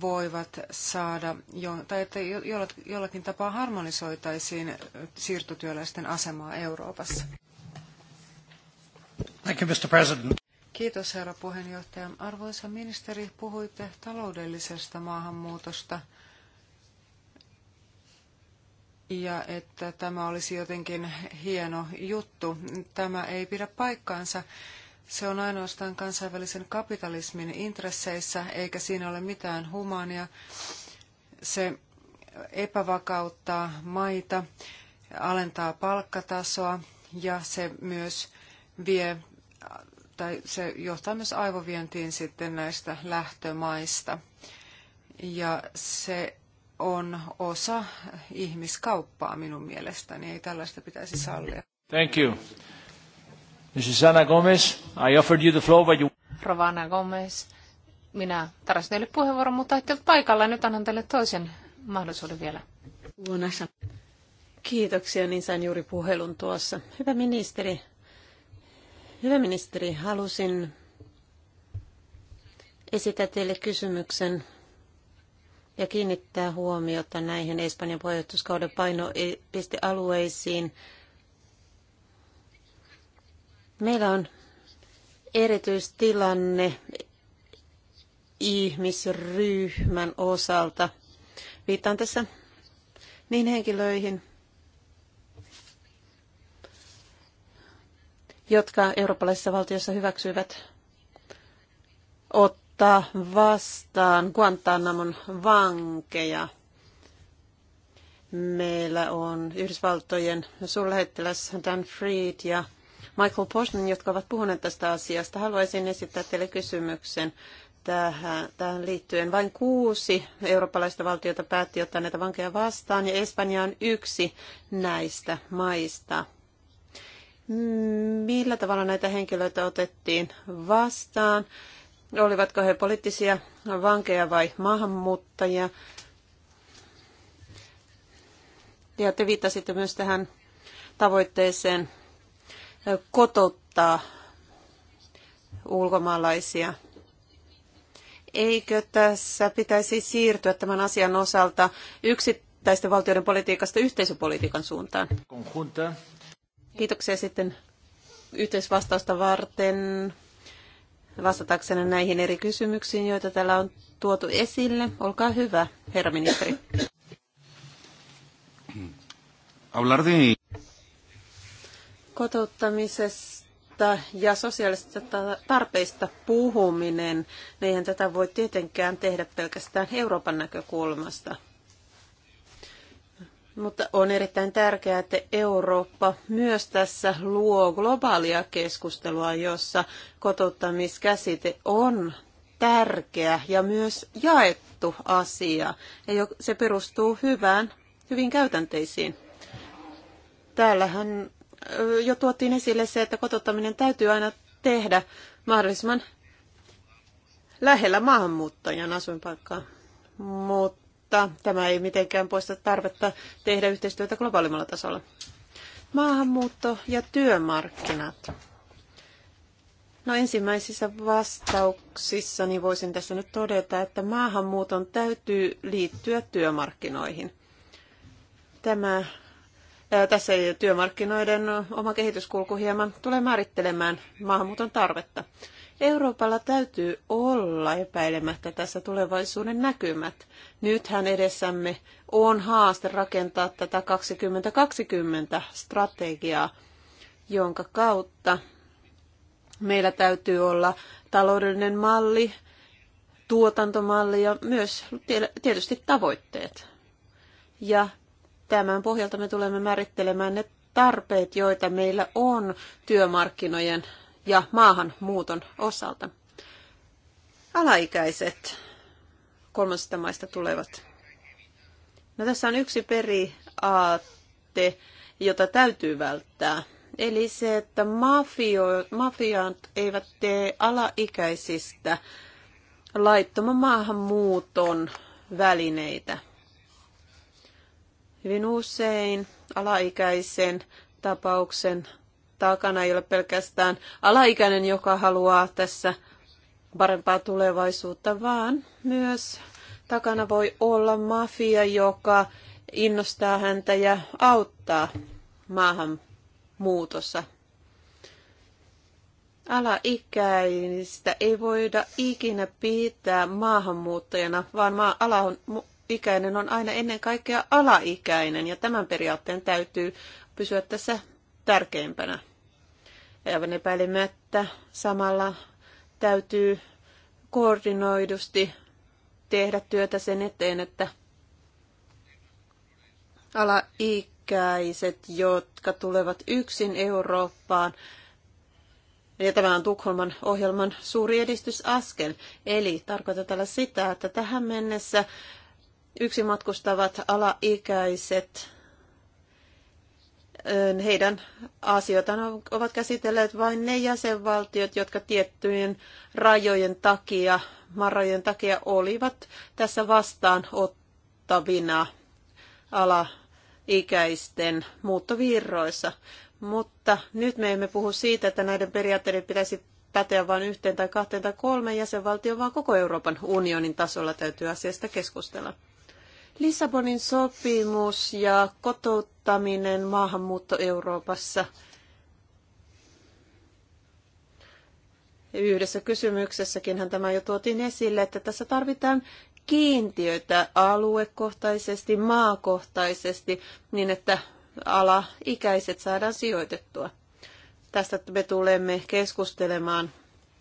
voivat saada, tai että jollakin tapaa harmonisoitaisiin siirtotyöläisten asemaa Euroopassa? Thank you, Mr. President. Kiitos herra puheenjohtaja. Arvoisa ministeri, puhuitte taloudellisesta maahanmuutosta ja että tämä olisi jotenkin hieno juttu. Tämä ei pidä paikkaansa. Se on ainoastaan kansainvälisen kapitalismin intresseissä, eikä siinä ole mitään humania. Se epävakauttaa maita, alentaa palkkatasoa ja se myös vie tai se johtaa myös aivovientiin sitten näistä lähtömaista. Ja se on osa ihmiskauppaa minun mielestäni. Ei tällaista pitäisi sallia. Thank you. Mrs. Ana Gomez, I offered you the floor, but you... Rovana Gomez, minä tarvitsin teille puheenvuoron, mutta ette ole paikalla. Nyt annan teille toisen mahdollisuuden vielä. Kiitoksia, niin sain juuri puhelun tuossa. Hyvä ministeri, Hyvä ministeri, halusin esittää teille kysymyksen ja kiinnittää huomiota näihin Espanjan puheenjohtajuuskauden painopistealueisiin. Meillä on erityistilanne ihmisryhmän osalta. Viittaan tässä niin henkilöihin, jotka eurooppalaisissa valtioissa hyväksyivät ottaa vastaan Guantanamon vankeja. Meillä on Yhdysvaltojen suurlähettiläs Dan Fried ja Michael Posnan, jotka ovat puhuneet tästä asiasta. Haluaisin esittää teille kysymyksen tähän, tähän liittyen. Vain kuusi eurooppalaista valtiota päätti ottaa näitä vankeja vastaan ja Espanja on yksi näistä maista. Millä tavalla näitä henkilöitä otettiin vastaan? Olivatko he poliittisia vankeja vai maahanmuuttajia? Ja te viittasitte myös tähän tavoitteeseen kotouttaa ulkomaalaisia. Eikö tässä pitäisi siirtyä tämän asian osalta yksittäisten valtioiden politiikasta yhteisöpolitiikan suuntaan? Kiitoksia sitten yhteisvastausta varten vastataksenne näihin eri kysymyksiin, joita täällä on tuotu esille. Olkaa hyvä, herra ministeri. Kotouttamisesta ja sosiaalisista tarpeista puhuminen, niin tätä voi tietenkään tehdä pelkästään Euroopan näkökulmasta – mutta on erittäin tärkeää, että Eurooppa myös tässä luo globaalia keskustelua, jossa kotouttamiskäsite on tärkeä ja myös jaettu asia. Ja se perustuu hyvään, hyvin käytänteisiin. Täällähän jo tuotiin esille se, että kotouttaminen täytyy aina tehdä mahdollisimman lähellä maahanmuuttajan asuinpaikkaa. Mutta mutta tämä ei mitenkään poista tarvetta tehdä yhteistyötä globaalimmalla tasolla. Maahanmuutto ja työmarkkinat. No ensimmäisissä vastauksissa niin voisin tässä nyt todeta, että maahanmuuton täytyy liittyä työmarkkinoihin. Tämä, ää, tässä työmarkkinoiden oma kehityskulku hieman tulee määrittelemään maahanmuuton tarvetta. Euroopalla täytyy olla epäilemättä tässä tulevaisuuden näkymät. Nythän edessämme on haaste rakentaa tätä 2020-strategiaa, jonka kautta meillä täytyy olla taloudellinen malli, tuotantomalli ja myös tietysti tavoitteet. Ja tämän pohjalta me tulemme määrittelemään ne tarpeet, joita meillä on työmarkkinojen ja maahanmuuton osalta. Alaikäiset kolmansista maista tulevat. No, tässä on yksi periaate, jota täytyy välttää. Eli se, että mafio, mafiat eivät tee alaikäisistä laittoman maahanmuuton välineitä. Hyvin usein alaikäisen tapauksen Takana ei ole pelkästään alaikäinen, joka haluaa tässä parempaa tulevaisuutta, vaan myös takana voi olla mafia, joka innostaa häntä ja auttaa maahanmuutossa. Alaikäistä ei voida ikinä pitää maahanmuuttajana, vaan maa alaikäinen on aina ennen kaikkea alaikäinen ja tämän periaatteen täytyy pysyä tässä tärkeimpänä aivan epäilemättä samalla täytyy koordinoidusti tehdä työtä sen eteen, että alaikäiset, jotka tulevat yksin Eurooppaan, ja tämä on Tukholman ohjelman suuri edistysaskel. Eli tarkoitan tällä sitä, että tähän mennessä yksin matkustavat alaikäiset heidän asioitaan ovat käsitelleet vain ne jäsenvaltiot, jotka tiettyjen rajojen takia, marrojen takia olivat tässä vastaanottavina alaikäisten muuttovirroissa. Mutta nyt me emme puhu siitä, että näiden periaatteiden pitäisi päteä vain yhteen tai kahteen tai kolmeen jäsenvaltioon, vaan koko Euroopan unionin tasolla täytyy asiasta keskustella. Lissabonin sopimus ja kotouttaminen maahanmuutto Euroopassa. Yhdessä hän tämä jo tuotiin esille, että tässä tarvitaan kiintiöitä aluekohtaisesti, maakohtaisesti, niin että alaikäiset saadaan sijoitettua. Tästä me tulemme keskustelemaan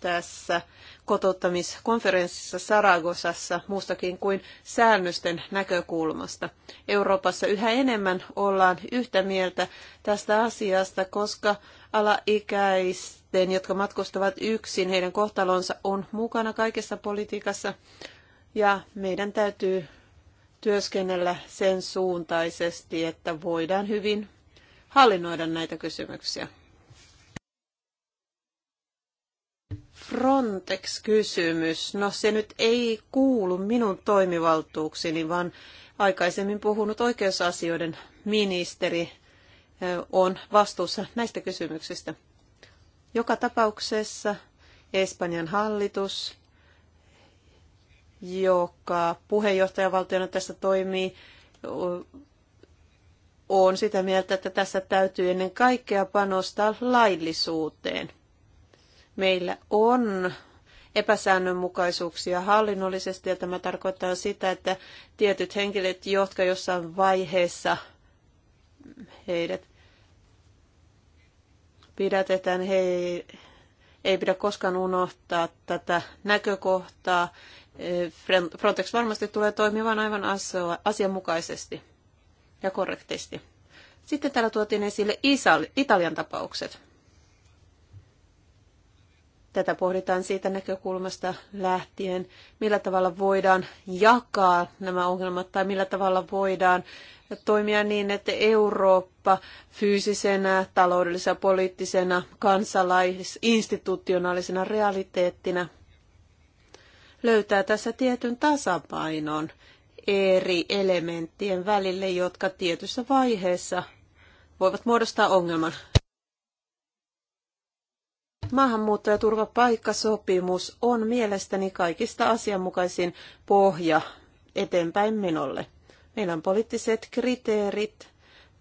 tässä kotouttamiskonferenssissa Saragosassa muustakin kuin säännösten näkökulmasta. Euroopassa yhä enemmän ollaan yhtä mieltä tästä asiasta, koska alaikäisten, jotka matkustavat yksin, heidän kohtalonsa on mukana kaikessa politiikassa ja meidän täytyy työskennellä sen suuntaisesti, että voidaan hyvin hallinnoida näitä kysymyksiä. Frontex-kysymys. No se nyt ei kuulu minun toimivaltuuksini, vaan aikaisemmin puhunut oikeusasioiden ministeri on vastuussa näistä kysymyksistä. Joka tapauksessa Espanjan hallitus, joka puheenjohtajavaltiona tässä toimii, on sitä mieltä, että tässä täytyy ennen kaikkea panostaa laillisuuteen – meillä on epäsäännönmukaisuuksia hallinnollisesti ja tämä tarkoittaa sitä, että tietyt henkilöt, jotka jossain vaiheessa heidät pidätetään, he ei pidä koskaan unohtaa tätä näkökohtaa. Frontex varmasti tulee toimimaan aivan asianmukaisesti ja korrektisti. Sitten täällä tuotiin esille Italian tapaukset. Tätä pohditaan siitä näkökulmasta lähtien, millä tavalla voidaan jakaa nämä ongelmat tai millä tavalla voidaan toimia niin, että Eurooppa fyysisenä, taloudellisena, poliittisena, kansalaisinstitutionaalisena realiteettina löytää tässä tietyn tasapainon eri elementtien välille, jotka tietyssä vaiheessa voivat muodostaa ongelman. Maahanmuutto- ja turvapaikkasopimus on mielestäni kaikista asianmukaisin pohja eteenpäin menolle. Meillä on poliittiset kriteerit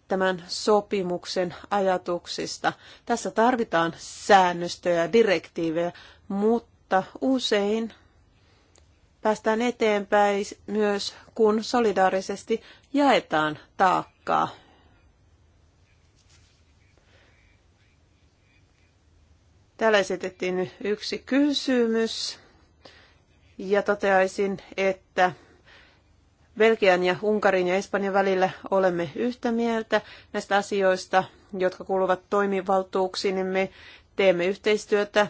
tämän sopimuksen ajatuksista. Tässä tarvitaan säännöstöjä ja direktiivejä, mutta usein päästään eteenpäin myös, kun solidaarisesti jaetaan taakkaa Täällä esitettiin yksi kysymys ja toteaisin, että Belgian ja Unkarin ja Espanjan välillä olemme yhtä mieltä näistä asioista, jotka kuuluvat toimivaltuuksiin, niin me teemme yhteistyötä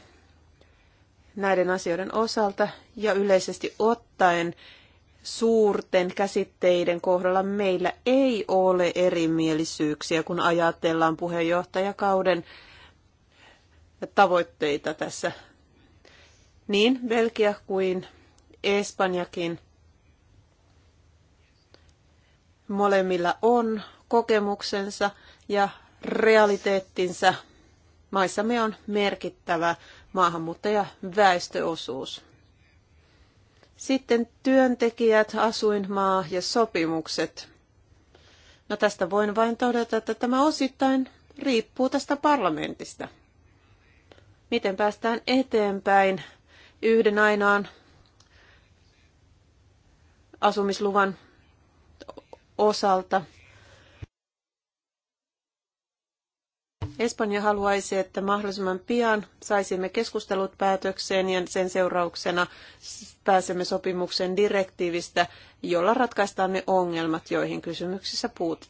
näiden asioiden osalta ja yleisesti ottaen suurten käsitteiden kohdalla meillä ei ole erimielisyyksiä, kun ajatellaan puheenjohtajakauden tavoitteita tässä. Niin Belgia kuin Espanjakin molemmilla on kokemuksensa ja realiteettinsa. Maissamme on merkittävä väestöosuus. Sitten työntekijät, asuinmaa ja sopimukset. No tästä voin vain todeta, että tämä osittain riippuu tästä parlamentista – miten päästään eteenpäin yhden ainoan asumisluvan osalta. Espanja haluaisi, että mahdollisimman pian saisimme keskustelut päätökseen ja sen seurauksena pääsemme sopimuksen direktiivistä, jolla ratkaistaan ne ongelmat, joihin kysymyksissä puut,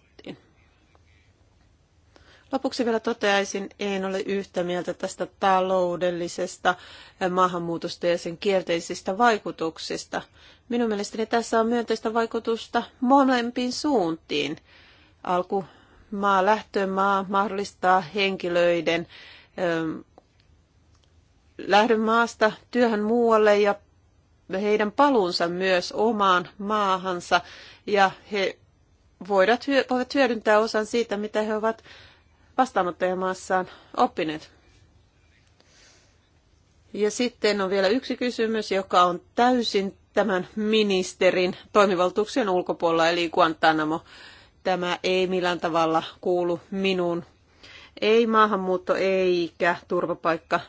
Lopuksi vielä toteaisin, en ole yhtä mieltä tästä taloudellisesta maahanmuutosta ja sen kielteisistä vaikutuksista. Minun mielestäni tässä on myönteistä vaikutusta molempiin suuntiin. Alku maa lähtömaa mahdollistaa henkilöiden ähm, lähdön maasta työhön muualle ja heidän paluunsa myös omaan maahansa ja he voivat hyödyntää osan siitä, mitä he ovat vastaanottajamaassaan oppineet. Ja sitten on vielä yksi kysymys, joka on täysin tämän ministerin toimivaltuuksien ulkopuolella, eli Guantanamo. Tämä ei millään tavalla kuulu minun. Ei maahanmuutto, eikä turvapaikka,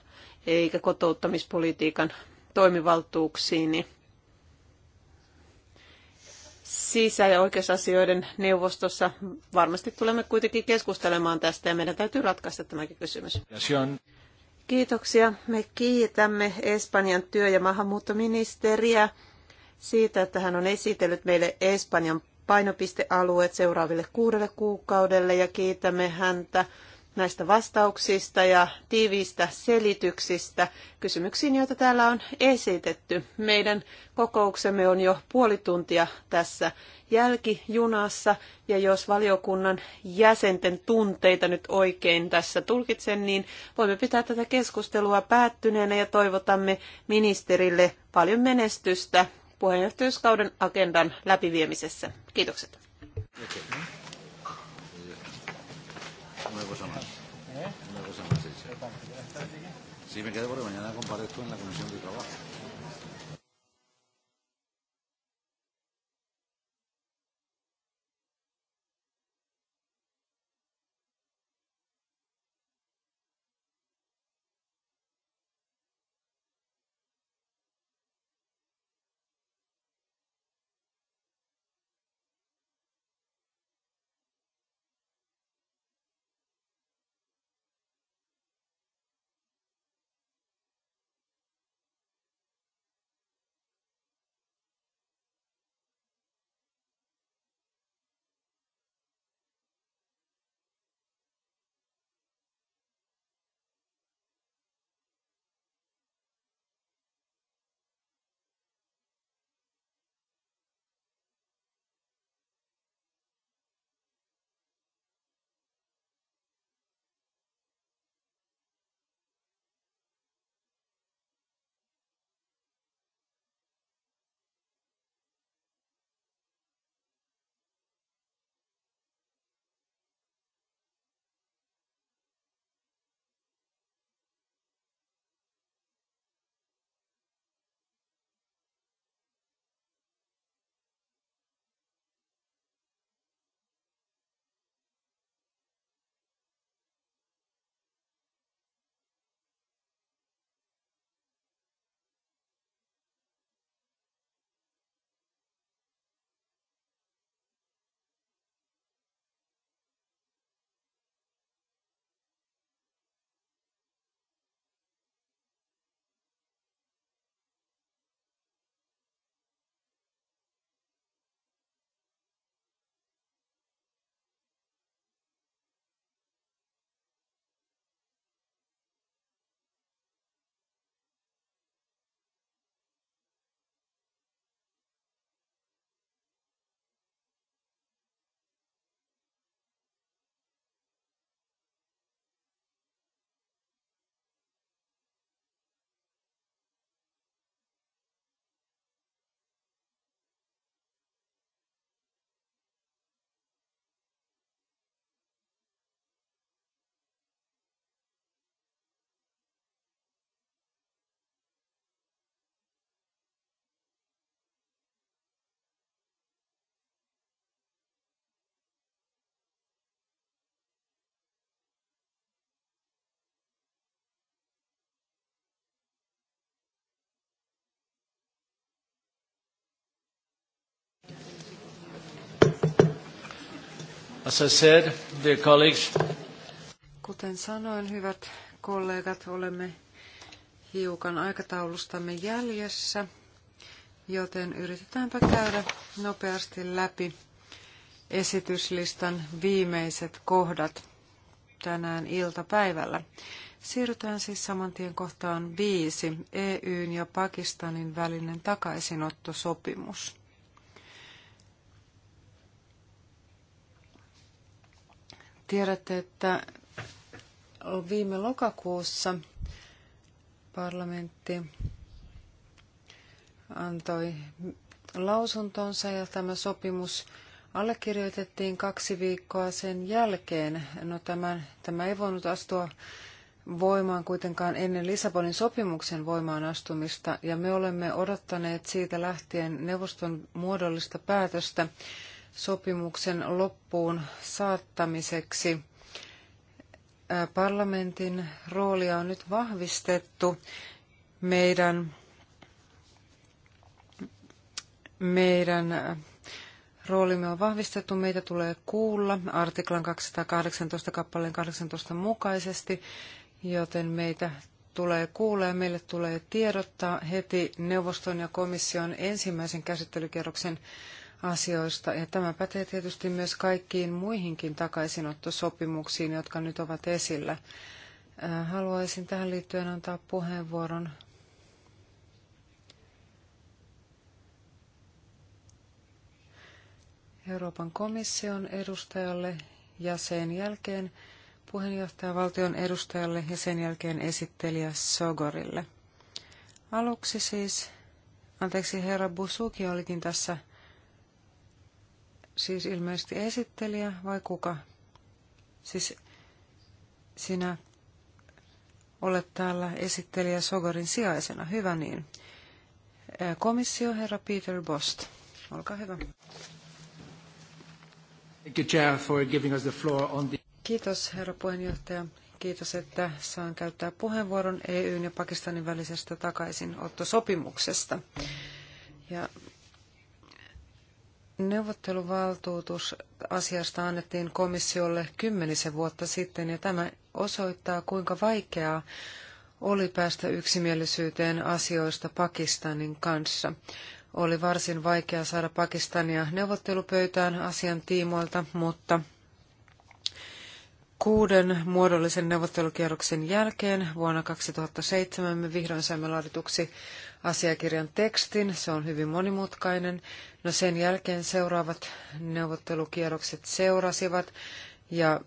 eikä kotouttamispolitiikan toimivaltuuksiini sisä- ja oikeusasioiden neuvostossa varmasti tulemme kuitenkin keskustelemaan tästä ja meidän täytyy ratkaista tämäkin kysymys. Kiitoksia. Me kiitämme Espanjan työ- ja maahanmuuttoministeriä siitä, että hän on esitellyt meille Espanjan painopistealueet seuraaville kuudelle kuukaudelle ja kiitämme häntä näistä vastauksista ja tiiviistä selityksistä kysymyksiin, joita täällä on esitetty. Meidän kokouksemme on jo puoli tuntia tässä jälkijunassa, ja jos valiokunnan jäsenten tunteita nyt oikein tässä tulkitsen, niin voimme pitää tätä keskustelua päättyneenä ja toivotamme ministerille paljon menestystä puheenjohtajuuskauden agendan läpiviemisessä. Kiitokset. Okay. Sí, me quedo porque mañana comparezco en la Comisión de Trabajo. As I said, dear colleagues. Kuten sanoin, hyvät kollegat, olemme hiukan aikataulustamme jäljessä, joten yritetäänpä käydä nopeasti läpi esityslistan viimeiset kohdat tänään iltapäivällä. Siirrytään siis saman tien kohtaan viisi, EUn ja Pakistanin välinen takaisinottosopimus. Tiedätte, että viime lokakuussa parlamentti antoi lausuntonsa ja tämä sopimus allekirjoitettiin kaksi viikkoa sen jälkeen. No tämän, tämä ei voinut astua voimaan kuitenkaan ennen Lissabonin sopimuksen voimaan astumista ja me olemme odottaneet siitä lähtien neuvoston muodollista päätöstä sopimuksen loppuun saattamiseksi. Parlamentin roolia on nyt vahvistettu. Meidän, meidän roolimme on vahvistettu, meitä tulee kuulla artiklan 218 kappaleen 18 mukaisesti, joten meitä tulee kuulla ja meille tulee tiedottaa heti neuvoston ja komission ensimmäisen käsittelykierroksen asioista. Ja tämä pätee tietysti myös kaikkiin muihinkin takaisinottosopimuksiin, jotka nyt ovat esillä. Haluaisin tähän liittyen antaa puheenvuoron Euroopan komission edustajalle ja sen jälkeen puheenjohtajavaltion edustajalle ja sen jälkeen esittelijä Sogorille. Aluksi siis, anteeksi herra Busuki olikin tässä siis ilmeisesti esittelijä vai kuka? Siis sinä olet täällä esittelijä Sogorin sijaisena. Hyvä niin. Komissio herra Peter Bost. Olkaa hyvä. Kiitos herra puheenjohtaja. Kiitos, että saan käyttää puheenvuoron EUn ja Pakistanin välisestä takaisinottosopimuksesta. Ja Neuvotteluvaltuutus asiasta annettiin komissiolle kymmenisen vuotta sitten ja tämä osoittaa, kuinka vaikeaa oli päästä yksimielisyyteen asioista Pakistanin kanssa. Oli varsin vaikea saada Pakistania neuvottelupöytään asian tiimoilta, mutta kuuden muodollisen neuvottelukierroksen jälkeen vuonna 2007 me vihdoin saimme laadituksi asiakirjan tekstin. Se on hyvin monimutkainen No sen jälkeen seuraavat neuvottelukierrokset seurasivat ja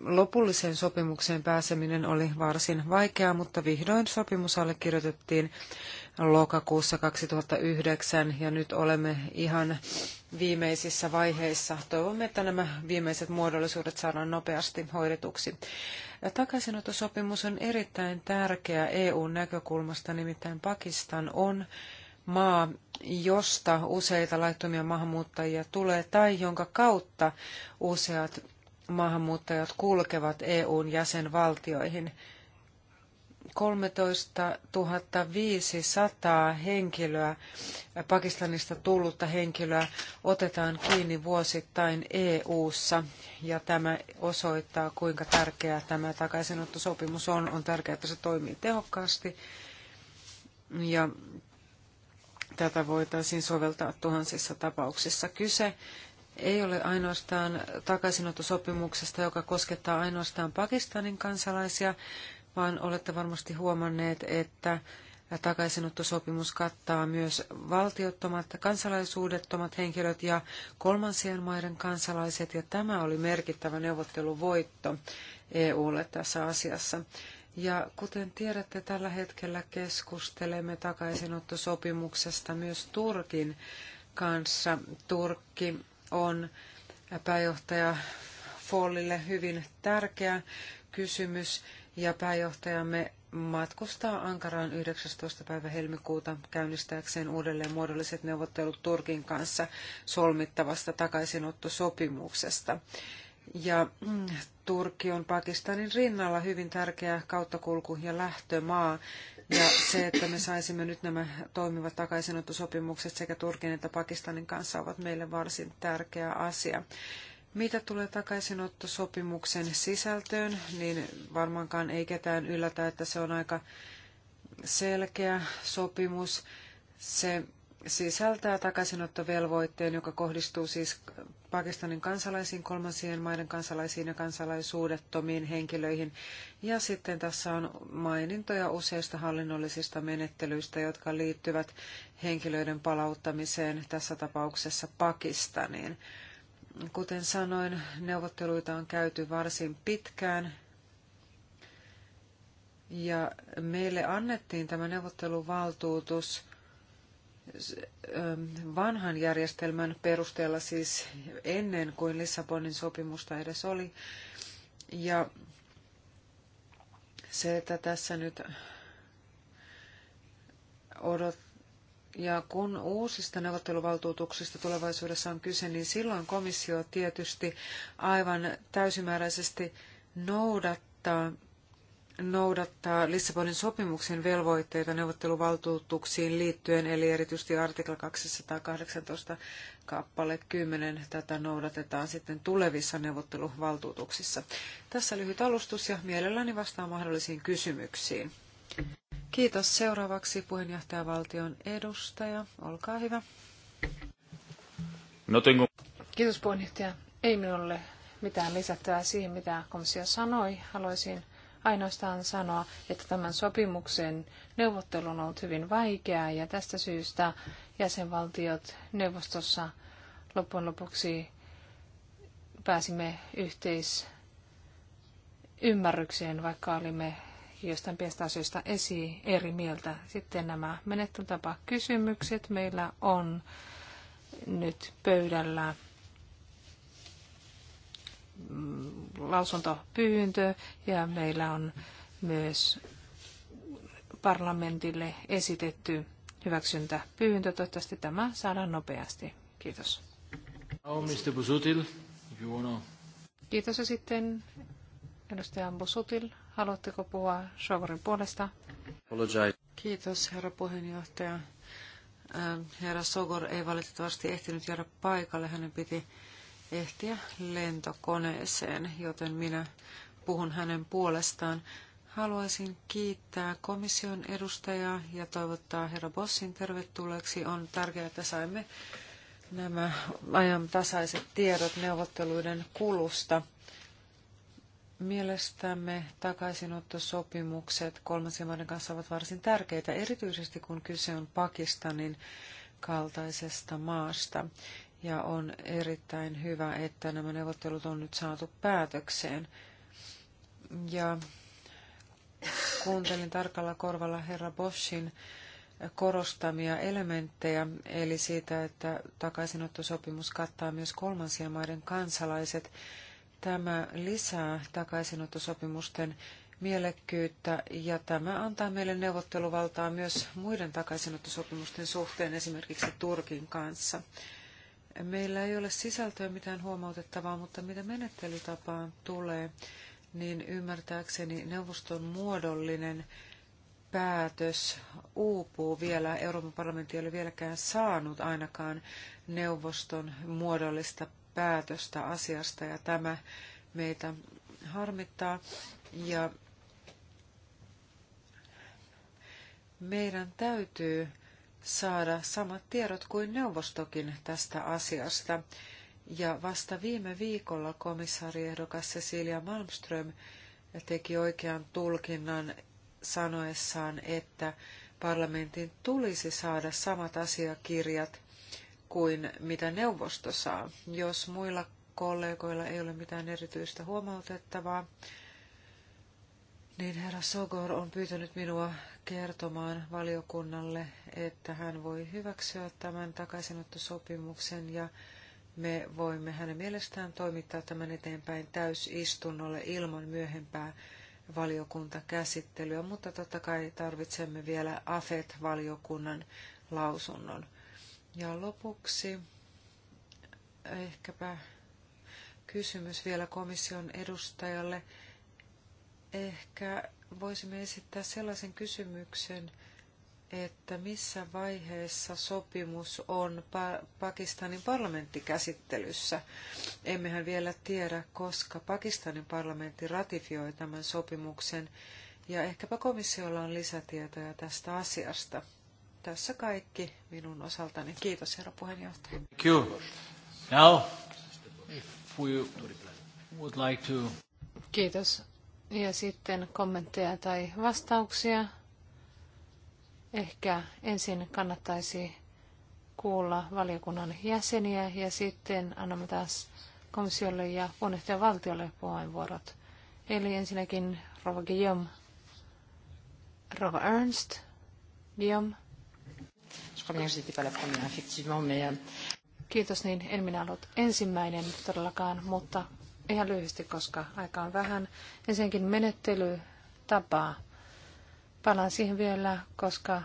lopulliseen sopimukseen pääseminen oli varsin vaikeaa, mutta vihdoin sopimus allekirjoitettiin lokakuussa 2009 ja nyt olemme ihan viimeisissä vaiheissa. Toivomme, että nämä viimeiset muodollisuudet saadaan nopeasti hoidetuksi. Takaisinottosopimus on erittäin tärkeä EUn näkökulmasta, nimittäin Pakistan on maa, josta useita laittomia maahanmuuttajia tulee tai jonka kautta useat maahanmuuttajat kulkevat EUn jäsenvaltioihin. 13 500 henkilöä, Pakistanista tullutta henkilöä, otetaan kiinni vuosittain EU:ssa ja tämä osoittaa, kuinka tärkeä tämä takaisinottosopimus on. On tärkeää, että se toimii tehokkaasti ja tätä voitaisiin soveltaa tuhansissa tapauksissa. Kyse ei ole ainoastaan takaisinottosopimuksesta, joka koskettaa ainoastaan Pakistanin kansalaisia, vaan olette varmasti huomanneet, että takaisinottosopimus kattaa myös valtiottomat, kansalaisuudettomat henkilöt ja kolmansien maiden kansalaiset, ja tämä oli merkittävä neuvotteluvoitto EUlle tässä asiassa. Ja kuten tiedätte, tällä hetkellä keskustelemme takaisinottosopimuksesta myös Turkin kanssa. Turkki on pääjohtaja Follille hyvin tärkeä kysymys ja pääjohtajamme matkustaa Ankaraan 19. päivä helmikuuta käynnistääkseen uudelleen muodolliset neuvottelut Turkin kanssa solmittavasta takaisinottosopimuksesta. Ja mm, Turkki on Pakistanin rinnalla hyvin tärkeä kauttakulku ja lähtömaa. Ja se, että me saisimme nyt nämä toimivat takaisinottosopimukset sekä Turkin että Pakistanin kanssa ovat meille varsin tärkeä asia. Mitä tulee takaisinottosopimuksen sisältöön, niin varmaankaan ei ketään yllätä, että se on aika selkeä sopimus. Se sisältää takaisinottovelvoitteen, joka kohdistuu siis Pakistanin kansalaisiin, kolmansien maiden kansalaisiin ja kansalaisuudettomiin henkilöihin. Ja sitten tässä on mainintoja useista hallinnollisista menettelyistä, jotka liittyvät henkilöiden palauttamiseen, tässä tapauksessa Pakistaniin. Kuten sanoin, neuvotteluita on käyty varsin pitkään. Ja meille annettiin tämä neuvotteluvaltuutus – vanhan järjestelmän perusteella siis ennen kuin Lissabonin sopimusta edes oli. Ja se, että tässä nyt odot, ja kun uusista neuvotteluvaltuutuksista tulevaisuudessa on kyse, niin silloin komissio tietysti aivan täysimääräisesti noudattaa noudattaa Lissabonin sopimuksen velvoitteita neuvotteluvaltuutuksiin liittyen, eli erityisesti artikla 218 kappale 10. Tätä noudatetaan sitten tulevissa neuvotteluvaltuutuksissa. Tässä lyhyt alustus ja mielelläni vastaan mahdollisiin kysymyksiin. Kiitos. Seuraavaksi puheenjohtajavaltion edustaja. Olkaa hyvä. No Kiitos puheenjohtaja. Ei minulle mitään lisättävää siihen, mitä komissio sanoi. Haluaisin ainoastaan sanoa, että tämän sopimuksen neuvottelu on ollut hyvin vaikeaa ja tästä syystä jäsenvaltiot neuvostossa loppujen lopuksi pääsimme yhteisymmärrykseen, vaikka olimme jostain pienestä asioista esi eri mieltä. Sitten nämä menettelytapakysymykset meillä on nyt pöydällä lausuntopyyntö ja meillä on myös parlamentille esitetty hyväksyntäpyyntö. Toivottavasti tämä saadaan nopeasti. Kiitos. Kiitos ja sitten edustaja Busutil. Haluatteko puhua Shogorin puolesta? Kiitos herra puheenjohtaja. Äh, herra Sogor ei valitettavasti ehtinyt jäädä paikalle. Hänen piti ehtiä lentokoneeseen, joten minä puhun hänen puolestaan. Haluaisin kiittää komission edustajaa ja toivottaa herra Bossin tervetulleeksi. On tärkeää, että saimme nämä tasaiset tiedot neuvotteluiden kulusta. Mielestämme takaisinottosopimukset kolmansien maiden kanssa ovat varsin tärkeitä, erityisesti kun kyse on Pakistanin kaltaisesta maasta ja on erittäin hyvä, että nämä neuvottelut on nyt saatu päätökseen. Ja kuuntelin tarkalla korvalla herra Boschin korostamia elementtejä, eli siitä, että takaisinottosopimus kattaa myös kolmansien maiden kansalaiset. Tämä lisää takaisinottosopimusten mielekkyyttä ja tämä antaa meille neuvotteluvaltaa myös muiden takaisinottosopimusten suhteen, esimerkiksi Turkin kanssa. Meillä ei ole sisältöä mitään huomautettavaa, mutta mitä menettelytapaan tulee, niin ymmärtääkseni neuvoston muodollinen päätös uupuu vielä. Euroopan parlamentti ei ole vieläkään saanut ainakaan neuvoston muodollista päätöstä asiasta ja tämä meitä harmittaa. Ja meidän täytyy saada samat tiedot kuin neuvostokin tästä asiasta. Ja vasta viime viikolla komissaariehdokas Cecilia Malmström teki oikean tulkinnan sanoessaan, että parlamentin tulisi saada samat asiakirjat kuin mitä neuvosto saa. Jos muilla kollegoilla ei ole mitään erityistä huomautettavaa, niin herra Sogor on pyytänyt minua kertomaan valiokunnalle, että hän voi hyväksyä tämän takaisinottosopimuksen ja me voimme hänen mielestään toimittaa tämän eteenpäin täysistunnolle ilman myöhempää valiokuntakäsittelyä, mutta totta kai tarvitsemme vielä AFET-valiokunnan lausunnon. Ja lopuksi ehkäpä kysymys vielä komission edustajalle. Ehkä voisimme esittää sellaisen kysymyksen, että missä vaiheessa sopimus on Pakistanin parlamenttikäsittelyssä. Emmehän vielä tiedä, koska Pakistanin parlamentti ratifioi tämän sopimuksen, ja ehkäpä komissiolla on lisätietoja tästä asiasta. Tässä kaikki minun osaltani. Kiitos, herra puheenjohtaja. Thank you. Now, if we would like to... Kiitos. Ja sitten kommentteja tai vastauksia. Ehkä ensin kannattaisi kuulla valiokunnan jäseniä ja sitten annamme taas komissiolle ja puheenjohtajan valtiolle puheenvuorot. Eli ensinnäkin Rova Guillaume, Rova Ernst, Guillaume. Euh, Kiitos, niin en minä ollut ensimmäinen todellakaan, mutta ihan lyhyesti, koska aika on vähän. Ensinnäkin menettelytapaa. Palaan siihen vielä, koska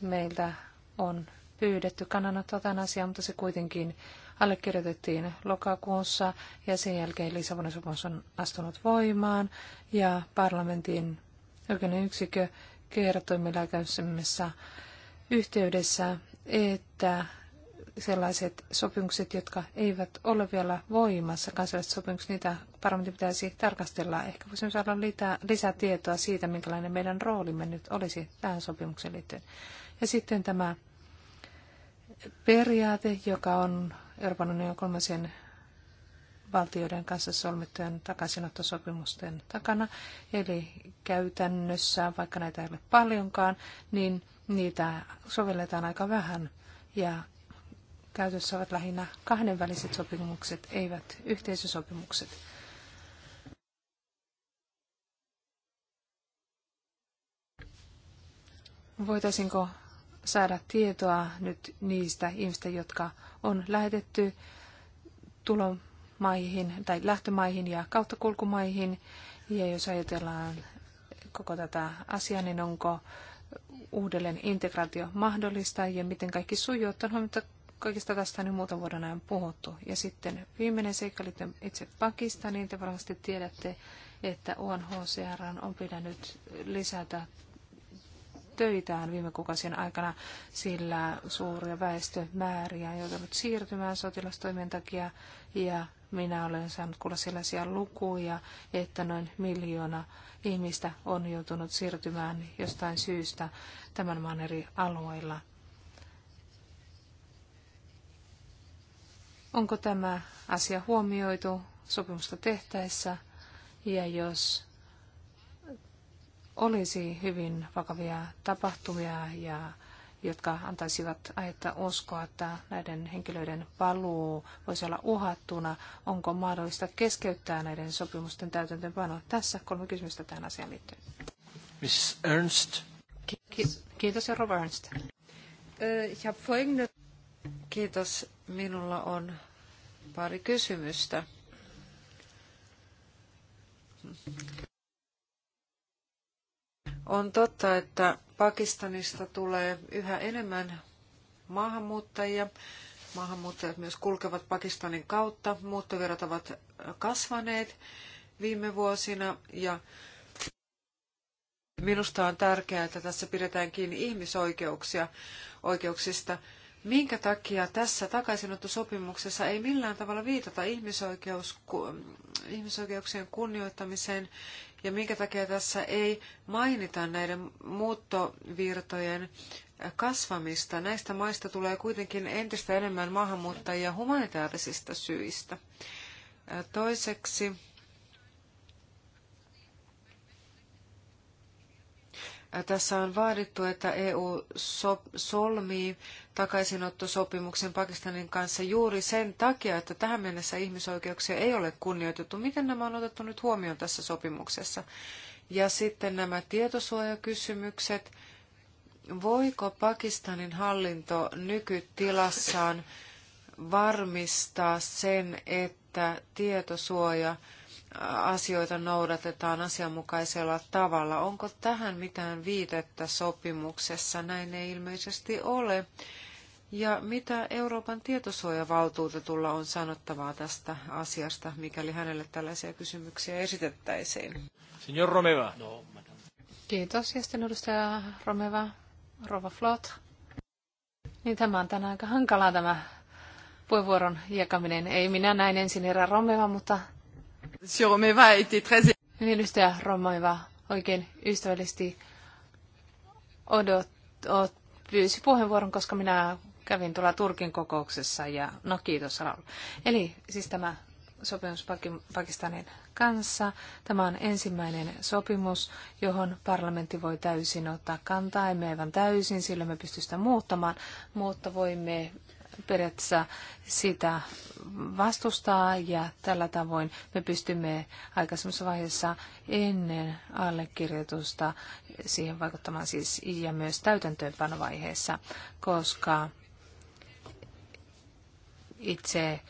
meiltä on pyydetty kannanottoa tämän asiaan, mutta se kuitenkin allekirjoitettiin lokakuussa ja sen jälkeen Lissabonin sopimus on astunut voimaan ja parlamentin oikeuden yksikö kertoi meillä yhteydessä, että sellaiset sopimukset, jotka eivät ole vielä voimassa, kansainväliset sopimukset, niitä paremmin pitäisi tarkastella. Ehkä voisimme saada lisää, lisää tietoa siitä, minkälainen meidän roolimme nyt olisi tähän sopimukseen liittyen. Ja sitten tämä periaate, joka on Euroopan unionin kolmansien valtioiden kanssa solmittujen takaisinottosopimusten takana. Eli käytännössä, vaikka näitä ei ole paljonkaan, niin niitä sovelletaan aika vähän. Ja käytössä ovat lähinnä kahdenväliset sopimukset, eivät yhteisösopimukset. Voitaisinko saada tietoa nyt niistä ihmistä, jotka on lähetetty tulomaihin tai lähtömaihin ja kauttakulkumaihin? Ja jos ajatellaan koko tätä asiaa, niin onko uudelleen integraatio mahdollista ja miten kaikki sujuu, ottaen että Kaikista tästä on nyt muutaman vuoden ajan puhuttu. Ja sitten viimeinen seikka liittyy itse Pakistaniin. Te varmasti tiedätte, että UNHCR on pitänyt lisätä töitään viime kuukausien aikana, sillä suuria väestömääriä on joutunut siirtymään sotilastoimien takia ja minä olen saanut kuulla sellaisia lukuja, että noin miljoona ihmistä on joutunut siirtymään jostain syystä tämän maan eri alueilla Onko tämä asia huomioitu sopimusta tehtäessä ja jos olisi hyvin vakavia tapahtumia ja jotka antaisivat aihetta uskoa, että näiden henkilöiden paluu voisi olla uhattuna. Onko mahdollista keskeyttää näiden sopimusten täytäntöönpano? Tässä kolme kysymystä tähän asiaan liittyen. Miss Ernst. Ki- kiitos, Rova Ernst. Kiitos. Minulla on pari kysymystä. On totta, että Pakistanista tulee yhä enemmän maahanmuuttajia. Maahanmuuttajat myös kulkevat Pakistanin kautta. Muuttovirrat ovat kasvaneet viime vuosina ja minusta on tärkeää, että tässä pidetään kiinni ihmisoikeuksia oikeuksista minkä takia tässä takaisinottosopimuksessa ei millään tavalla viitata ihmisoikeus, ihmisoikeuksien kunnioittamiseen ja minkä takia tässä ei mainita näiden muuttovirtojen kasvamista. Näistä maista tulee kuitenkin entistä enemmän maahanmuuttajia humanitaarisista syistä. Toiseksi tässä on vaadittu, että EU solmii takaisinottosopimuksen Pakistanin kanssa juuri sen takia, että tähän mennessä ihmisoikeuksia ei ole kunnioitettu. Miten nämä on otettu nyt huomioon tässä sopimuksessa? Ja sitten nämä tietosuojakysymykset. Voiko Pakistanin hallinto nykytilassaan varmistaa sen, että tietosuoja asioita noudatetaan asianmukaisella tavalla. Onko tähän mitään viitettä sopimuksessa? Näin ei ilmeisesti ole. Ja mitä Euroopan tietosuojavaltuutetulla on sanottavaa tästä asiasta, mikäli hänelle tällaisia kysymyksiä esitettäisiin? Signor Romeva. No, Kiitos. Ja sitten edustaja Romeva, Rova Flot. Niin tämä on tänään aika hankalaa tämä puheenvuoron jakaminen. Ei minä näin ensin erää Romeva, mutta niin edustaja Romaiva oikein ystävällisesti odot, odot, pyysi puheenvuoron, koska minä kävin tuolla Turkin kokouksessa ja no kiitos Raul. Eli siis tämä sopimus Pakistanin kanssa. Tämä on ensimmäinen sopimus, johon parlamentti voi täysin ottaa kantaa. Emme aivan täysin, sillä me pysty sitä muuttamaan, mutta voimme periaatteessa sitä vastustaa ja tällä tavoin me pystymme aikaisemmassa vaiheessa ennen allekirjoitusta siihen vaikuttamaan siis ja myös täytäntöönpanovaiheessa, koska itse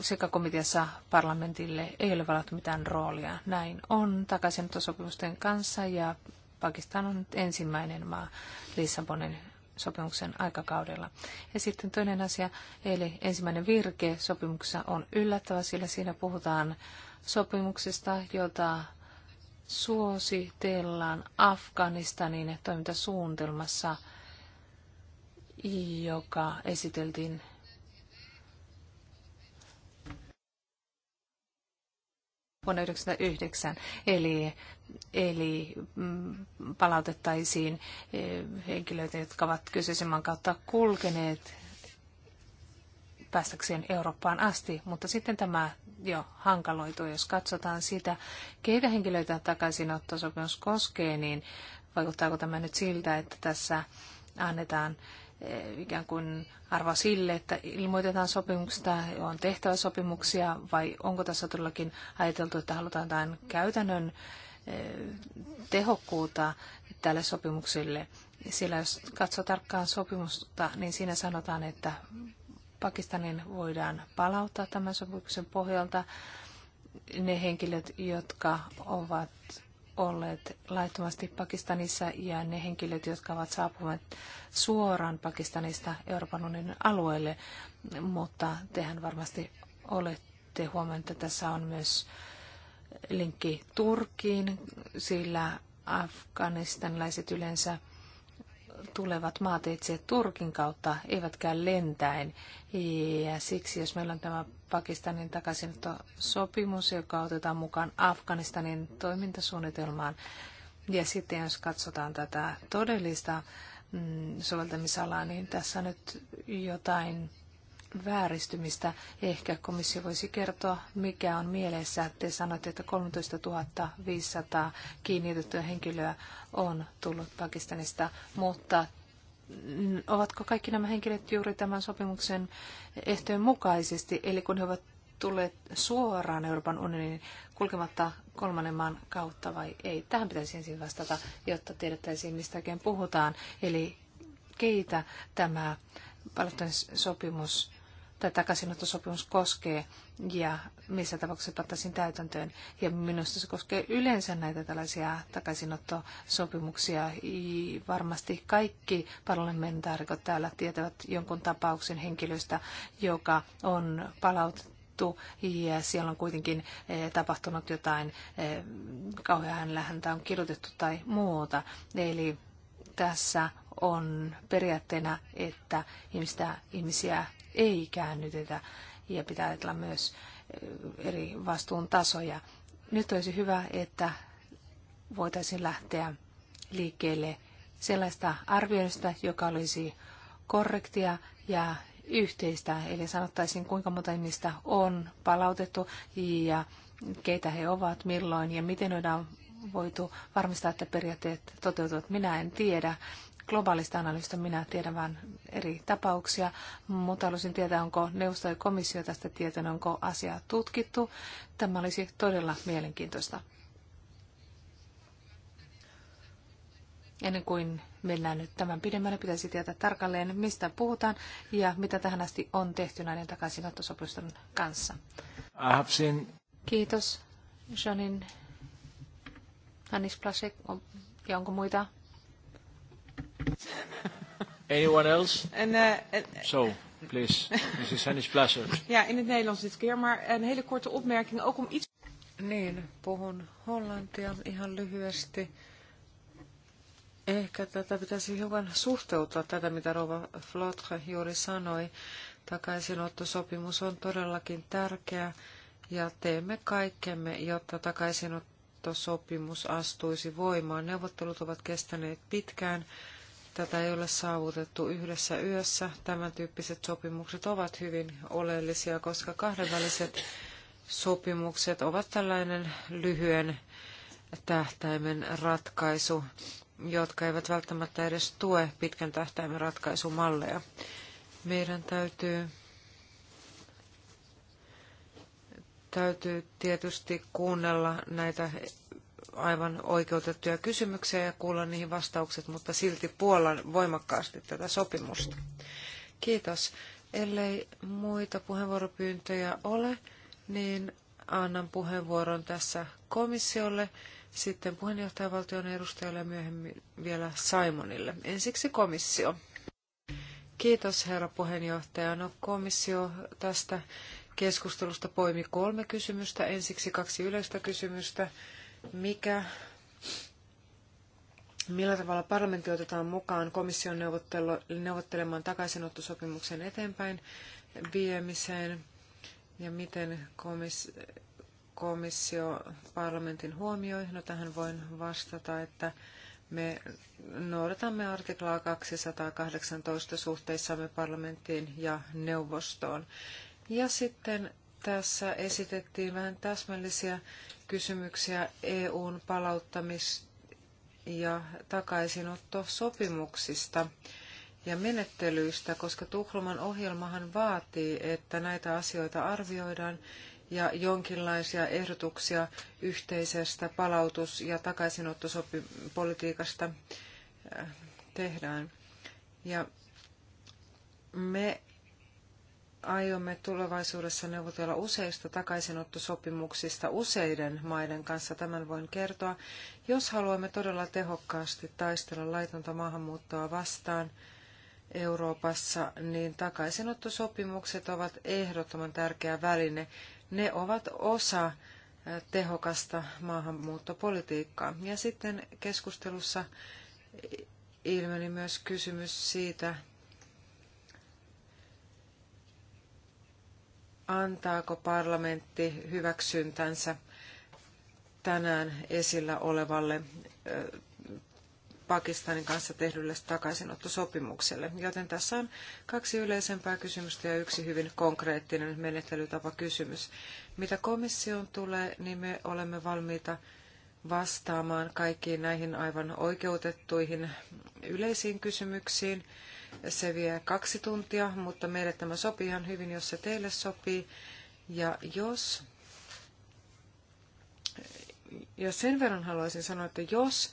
sekä komiteassa parlamentille ei ole valattu mitään roolia. Näin on sopimusten kanssa ja Pakistan on nyt ensimmäinen maa Lissabonin sopimuksen aikakaudella. Ja sitten toinen asia, eli ensimmäinen virke sopimuksessa on yllättävä, sillä siinä puhutaan sopimuksesta, jota suositellaan Afganistanin toimintasuunnitelmassa, joka esiteltiin vuonna 1999, eli, eli mm, palautettaisiin e, henkilöitä, jotka ovat kyseisemman kautta kulkeneet päästäkseen Eurooppaan asti, mutta sitten tämä jo hankaloituu, jos katsotaan sitä, keitä henkilöitä takaisinottosopimus koskee, niin vaikuttaako tämä nyt siltä, että tässä annetaan Eh, ikään kuin arvo sille, että ilmoitetaan sopimuksesta, on tehtävä sopimuksia, vai onko tässä todellakin ajateltu, että halutaan jotain käytännön eh, tehokkuutta tälle sopimukselle? Sillä jos katsoo tarkkaan sopimusta, niin siinä sanotaan, että Pakistanin voidaan palauttaa tämän sopimuksen pohjalta ne henkilöt, jotka ovat olleet laittomasti Pakistanissa ja ne henkilöt, jotka ovat saapuneet suoraan Pakistanista Euroopan unionin alueelle. Mutta tehän varmasti olette huomannut, että tässä on myös linkki Turkiin, sillä afganistanilaiset yleensä tulevat maateitse Turkin kautta, eivätkään lentäen. Ja siksi, jos meillä on tämä Pakistanin takaisinottosopimus, joka otetaan mukaan Afganistanin toimintasuunnitelmaan, ja sitten jos katsotaan tätä todellista mm, soveltamisalaa, niin tässä nyt jotain vääristymistä. Ehkä komissio voisi kertoa, mikä on mielessä. Te sanoitte, että 13 500 kiinnitettyä henkilöä on tullut Pakistanista, mutta ovatko kaikki nämä henkilöt juuri tämän sopimuksen ehtojen mukaisesti, eli kun he ovat tulleet suoraan Euroopan unionin kulkematta kolmannen maan kautta vai ei? Tähän pitäisi ensin vastata, jotta tiedettäisiin, mistä oikein puhutaan. Eli keitä tämä sopimus tai takaisinottosopimus koskee ja missä tapauksessa pantaisiin täytäntöön. Ja minusta se koskee yleensä näitä tällaisia takaisinottosopimuksia. Varmasti kaikki parlamentaarikot täällä tietävät jonkun tapauksen henkilöstä, joka on palautettu ja siellä on kuitenkin eh, tapahtunut jotain eh, kauhean häntä on kirjoitettu tai muuta. Eli tässä on periaatteena, että ihmistä, ihmisiä ei käännytetä ja pitää ajatella myös eh, eri vastuun tasoja. Nyt olisi hyvä, että voitaisiin lähteä liikkeelle sellaista arvioista, joka olisi korrektia ja yhteistä, eli sanottaisiin kuinka monta ihmistä on palautettu ja keitä he ovat, milloin ja miten voidaan voitu varmistaa, että periaatteet toteutuvat. Minä en tiedä, globaalista analyysistä, minä tiedän vain eri tapauksia, mutta haluaisin tietää, onko neuvosto ja komissio tästä tietänyt, onko asiaa tutkittu. Tämä olisi todella mielenkiintoista. Ennen kuin mennään nyt tämän pidemmälle, pitäisi tietää tarkalleen, mistä puhutaan ja mitä tähän asti on tehty näiden takaisinottosopimusten kanssa. Seen... Kiitos, Janin Hannis Plasek. Ja onko muita Anyone else? En, uh, en, so, please, Mrs. Hennis Plasser. ja, in het Nederlands dit keer, maar een hele korte opmerking, ook om iets... Niin, puhun hollantia ihan lyhyesti. Ehkä tätä pitäisi hiukan suhteuttaa tätä, mitä Rova Flotre juuri sanoi. Takaisinottosopimus on todellakin tärkeä ja teemme kaikkemme, jotta takaisinottosopimus astuisi voimaan. Neuvottelut ovat kestäneet pitkään Tätä ei ole saavutettu yhdessä yössä. Tämän tyyppiset sopimukset ovat hyvin oleellisia, koska kahdenväliset sopimukset ovat tällainen lyhyen tähtäimen ratkaisu, jotka eivät välttämättä edes tue pitkän tähtäimen ratkaisumalleja. Meidän täytyy, täytyy tietysti kuunnella näitä aivan oikeutettuja kysymyksiä ja kuulla niihin vastaukset, mutta silti puolan voimakkaasti tätä sopimusta. Kiitos. Ellei muita puheenvuoropyyntöjä ole, niin annan puheenvuoron tässä komissiolle, sitten puheenjohtajavaltion edustajalle ja myöhemmin vielä Simonille. Ensiksi komissio. Kiitos herra puheenjohtaja. No komissio tästä keskustelusta poimi kolme kysymystä. Ensiksi kaksi yleistä kysymystä mikä, millä tavalla parlamentti otetaan mukaan komission neuvottelemaan takaisinottosopimuksen eteenpäin viemiseen ja miten komis, komissio parlamentin huomioi? No tähän voin vastata, että me noudatamme artiklaa 218 suhteissamme parlamenttiin ja neuvostoon. Ja sitten tässä esitettiin vähän täsmällisiä kysymyksiä EUn palauttamis- ja takaisinottosopimuksista ja menettelyistä, koska Tukholman ohjelmahan vaatii, että näitä asioita arvioidaan ja jonkinlaisia ehdotuksia yhteisestä palautus- ja takaisinottopolitiikasta äh, tehdään. Ja me aiomme tulevaisuudessa neuvotella useista takaisinottosopimuksista useiden maiden kanssa, tämän voin kertoa, jos haluamme todella tehokkaasti taistella laitonta maahanmuuttoa vastaan Euroopassa, niin takaisinottosopimukset ovat ehdottoman tärkeä väline. Ne ovat osa tehokasta maahanmuuttopolitiikkaa. Ja sitten keskustelussa ilmeni myös kysymys siitä, antaako parlamentti hyväksyntänsä tänään esillä olevalle Pakistanin kanssa tehdylle takaisinottosopimukselle. Joten tässä on kaksi yleisempää kysymystä ja yksi hyvin konkreettinen menettelytapa kysymys. Mitä komission tulee, niin me olemme valmiita vastaamaan kaikkiin näihin aivan oikeutettuihin yleisiin kysymyksiin – se vie kaksi tuntia, mutta meille tämä sopii ihan hyvin, jos se teille sopii. Ja jos jos sen verran haluaisin sanoa, että jos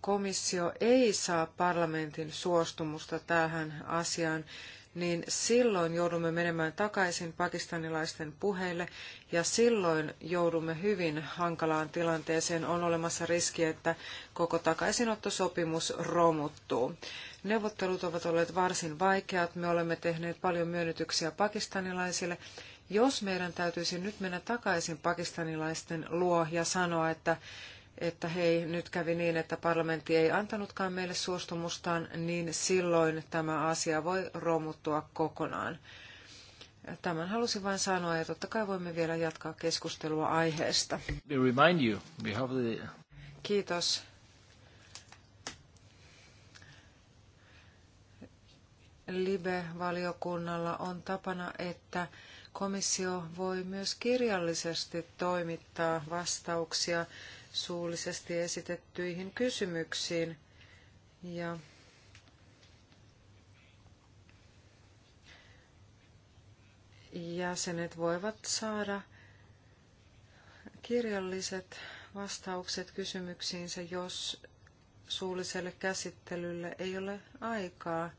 komissio ei saa parlamentin suostumusta tähän asiaan, niin silloin joudumme menemään takaisin pakistanilaisten puheille ja silloin joudumme hyvin hankalaan tilanteeseen. On olemassa riski, että koko takaisinottosopimus romuttuu. Neuvottelut ovat olleet varsin vaikeat. Me olemme tehneet paljon myönnytyksiä pakistanilaisille. Jos meidän täytyisi nyt mennä takaisin pakistanilaisten luo ja sanoa, että, että hei, nyt kävi niin, että parlamentti ei antanutkaan meille suostumustaan, niin silloin tämä asia voi romuttua kokonaan. Tämän halusin vain sanoa ja totta kai voimme vielä jatkaa keskustelua aiheesta. Kiitos. Libe-valiokunnalla on tapana, että komissio voi myös kirjallisesti toimittaa vastauksia suullisesti esitettyihin kysymyksiin. Ja jäsenet voivat saada kirjalliset vastaukset kysymyksiinsä, jos suulliselle käsittelylle ei ole aikaa.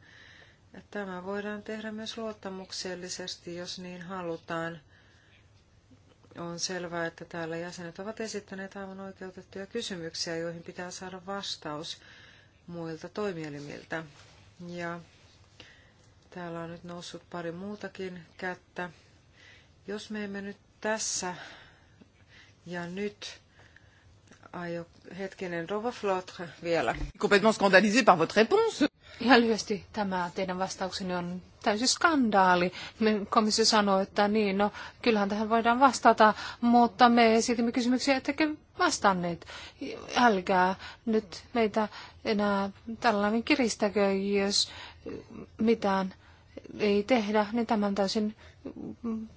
Tämä voidaan tehdä myös luottamuksellisesti, jos niin halutaan. On selvää, että täällä jäsenet ovat esittäneet aivan oikeutettuja kysymyksiä, joihin pitää saada vastaus muilta toimielimiltä. Ja täällä on nyt noussut pari muutakin kättä. Jos me emme nyt tässä ja nyt aio, hetkinen, Rova Flotre vielä. Complètement scandalisé par votre réponse. Ihan lyhyesti tämä teidän vastaukseni on täysin skandaali. Komissio sanoi, että niin, no kyllähän tähän voidaan vastata, mutta me esitimme kysymyksiä, ettekä vastanneet. Älkää nyt meitä enää tällainen kiristäkö, jos mitään ei tehdä, niin tämän täysin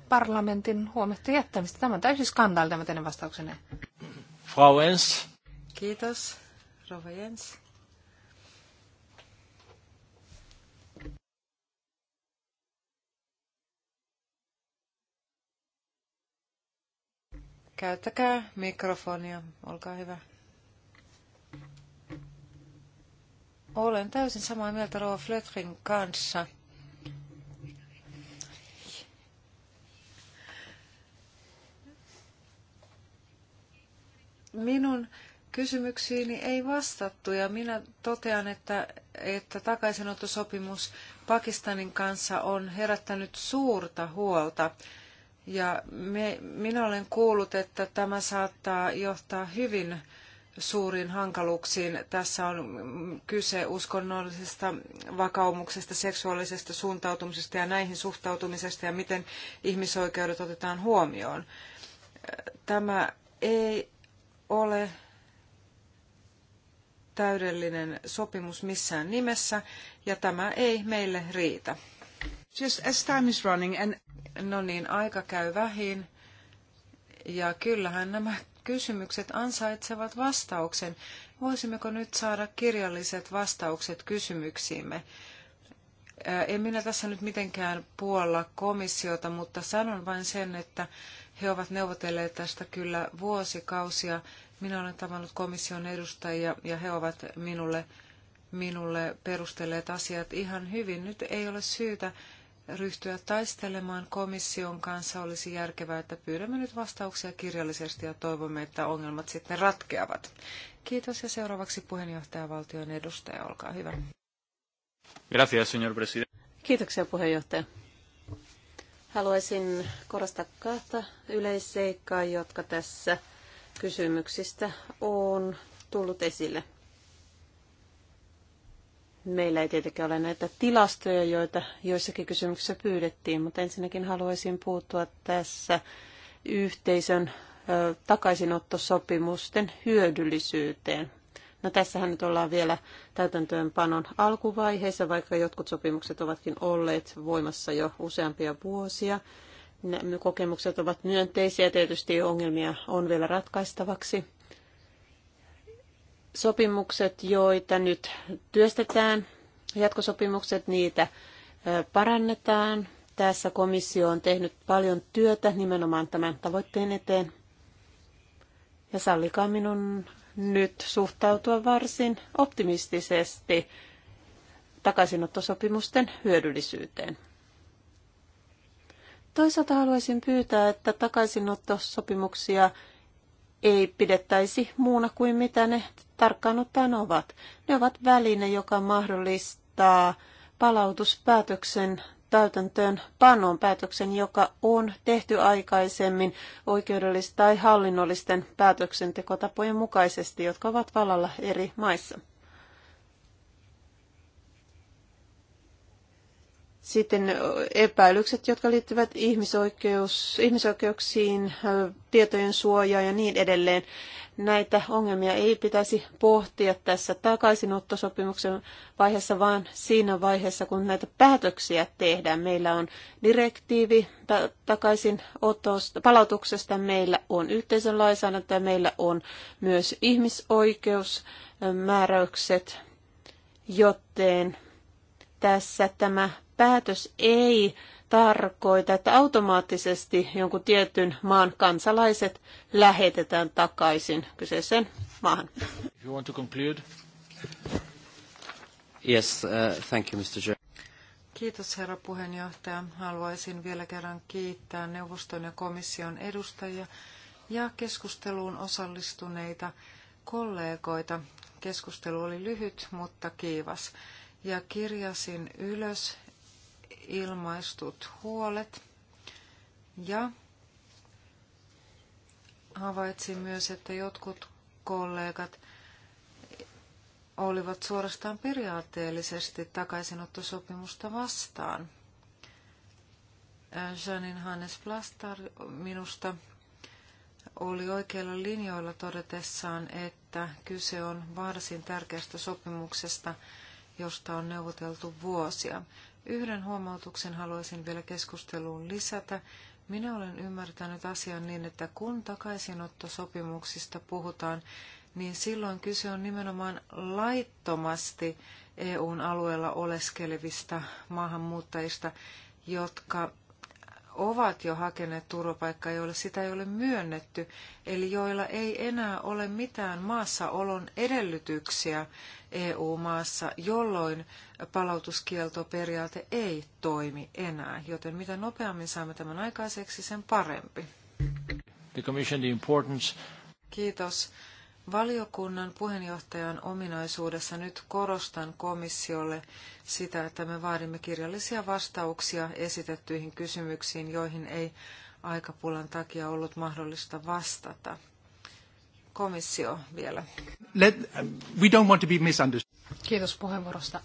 parlamentin huomioon jättämistä. Tämä on täysin skandaali tämä teidän vastauksenne. Frau Jens. Kiitos, Rova Jens. Käyttäkää mikrofonia, olkaa hyvä. Olen täysin samaa mieltä Rova Flötrin kanssa. Minun kysymyksiini ei vastattu ja minä totean, että, että takaisinottosopimus Pakistanin kanssa on herättänyt suurta huolta. Ja me, minä olen kuullut, että tämä saattaa johtaa hyvin suuriin hankaluuksiin. Tässä on kyse uskonnollisesta vakaumuksesta, seksuaalisesta suuntautumisesta ja näihin suhtautumisesta ja miten ihmisoikeudet otetaan huomioon. Tämä ei ole täydellinen sopimus missään nimessä ja tämä ei meille riitä. Just as time is running and... No niin, aika käy vähin. Ja kyllähän nämä kysymykset ansaitsevat vastauksen. Voisimmeko nyt saada kirjalliset vastaukset kysymyksiimme? En minä tässä nyt mitenkään puolla komissiota, mutta sanon vain sen, että he ovat neuvotelleet tästä kyllä vuosikausia. Minä olen tavannut komission edustajia ja he ovat minulle, minulle perustelleet asiat ihan hyvin. Nyt ei ole syytä ryhtyä taistelemaan komission kanssa, olisi järkevää, että pyydämme nyt vastauksia kirjallisesti ja toivomme, että ongelmat sitten ratkeavat. Kiitos ja seuraavaksi puheenjohtaja valtion edustaja, olkaa hyvä. Gracias, señor presidente. Kiitoksia puheenjohtaja. Haluaisin korostaa kahta yleisseikkaa, jotka tässä kysymyksistä on tullut esille. Meillä ei tietenkään ole näitä tilastoja, joita joissakin kysymyksissä pyydettiin, mutta ensinnäkin haluaisin puuttua tässä yhteisön takaisinottosopimusten hyödyllisyyteen. No tässähän nyt ollaan vielä täytäntöönpanon alkuvaiheessa, vaikka jotkut sopimukset ovatkin olleet voimassa jo useampia vuosia. Nämä kokemukset ovat myönteisiä, tietysti ongelmia on vielä ratkaistavaksi sopimukset, joita nyt työstetään, jatkosopimukset, niitä parannetaan. Tässä komissio on tehnyt paljon työtä nimenomaan tämän tavoitteen eteen. Ja sallikaa minun nyt suhtautua varsin optimistisesti takaisinottosopimusten hyödyllisyyteen. Toisaalta haluaisin pyytää, että takaisinottosopimuksia sopimuksia ei pidettäisi muuna kuin mitä ne tarkkaan ottaen ovat. Ne ovat väline, joka mahdollistaa palautuspäätöksen täytäntöön panon päätöksen, joka on tehty aikaisemmin oikeudellisten tai hallinnollisten päätöksentekotapojen mukaisesti, jotka ovat valalla eri maissa. Sitten epäilykset, jotka liittyvät ihmisoikeus, ihmisoikeuksiin, tietojen suojaan ja niin edelleen. Näitä ongelmia ei pitäisi pohtia tässä takaisinottosopimuksen vaiheessa, vaan siinä vaiheessa, kun näitä päätöksiä tehdään. Meillä on direktiivi takaisinotosta, palautuksesta, meillä on yhteisön lainsäädäntö ja meillä on myös ihmisoikeusmääräykset, joten tässä tämä päätös ei tarkoita, että automaattisesti jonkun tietyn maan kansalaiset lähetetään takaisin kyseiseen maahan. You want to conclude? Yes, uh, thank you, Mr. Chair. Kiitos herra puheenjohtaja. Haluaisin vielä kerran kiittää neuvoston ja komission edustajia ja keskusteluun osallistuneita kollegoita. Keskustelu oli lyhyt, mutta kiivas. Ja kirjasin ylös ilmaistut huolet ja havaitsin myös, että jotkut kollegat olivat suorastaan periaatteellisesti takaisinottosopimusta vastaan. Janin Hannes Plastar minusta oli oikeilla linjoilla todetessaan, että kyse on varsin tärkeästä sopimuksesta, josta on neuvoteltu vuosia. Yhden huomautuksen haluaisin vielä keskusteluun lisätä. Minä olen ymmärtänyt asian niin, että kun takaisinottosopimuksista puhutaan, niin silloin kyse on nimenomaan laittomasti EUn alueella oleskelevista maahanmuuttajista, jotka ovat jo hakeneet turvapaikkaa, joille sitä ei ole myönnetty, eli joilla ei enää ole mitään maassaolon edellytyksiä EU-maassa, jolloin palautuskieltoperiaate ei toimi enää. Joten mitä nopeammin saamme tämän aikaiseksi, sen parempi. Kiitos. Valiokunnan puheenjohtajan ominaisuudessa nyt korostan komissiolle sitä, että me vaadimme kirjallisia vastauksia esitettyihin kysymyksiin, joihin ei aikapulan takia ollut mahdollista vastata. Komissio vielä. Let, we don't want to be misunderstood. Kiitos puheenvuorosta.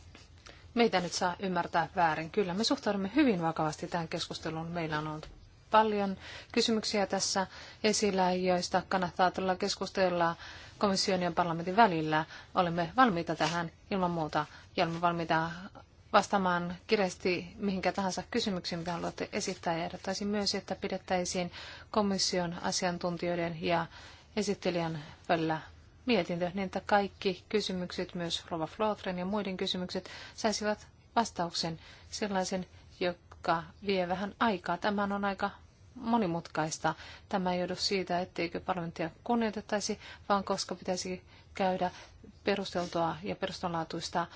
Meitä nyt saa ymmärtää väärin. Kyllä me suhtaudumme hyvin vakavasti tähän keskusteluun. Meillä on ollut paljon kysymyksiä tässä esillä, joista kannattaa tulla keskustella komission ja parlamentin välillä. Olemme valmiita tähän ilman muuta ja olemme valmiita vastaamaan kirjasti mihinkä tahansa kysymyksiin, mitä haluatte esittää. Ja ehdottaisin myös, että pidettäisiin komission asiantuntijoiden ja esittelijän välillä mietintö, niin että kaikki kysymykset, myös Rova Flotren ja muiden kysymykset, saisivat vastauksen sellaisen, joka vie vähän aikaa. Tämän on aika monimutkaista. Tämä ei johdu siitä, etteikö parlamenttia kunnioitettaisi, vaan koska pitäisi käydä perusteltua ja perustonlaatuista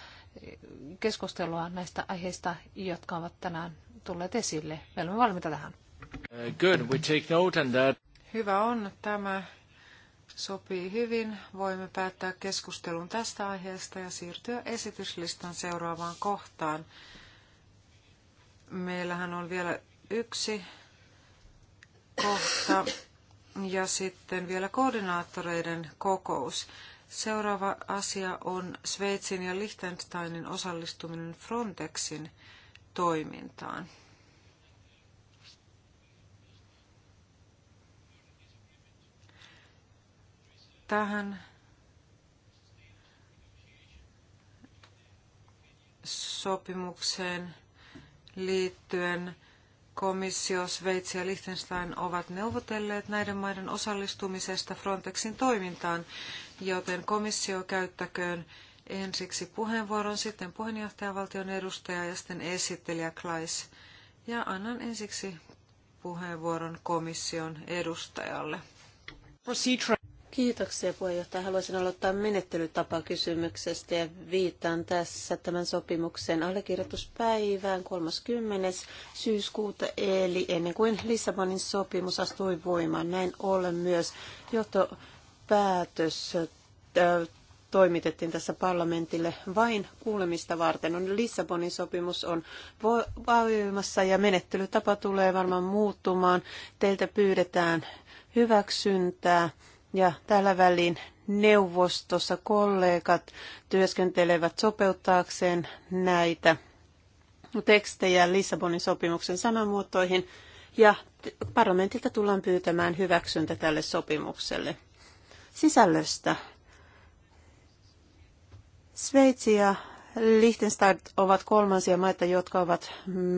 keskustelua näistä aiheista, jotka ovat tänään tulleet esille. Me olemme valmiita tähän. Uh, good. We take note on that. Hyvä on. Tämä sopii hyvin. Voimme päättää keskustelun tästä aiheesta ja siirtyä esityslistan seuraavaan kohtaan. Meillähän on vielä yksi kohta ja sitten vielä koordinaattoreiden kokous. Seuraava asia on Sveitsin ja Liechtensteinin osallistuminen Frontexin toimintaan. Tähän sopimukseen liittyen komissio, Sveitsi ja Liechtenstein ovat neuvotelleet näiden maiden osallistumisesta Frontexin toimintaan, joten komissio käyttäköön ensiksi puheenvuoron, sitten puheenjohtajavaltion edustaja ja sitten esittelijä Klais. Ja annan ensiksi puheenvuoron komission edustajalle. Kiitoksia puheenjohtaja. Haluaisin aloittaa menettelytapakysymyksestä ja viittaan tässä tämän sopimuksen allekirjoituspäivään 30. syyskuuta, eli ennen kuin Lissabonin sopimus astui voimaan. Näin ollen myös johtopäätös toimitettiin tässä parlamentille vain kuulemista varten. On Lissabonin sopimus on voimassa ja menettelytapa tulee varmaan muuttumaan. Teiltä pyydetään hyväksyntää ja tällä välin neuvostossa kollegat työskentelevät sopeuttaakseen näitä tekstejä Lissabonin sopimuksen sanamuotoihin ja parlamentilta tullaan pyytämään hyväksyntä tälle sopimukselle. Sisällöstä. Sveitsi ja Liechtenstein ovat kolmansia maita, jotka ovat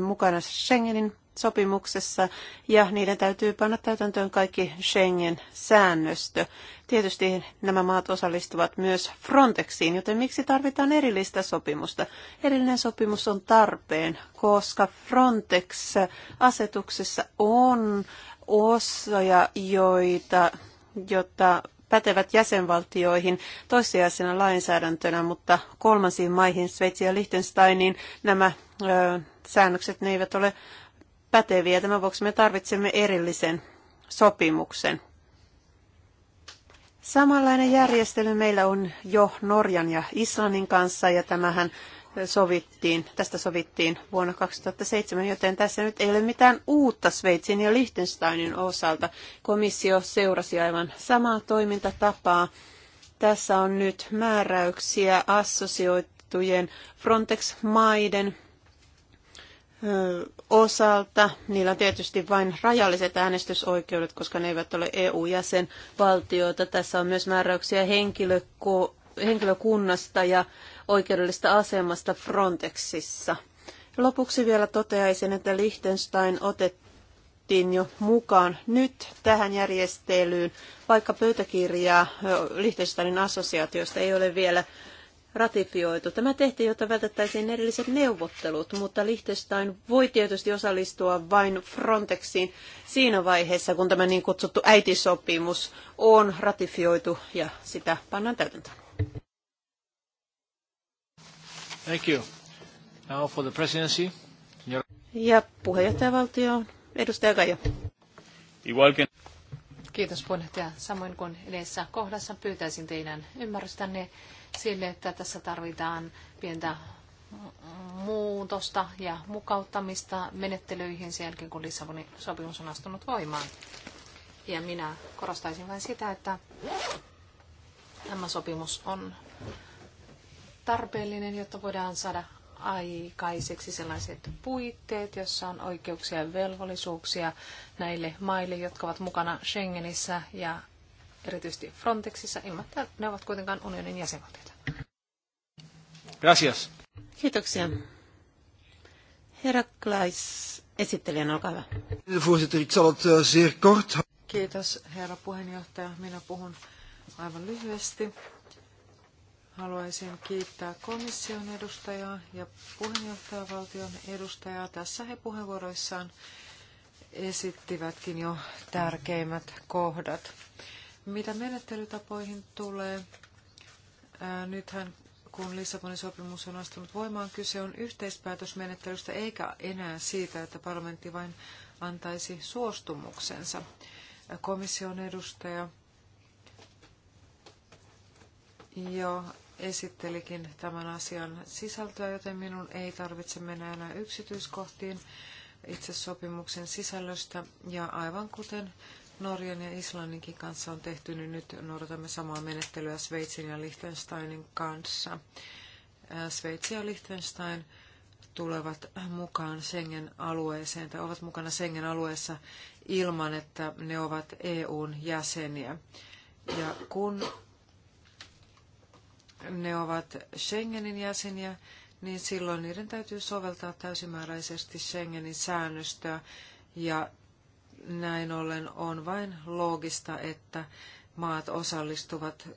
mukana Schengenin sopimuksessa ja niiden täytyy panna täytäntöön kaikki Schengen-säännöstö. Tietysti nämä maat osallistuvat myös Frontexiin, joten miksi tarvitaan erillistä sopimusta? Erillinen sopimus on tarpeen, koska Frontex-asetuksessa on osia, joita, jotta pätevät jäsenvaltioihin toissijaisena lainsäädäntönä, mutta kolmansiin maihin, Sveitsiin ja Liechtensteiniin, nämä ö, säännökset ne eivät ole päteviä. Tämän vuoksi me tarvitsemme erillisen sopimuksen. Samanlainen järjestely meillä on jo Norjan ja Islannin kanssa ja tämähän sovittiin, tästä sovittiin vuonna 2007, joten tässä nyt ei ole mitään uutta Sveitsin ja Liechtensteinin osalta. Komissio seurasi aivan samaa toimintatapaa. Tässä on nyt määräyksiä assosioitujen Frontex-maiden osalta. Niillä on tietysti vain rajalliset äänestysoikeudet, koska ne eivät ole EU-jäsenvaltioita. Tässä on myös määräyksiä henkilöko- henkilökunnasta ja oikeudellisesta asemasta Frontexissa. Lopuksi vielä toteaisin, että Liechtenstein otettiin jo mukaan nyt tähän järjestelyyn, vaikka pöytäkirjaa Liechtensteinin assosiaatiosta ei ole vielä ratifioitu. Tämä tehtiin, jotta vältettäisiin erilliset neuvottelut, mutta Liechtenstein voi tietysti osallistua vain Frontexiin siinä vaiheessa, kun tämä niin kutsuttu äitisopimus on ratifioitu ja sitä pannaan täytäntöön. Thank you. Now for the presidency. Ja puheenjohtajavaltio edustaja Kaija. Kiitos puheenjohtaja. Samoin kuin edessä kohdassa pyytäisin teidän ymmärrystänne sille, että tässä tarvitaan pientä muutosta ja mukauttamista menettelyihin sen jälkeen, kun Lissabonin sopimus on astunut voimaan. Ja minä korostaisin vain sitä, että tämä sopimus on tarpeellinen, jotta voidaan saada aikaiseksi sellaiset puitteet, jossa on oikeuksia ja velvollisuuksia näille maille, jotka ovat mukana Schengenissä ja erityisesti Frontexissa, ilman että ne ovat kuitenkaan unionin jäsenvaltioita. Gracias. Kiitoksia. Herra esittelijän, olkaa hyvä. Eh, Kiitos, herra puheenjohtaja. Minä puhun aivan lyhyesti. Haluaisin kiittää komission edustajaa ja puheenjohtajavaltion edustajaa. Tässä he puheenvuoroissaan esittivätkin jo tärkeimmät kohdat. Mitä menettelytapoihin tulee, ää, nythän kun Lissabonin sopimus on astunut voimaan, kyse on yhteispäätösmenettelystä eikä enää siitä, että parlamentti vain antaisi suostumuksensa. Komission edustaja jo esittelikin tämän asian sisältöä, joten minun ei tarvitse mennä enää yksityiskohtiin itse sopimuksen sisällöstä. Ja aivan kuten Norjan ja Islanninkin kanssa on tehty, niin nyt noudatamme samaa menettelyä Sveitsin ja Liechtensteinin kanssa. Sveitsi ja Liechtenstein tulevat mukaan Schengen-alueeseen tai ovat mukana Schengen-alueessa ilman, että ne ovat EUn jäseniä. Ja kun ne ovat Schengenin jäseniä, niin silloin niiden täytyy soveltaa täysimääräisesti Schengenin säännöstöä ja näin ollen on vain loogista, että maat osallistuvat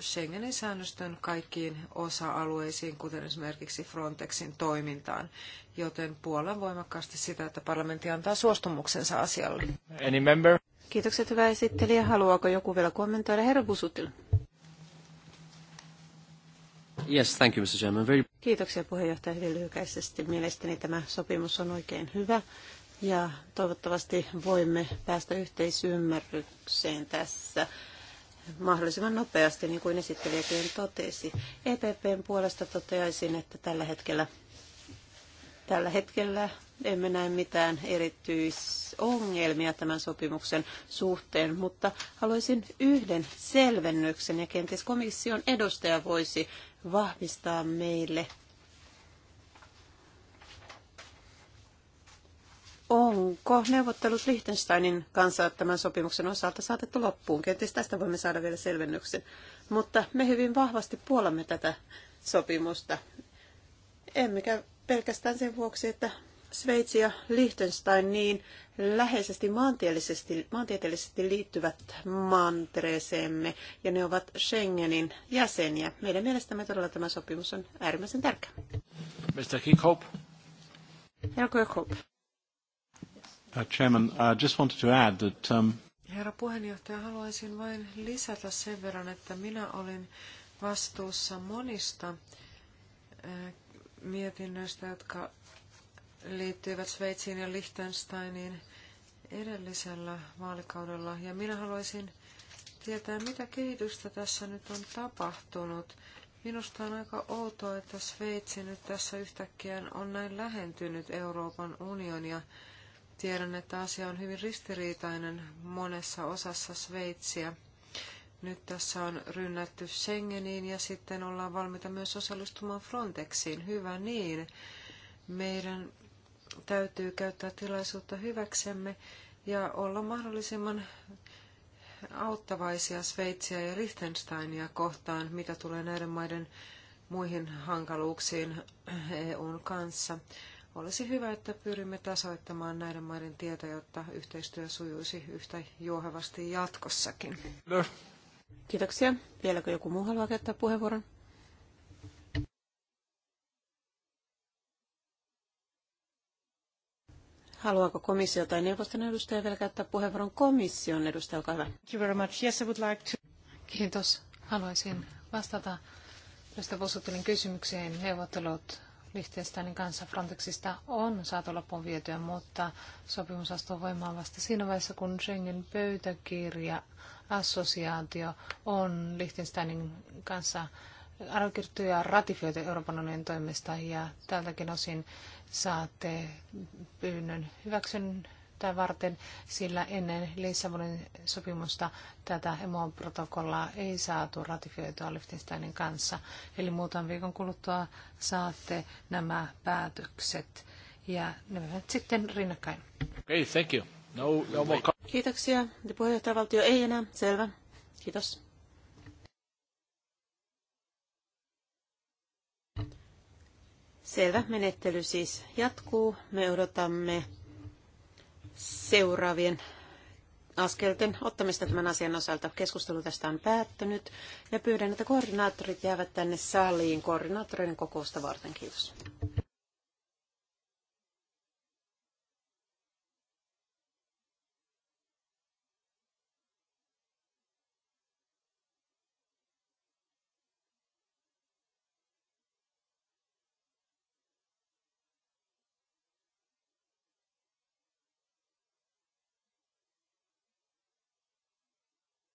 Schengenin säännöstön kaikkiin osa-alueisiin, kuten esimerkiksi Frontexin toimintaan, joten puolan voimakkaasti sitä, että parlamentti antaa suostumuksensa asialle. Any member? Kiitokset, hyvä esittelijä. Haluaako joku vielä kommentoida? Herra Busutil. Yes, thank you, Mr. Chairman. Very... Kiitoksia puheenjohtaja hyvin lyhykäisesti. Mielestäni tämä sopimus on oikein hyvä. Ja toivottavasti voimme päästä yhteisymmärrykseen tässä mahdollisimman nopeasti, niin kuin esittelijäkin totesi. EPPn puolesta toteaisin, että tällä hetkellä, tällä hetkellä emme näe mitään erityisongelmia tämän sopimuksen suhteen, mutta haluaisin yhden selvennyksen ja kenties komission edustaja voisi vahvistaa meille Onko neuvottelut Liechtensteinin kanssa tämän sopimuksen osalta saatettu loppuun? Kenties tästä voimme saada vielä selvennyksen. Mutta me hyvin vahvasti puolamme tätä sopimusta. Emmekä pelkästään sen vuoksi, että Sveitsi ja Liechtenstein niin läheisesti maantieteellisesti, maantieteellisesti liittyvät mantereeseemme ja ne ovat Schengenin jäseniä. Meidän mielestämme todella tämä sopimus on äärimmäisen tärkeä. Mr. Kirkhope. Herra Kirkhope. Uh, Chairman, I just wanted to add that, um, Herra puheenjohtaja, haluaisin vain lisätä sen verran, että minä olin vastuussa monista äh, mietinnöistä, jotka liittyivät Sveitsiin ja Liechtensteiniin edellisellä vaalikaudella. Ja minä haluaisin tietää, mitä kehitystä tässä nyt on tapahtunut. Minusta on aika outoa, että Sveitsi nyt tässä yhtäkkiä on näin lähentynyt Euroopan unionia. Tiedän, että asia on hyvin ristiriitainen monessa osassa Sveitsiä. Nyt tässä on rynnätty Schengeniin ja sitten ollaan valmiita myös osallistumaan Frontexiin. Hyvä niin. Meidän täytyy käyttää tilaisuutta hyväksemme ja olla mahdollisimman auttavaisia Sveitsiä ja Liechtensteinia kohtaan, mitä tulee näiden maiden muihin hankaluuksiin EUn kanssa. Olisi hyvä, että pyrimme tasoittamaan näiden maiden tietä, jotta yhteistyö sujuisi yhtä juohevasti jatkossakin. Kiitoksia. Vieläkö joku muu haluaa käyttää puheenvuoron? Haluaako komissio tai neuvoston edustaja vielä käyttää puheenvuoron komission edustaja? Olkaa hyvä. Thank you very much. Yes, I would like to... Kiitos. Haluaisin vastata tästä Vosutelin kysymykseen. Neuvottelut Liechtensteinin kanssa Frontexista on saatu loppuun vietyä, mutta sopimus astuu voimaan vasta siinä vaiheessa, kun Schengen pöytäkirja assosiaatio on Liechtensteinin kanssa arvokirjoittu ja ratifioitu Euroopan unionin toimesta ja tältäkin osin saatte pyynnön hyväksyn tätä varten, sillä ennen Lissabonin sopimusta tätä emon protokollaa ei saatu ratifioitua Liechtensteinin kanssa. Eli muutaman viikon kuluttua saatte nämä päätökset ja ne menevät sitten rinnakkain. Okay, thank you. No, no more... Kiitoksia. Puheenjohtajavaltio ei enää. Selvä. Kiitos. Selvä menettely siis jatkuu. Me odotamme seuraavien askelten ottamista tämän asian osalta. Keskustelu tästä on päättynyt ja pyydän, että koordinaattorit jäävät tänne saliin koordinaattoreiden kokousta varten. Kiitos.